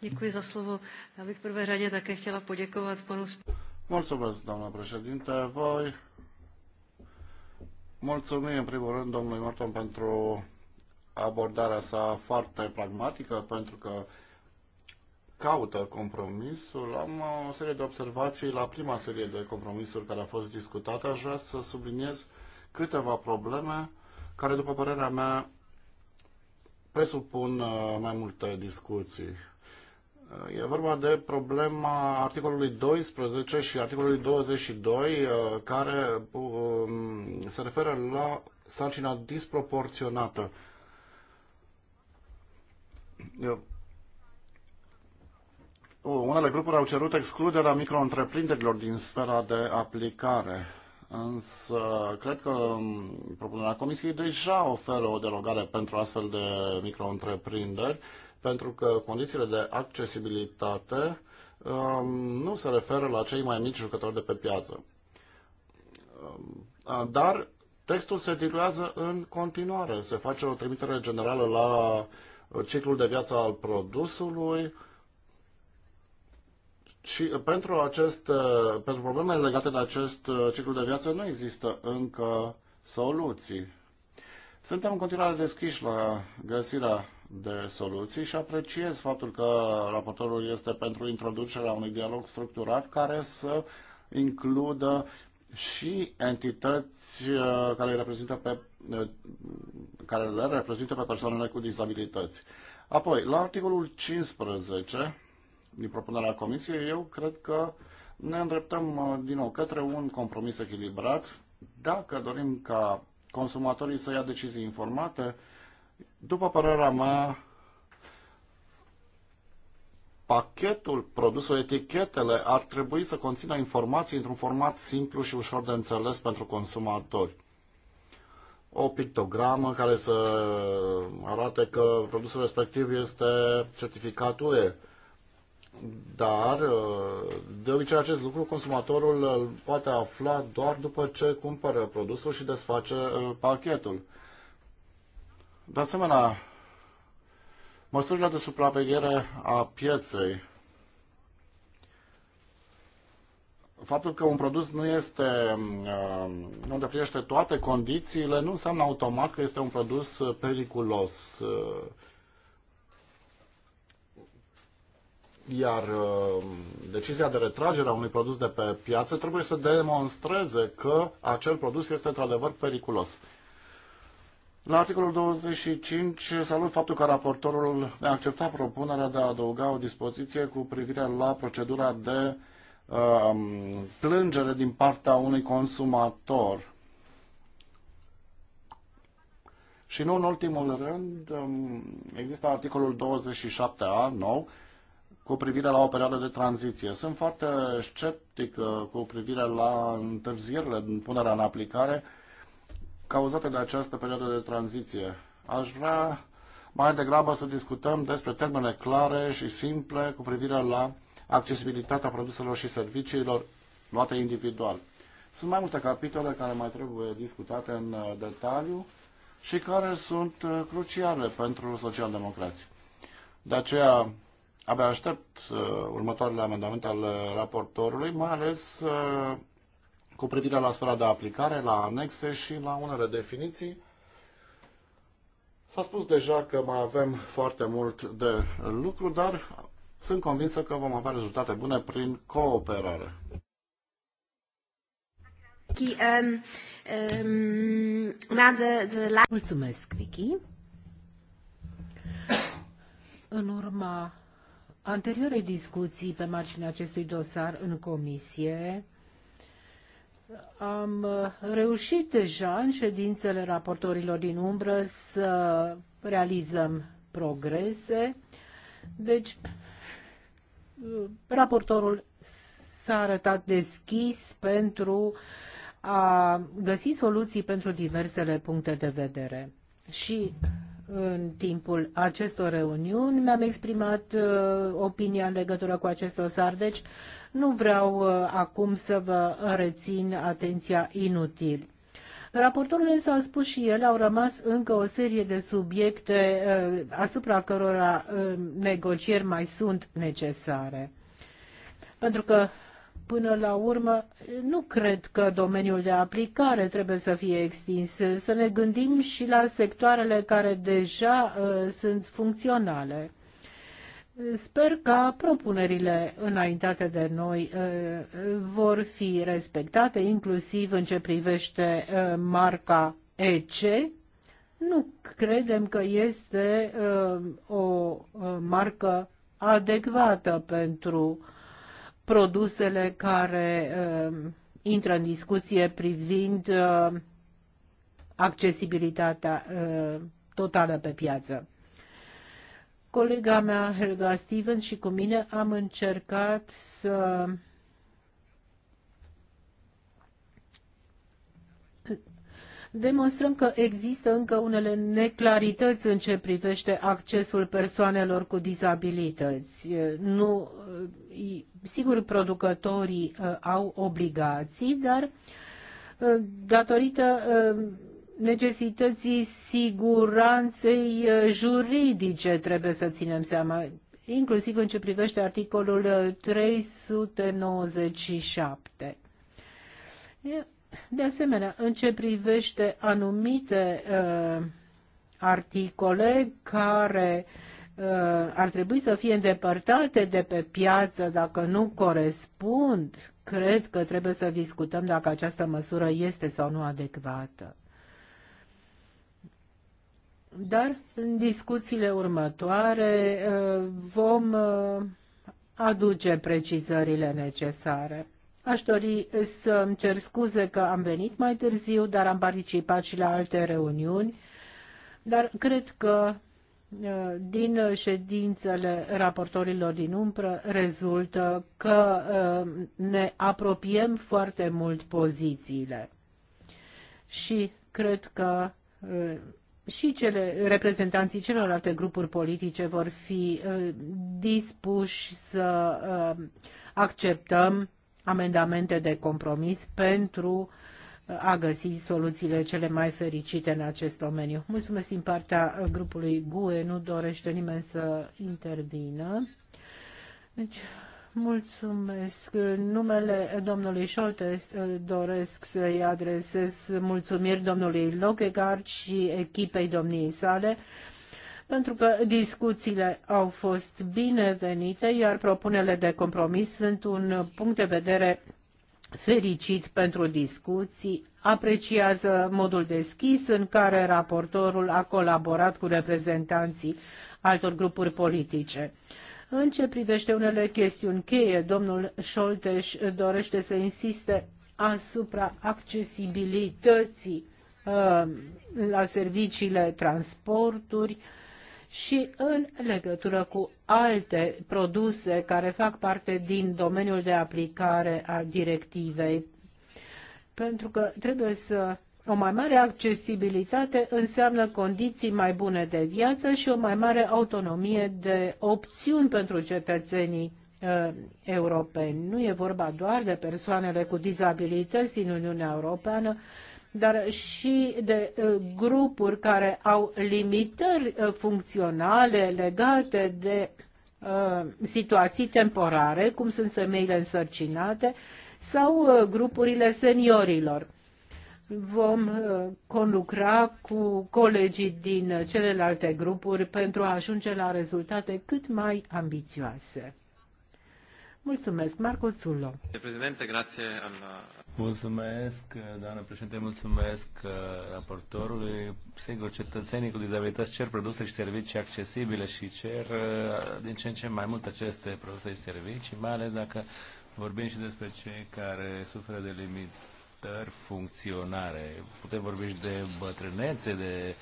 Děkuji za slovo. Já bych v prvé řadě také chtěla poděkovat panu... Mulțumesc, doamna președinte. Voi mulțumim în primul rând domnului Morton, pentru abordarea sa foarte pragmatică, pentru că caută compromisul. Am o serie de observații la prima serie de compromisuri care a fost discutată. Aș vrea să subliniez câteva probleme care, după părerea mea, presupun uh, mai multe discuții. Uh, e vorba de problema articolului 12 și articolului 22, uh, care um, se referă la sarcina disproporționată. Unele grupuri au cerut excluderea micro din sfera de aplicare. Însă, cred că mm, propunerea Comisiei deja oferă o derogare pentru astfel de micro-întreprinderi, pentru că condițiile de accesibilitate mm, nu se referă la cei mai mici jucători de pe piață. Mm, dar textul se diluează în continuare. Se face o trimitere generală la ciclul de viață al produsului, și pentru, acest, uh, pentru problemele legate de acest uh, ciclu de viață nu există încă soluții. Suntem în continuare deschiși la găsirea de soluții și apreciez faptul că raportorul este pentru introducerea unui dialog structurat care să includă și entități uh, care, reprezintă pe, care le reprezintă pe persoanele cu dizabilități. Apoi, la articolul 15, din propunerea Comisiei, eu cred că ne îndreptăm uh, din nou către un compromis echilibrat. Dacă dorim ca consumatorii să ia decizii informate, după părerea mea, pachetul produsul, etichetele ar trebui să conțină informații într-un format simplu și ușor de înțeles pentru consumatori. O pictogramă care să arate că produsul respectiv este certificat UE dar uh, de obicei acest lucru consumatorul îl poate afla doar după ce cumpără produsul și desface uh, pachetul. De asemenea, măsurile de supraveghere a pieței. Faptul că un produs nu este, um, uh, nu îndeplinește toate condițiile, nu înseamnă automat că este un produs periculos. Iar uh, decizia de retragere a unui produs de pe piață trebuie să demonstreze că acel produs este într-adevăr periculos. La articolul 25 salut faptul că raportorul a acceptat propunerea de a adăuga o dispoziție cu privire la procedura de uh, plângere din partea unui consumator. Și nu în ultimul rând, um, există articolul 27a nou, cu privire la o perioadă de tranziție. Sunt foarte sceptic uh, cu privire la întârzierile în punerea în aplicare cauzate de această perioadă de tranziție. Aș vrea mai degrabă să discutăm despre termene clare și simple cu privire la accesibilitatea produselor și serviciilor luate individual. Sunt mai multe capitole care mai trebuie discutate în uh, detaliu și care sunt uh, cruciale pentru socialdemocrații. De aceea Abia aștept uh, următoarele amendamente ale raportorului, mai ales uh, cu privire la sfera de aplicare, la anexe și la unele definiții. S-a spus deja că mai avem foarte mult de lucru, dar sunt convinsă că vom avea rezultate bune prin cooperare. Um, um, Mulțumesc, Vicky. În urma anterioare discuții pe marginea acestui dosar în comisie, am reușit deja în ședințele raportorilor din umbră să realizăm progrese. Deci, raportorul s-a arătat deschis pentru a găsi soluții pentru diversele puncte de vedere. Și în timpul acestor reuniuni mi-am exprimat uh, opinia în legătură cu acest dosar, deci nu vreau uh, acum să vă rețin atenția inutil. Raportorul s-a spus și el, au rămas încă o serie de subiecte uh, asupra cărora uh, negocieri mai sunt necesare. Pentru că până la urmă, nu cred că domeniul de aplicare trebuie să fie extins. Să ne gândim și la sectoarele care deja uh, sunt funcționale. Sper că propunerile înaintate de noi uh, vor fi respectate, inclusiv în ce privește uh, marca EC. Nu credem că este o marcă adecvată pentru uh, produsele care um, intră în discuție privind um, accesibilitatea um, totală pe piață. Colega mea, Helga Stevens, și cu mine am încercat să demonstrăm că există încă unele neclarități în ce privește accesul persoanelor cu dizabilități. Nu, sigur, producătorii uh, au obligații, dar uh, datorită uh, necesității siguranței juridice trebuie să ținem seama, inclusiv în ce privește articolul 397. De asemenea, în ce privește anumite uh, articole care uh, ar trebui să fie îndepărtate de pe piață dacă nu corespund, cred că trebuie să discutăm dacă această măsură este sau nu adecvată. Dar în discuțiile următoare uh, vom uh, aduce precizările necesare. Aș dori eh, să îmi cer scuze că am venit mai târziu, dar am participat și la alte reuniuni. Dar cred că eh, din ședințele raportorilor din umbră rezultă că eh, ne apropiem foarte mult pozițiile. Și cred că și cele, reprezentanții celorlalte grupuri politice vor fi dispuși să acceptăm amendamente de compromis pentru a găsi soluțiile cele mai fericite în acest domeniu. Mulțumesc din partea grupului GUE, nu dorește nimeni să intervină. Deci, Mulțumesc. În numele domnului Șolte doresc să-i adresez mulțumiri domnului Lockegard și echipei domniei sale pentru că discuțiile au fost binevenite, iar propunerile de compromis sunt un punct de vedere fericit pentru discuții, apreciază modul deschis în care raportorul a colaborat cu reprezentanții altor grupuri politice. În ce privește unele chestiuni cheie, domnul Șolteș dorește să insiste asupra accesibilității uh, la serviciile transporturi, și în legătură cu alte produse care fac parte din domeniul de aplicare a directivei. Pentru că trebuie să o mai mare accesibilitate înseamnă condiții mai bune de viață și o mai mare autonomie de opțiuni pentru cetățenii uh, europeni. Nu e vorba doar de persoanele cu dizabilități din Uniunea Europeană, dar și de uh, grupuri care au limitări uh, funcționale legate de uh, situații temporare, cum sunt femeile însărcinate, sau grupurile seniorilor. Vom conlucra cu colegii din celelalte grupuri pentru a ajunge la rezultate cât mai ambițioase. Mulțumesc, Marco Zullo. Președinte, Mulțumesc, doamnă președinte, mulțumesc uh, raportorului. Sigur, cetățenii cu dizabilități cer produse și servicii accesibile și cer uh, din ce în ce mai mult aceste produse și servicii, mai ales dacă vorbim și despre cei care suferă de limitări funcționare. Putem vorbi și de bătrânețe, de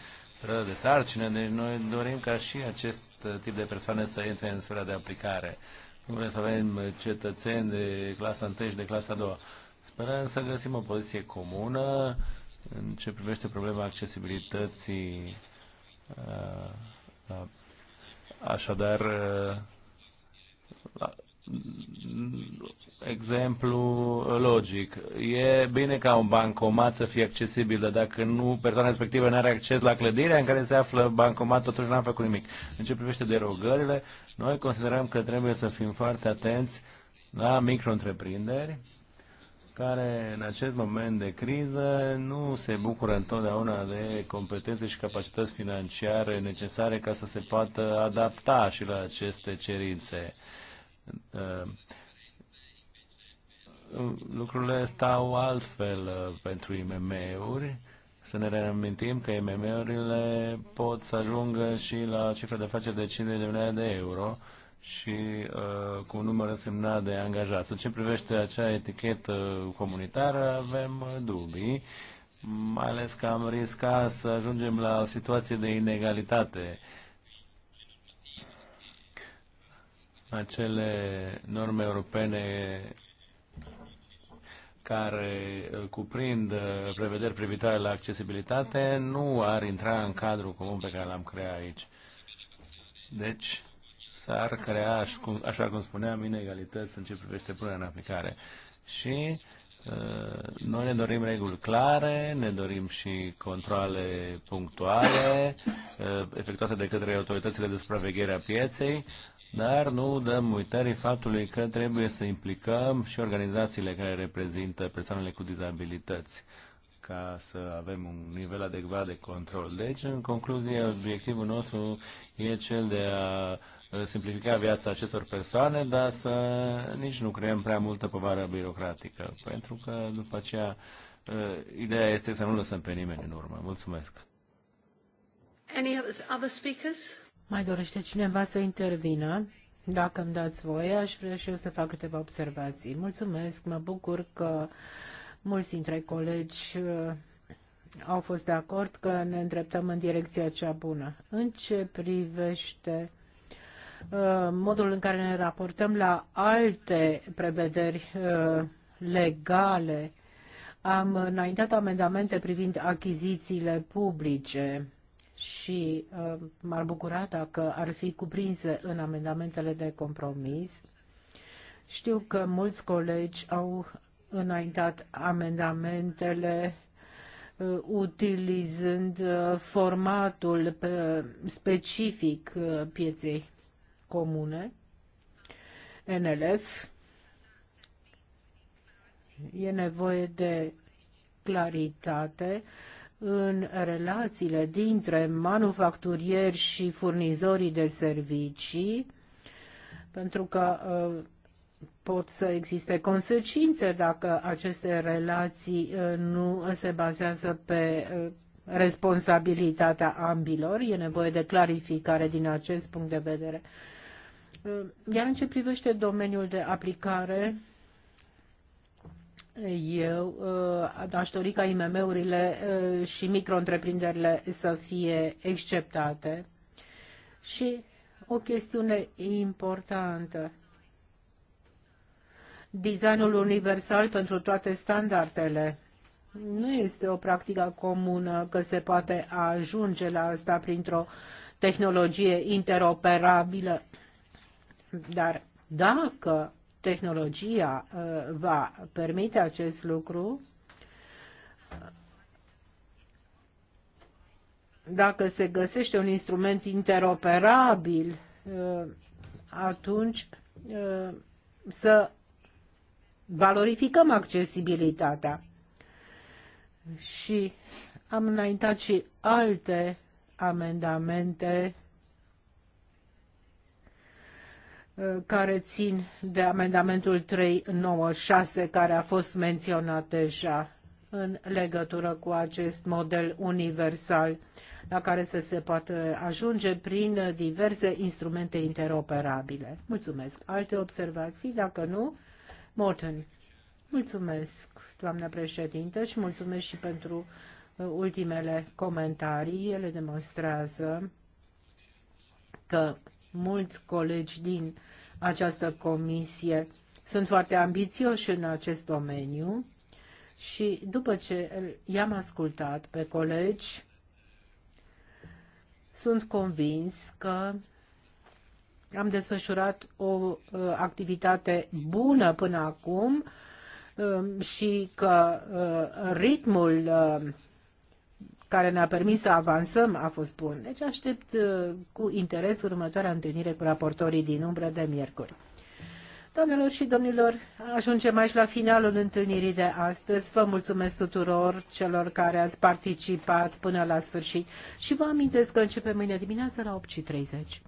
rău de sarcină, deci noi dorim ca și acest uh, tip de persoane să intre în sfera de aplicare. Nu vrem să avem cetățeni de clasa 1 și de clasa 2 sperăm să găsim o poziție comună în ce privește problema accesibilității. Uh, uh, așadar, uh, exemplu logic. E bine ca un bancomat să fie accesibil, dar dacă nu, persoana respectivă nu are acces la clădirea în care se află bancomat, totuși n-am făcut nimic. În ce privește derogările, noi considerăm că trebuie să fim foarte atenți la micro-întreprinderi, care în acest moment de criză nu se bucură întotdeauna de competențe și capacități financiare necesare ca să se poată adapta și la aceste cerințe. Uh, lucrurile stau altfel uh, pentru IMM-uri. Să ne reamintim că IMM-urile pot să ajungă și la cifre de afaceri de 50 de milioane de euro și uh, cu un număr însemnat de angajați. În ce privește acea etichetă comunitară, avem uh, dubii, mai ales că am riscat să ajungem la o situație de inegalitate. Acele norme europene care uh, cuprind uh, prevederi privitoare la accesibilitate nu ar intra în cadrul comun pe care l-am creat aici. Deci, s-ar crea, așa cum spuneam, inegalități în ce privește punerea în aplicare. Și ă, noi ne dorim reguli clare, ne dorim și controle punctuale, ă, efectuate de către autoritățile de supraveghere a pieței, dar nu dăm uitării faptului că trebuie să implicăm și organizațiile care reprezintă persoanele cu dizabilități ca să avem un nivel adecvat de control. Deci, în concluzie, obiectivul nostru e cel de a uh, Uh, simplifica viața acestor persoane, dar să nici nu creăm prea multă povară birocratică, pentru că după aceea uh, ideea este să nu lăsăm pe nimeni în urmă. Mulțumesc! Any other speakers? Mai dorește cineva să intervină? Dacă îmi dați voie, aș vrea și eu să fac câteva observații. Mulțumesc, mă bucur că mulți dintre colegi uh, au fost de acord că ne îndreptăm în direcția cea bună. În ce privește Uh, modul în care ne raportăm la alte prevederi uh, legale. Am înaintat amendamente privind achizițiile publice și uh, m-ar bucura dacă ar fi cuprinse în amendamentele de compromis. Știu că mulți colegi au înaintat amendamentele utilizând formatul specific pieței comune, NLF. E nevoie de claritate în relațiile dintre manufacturieri și furnizorii de servicii, pentru că uh, pot să existe consecințe dacă aceste relații uh, nu se bazează pe uh, responsabilitatea ambilor. E nevoie de clarificare din acest punct de vedere. Iar în ce privește domeniul de aplicare, eu uh, aș dori ca IMM-urile uh, și micro-întreprinderile să fie exceptate. Și o chestiune importantă. Designul universal pentru toate standardele. Nu este o practică comună că se poate ajunge la asta printr-o tehnologie interoperabilă dar dacă tehnologia uh, va permite acest lucru, dacă se găsește un instrument interoperabil, uh, atunci uh, să valorificăm accesibilitatea. Și am înaintat și alte amendamente care țin de amendamentul 396 care a fost menționat deja în legătură cu acest model universal la care să se poată ajunge prin diverse instrumente interoperabile. Mulțumesc. Alte observații? Dacă nu, Morton. Mulțumesc, doamnă președintă, și mulțumesc și pentru uh, ultimele comentarii. Ele demonstrează că mulți colegi din această comisie sunt foarte ambițioși în acest domeniu și după ce i-am ascultat pe colegi, sunt convins că am desfășurat o uh, activitate bună până acum um, și că uh, ritmul uh, care ne-a permis să avansăm a fost bun. Deci aștept uh, cu interes următoarea întâlnire cu raportorii din umbră de miercuri. Doamnelor și domnilor, ajungem aici la finalul întâlnirii de astăzi. Vă mulțumesc tuturor celor care ați participat până la sfârșit și vă amintesc că începem mâine dimineață la 8.30.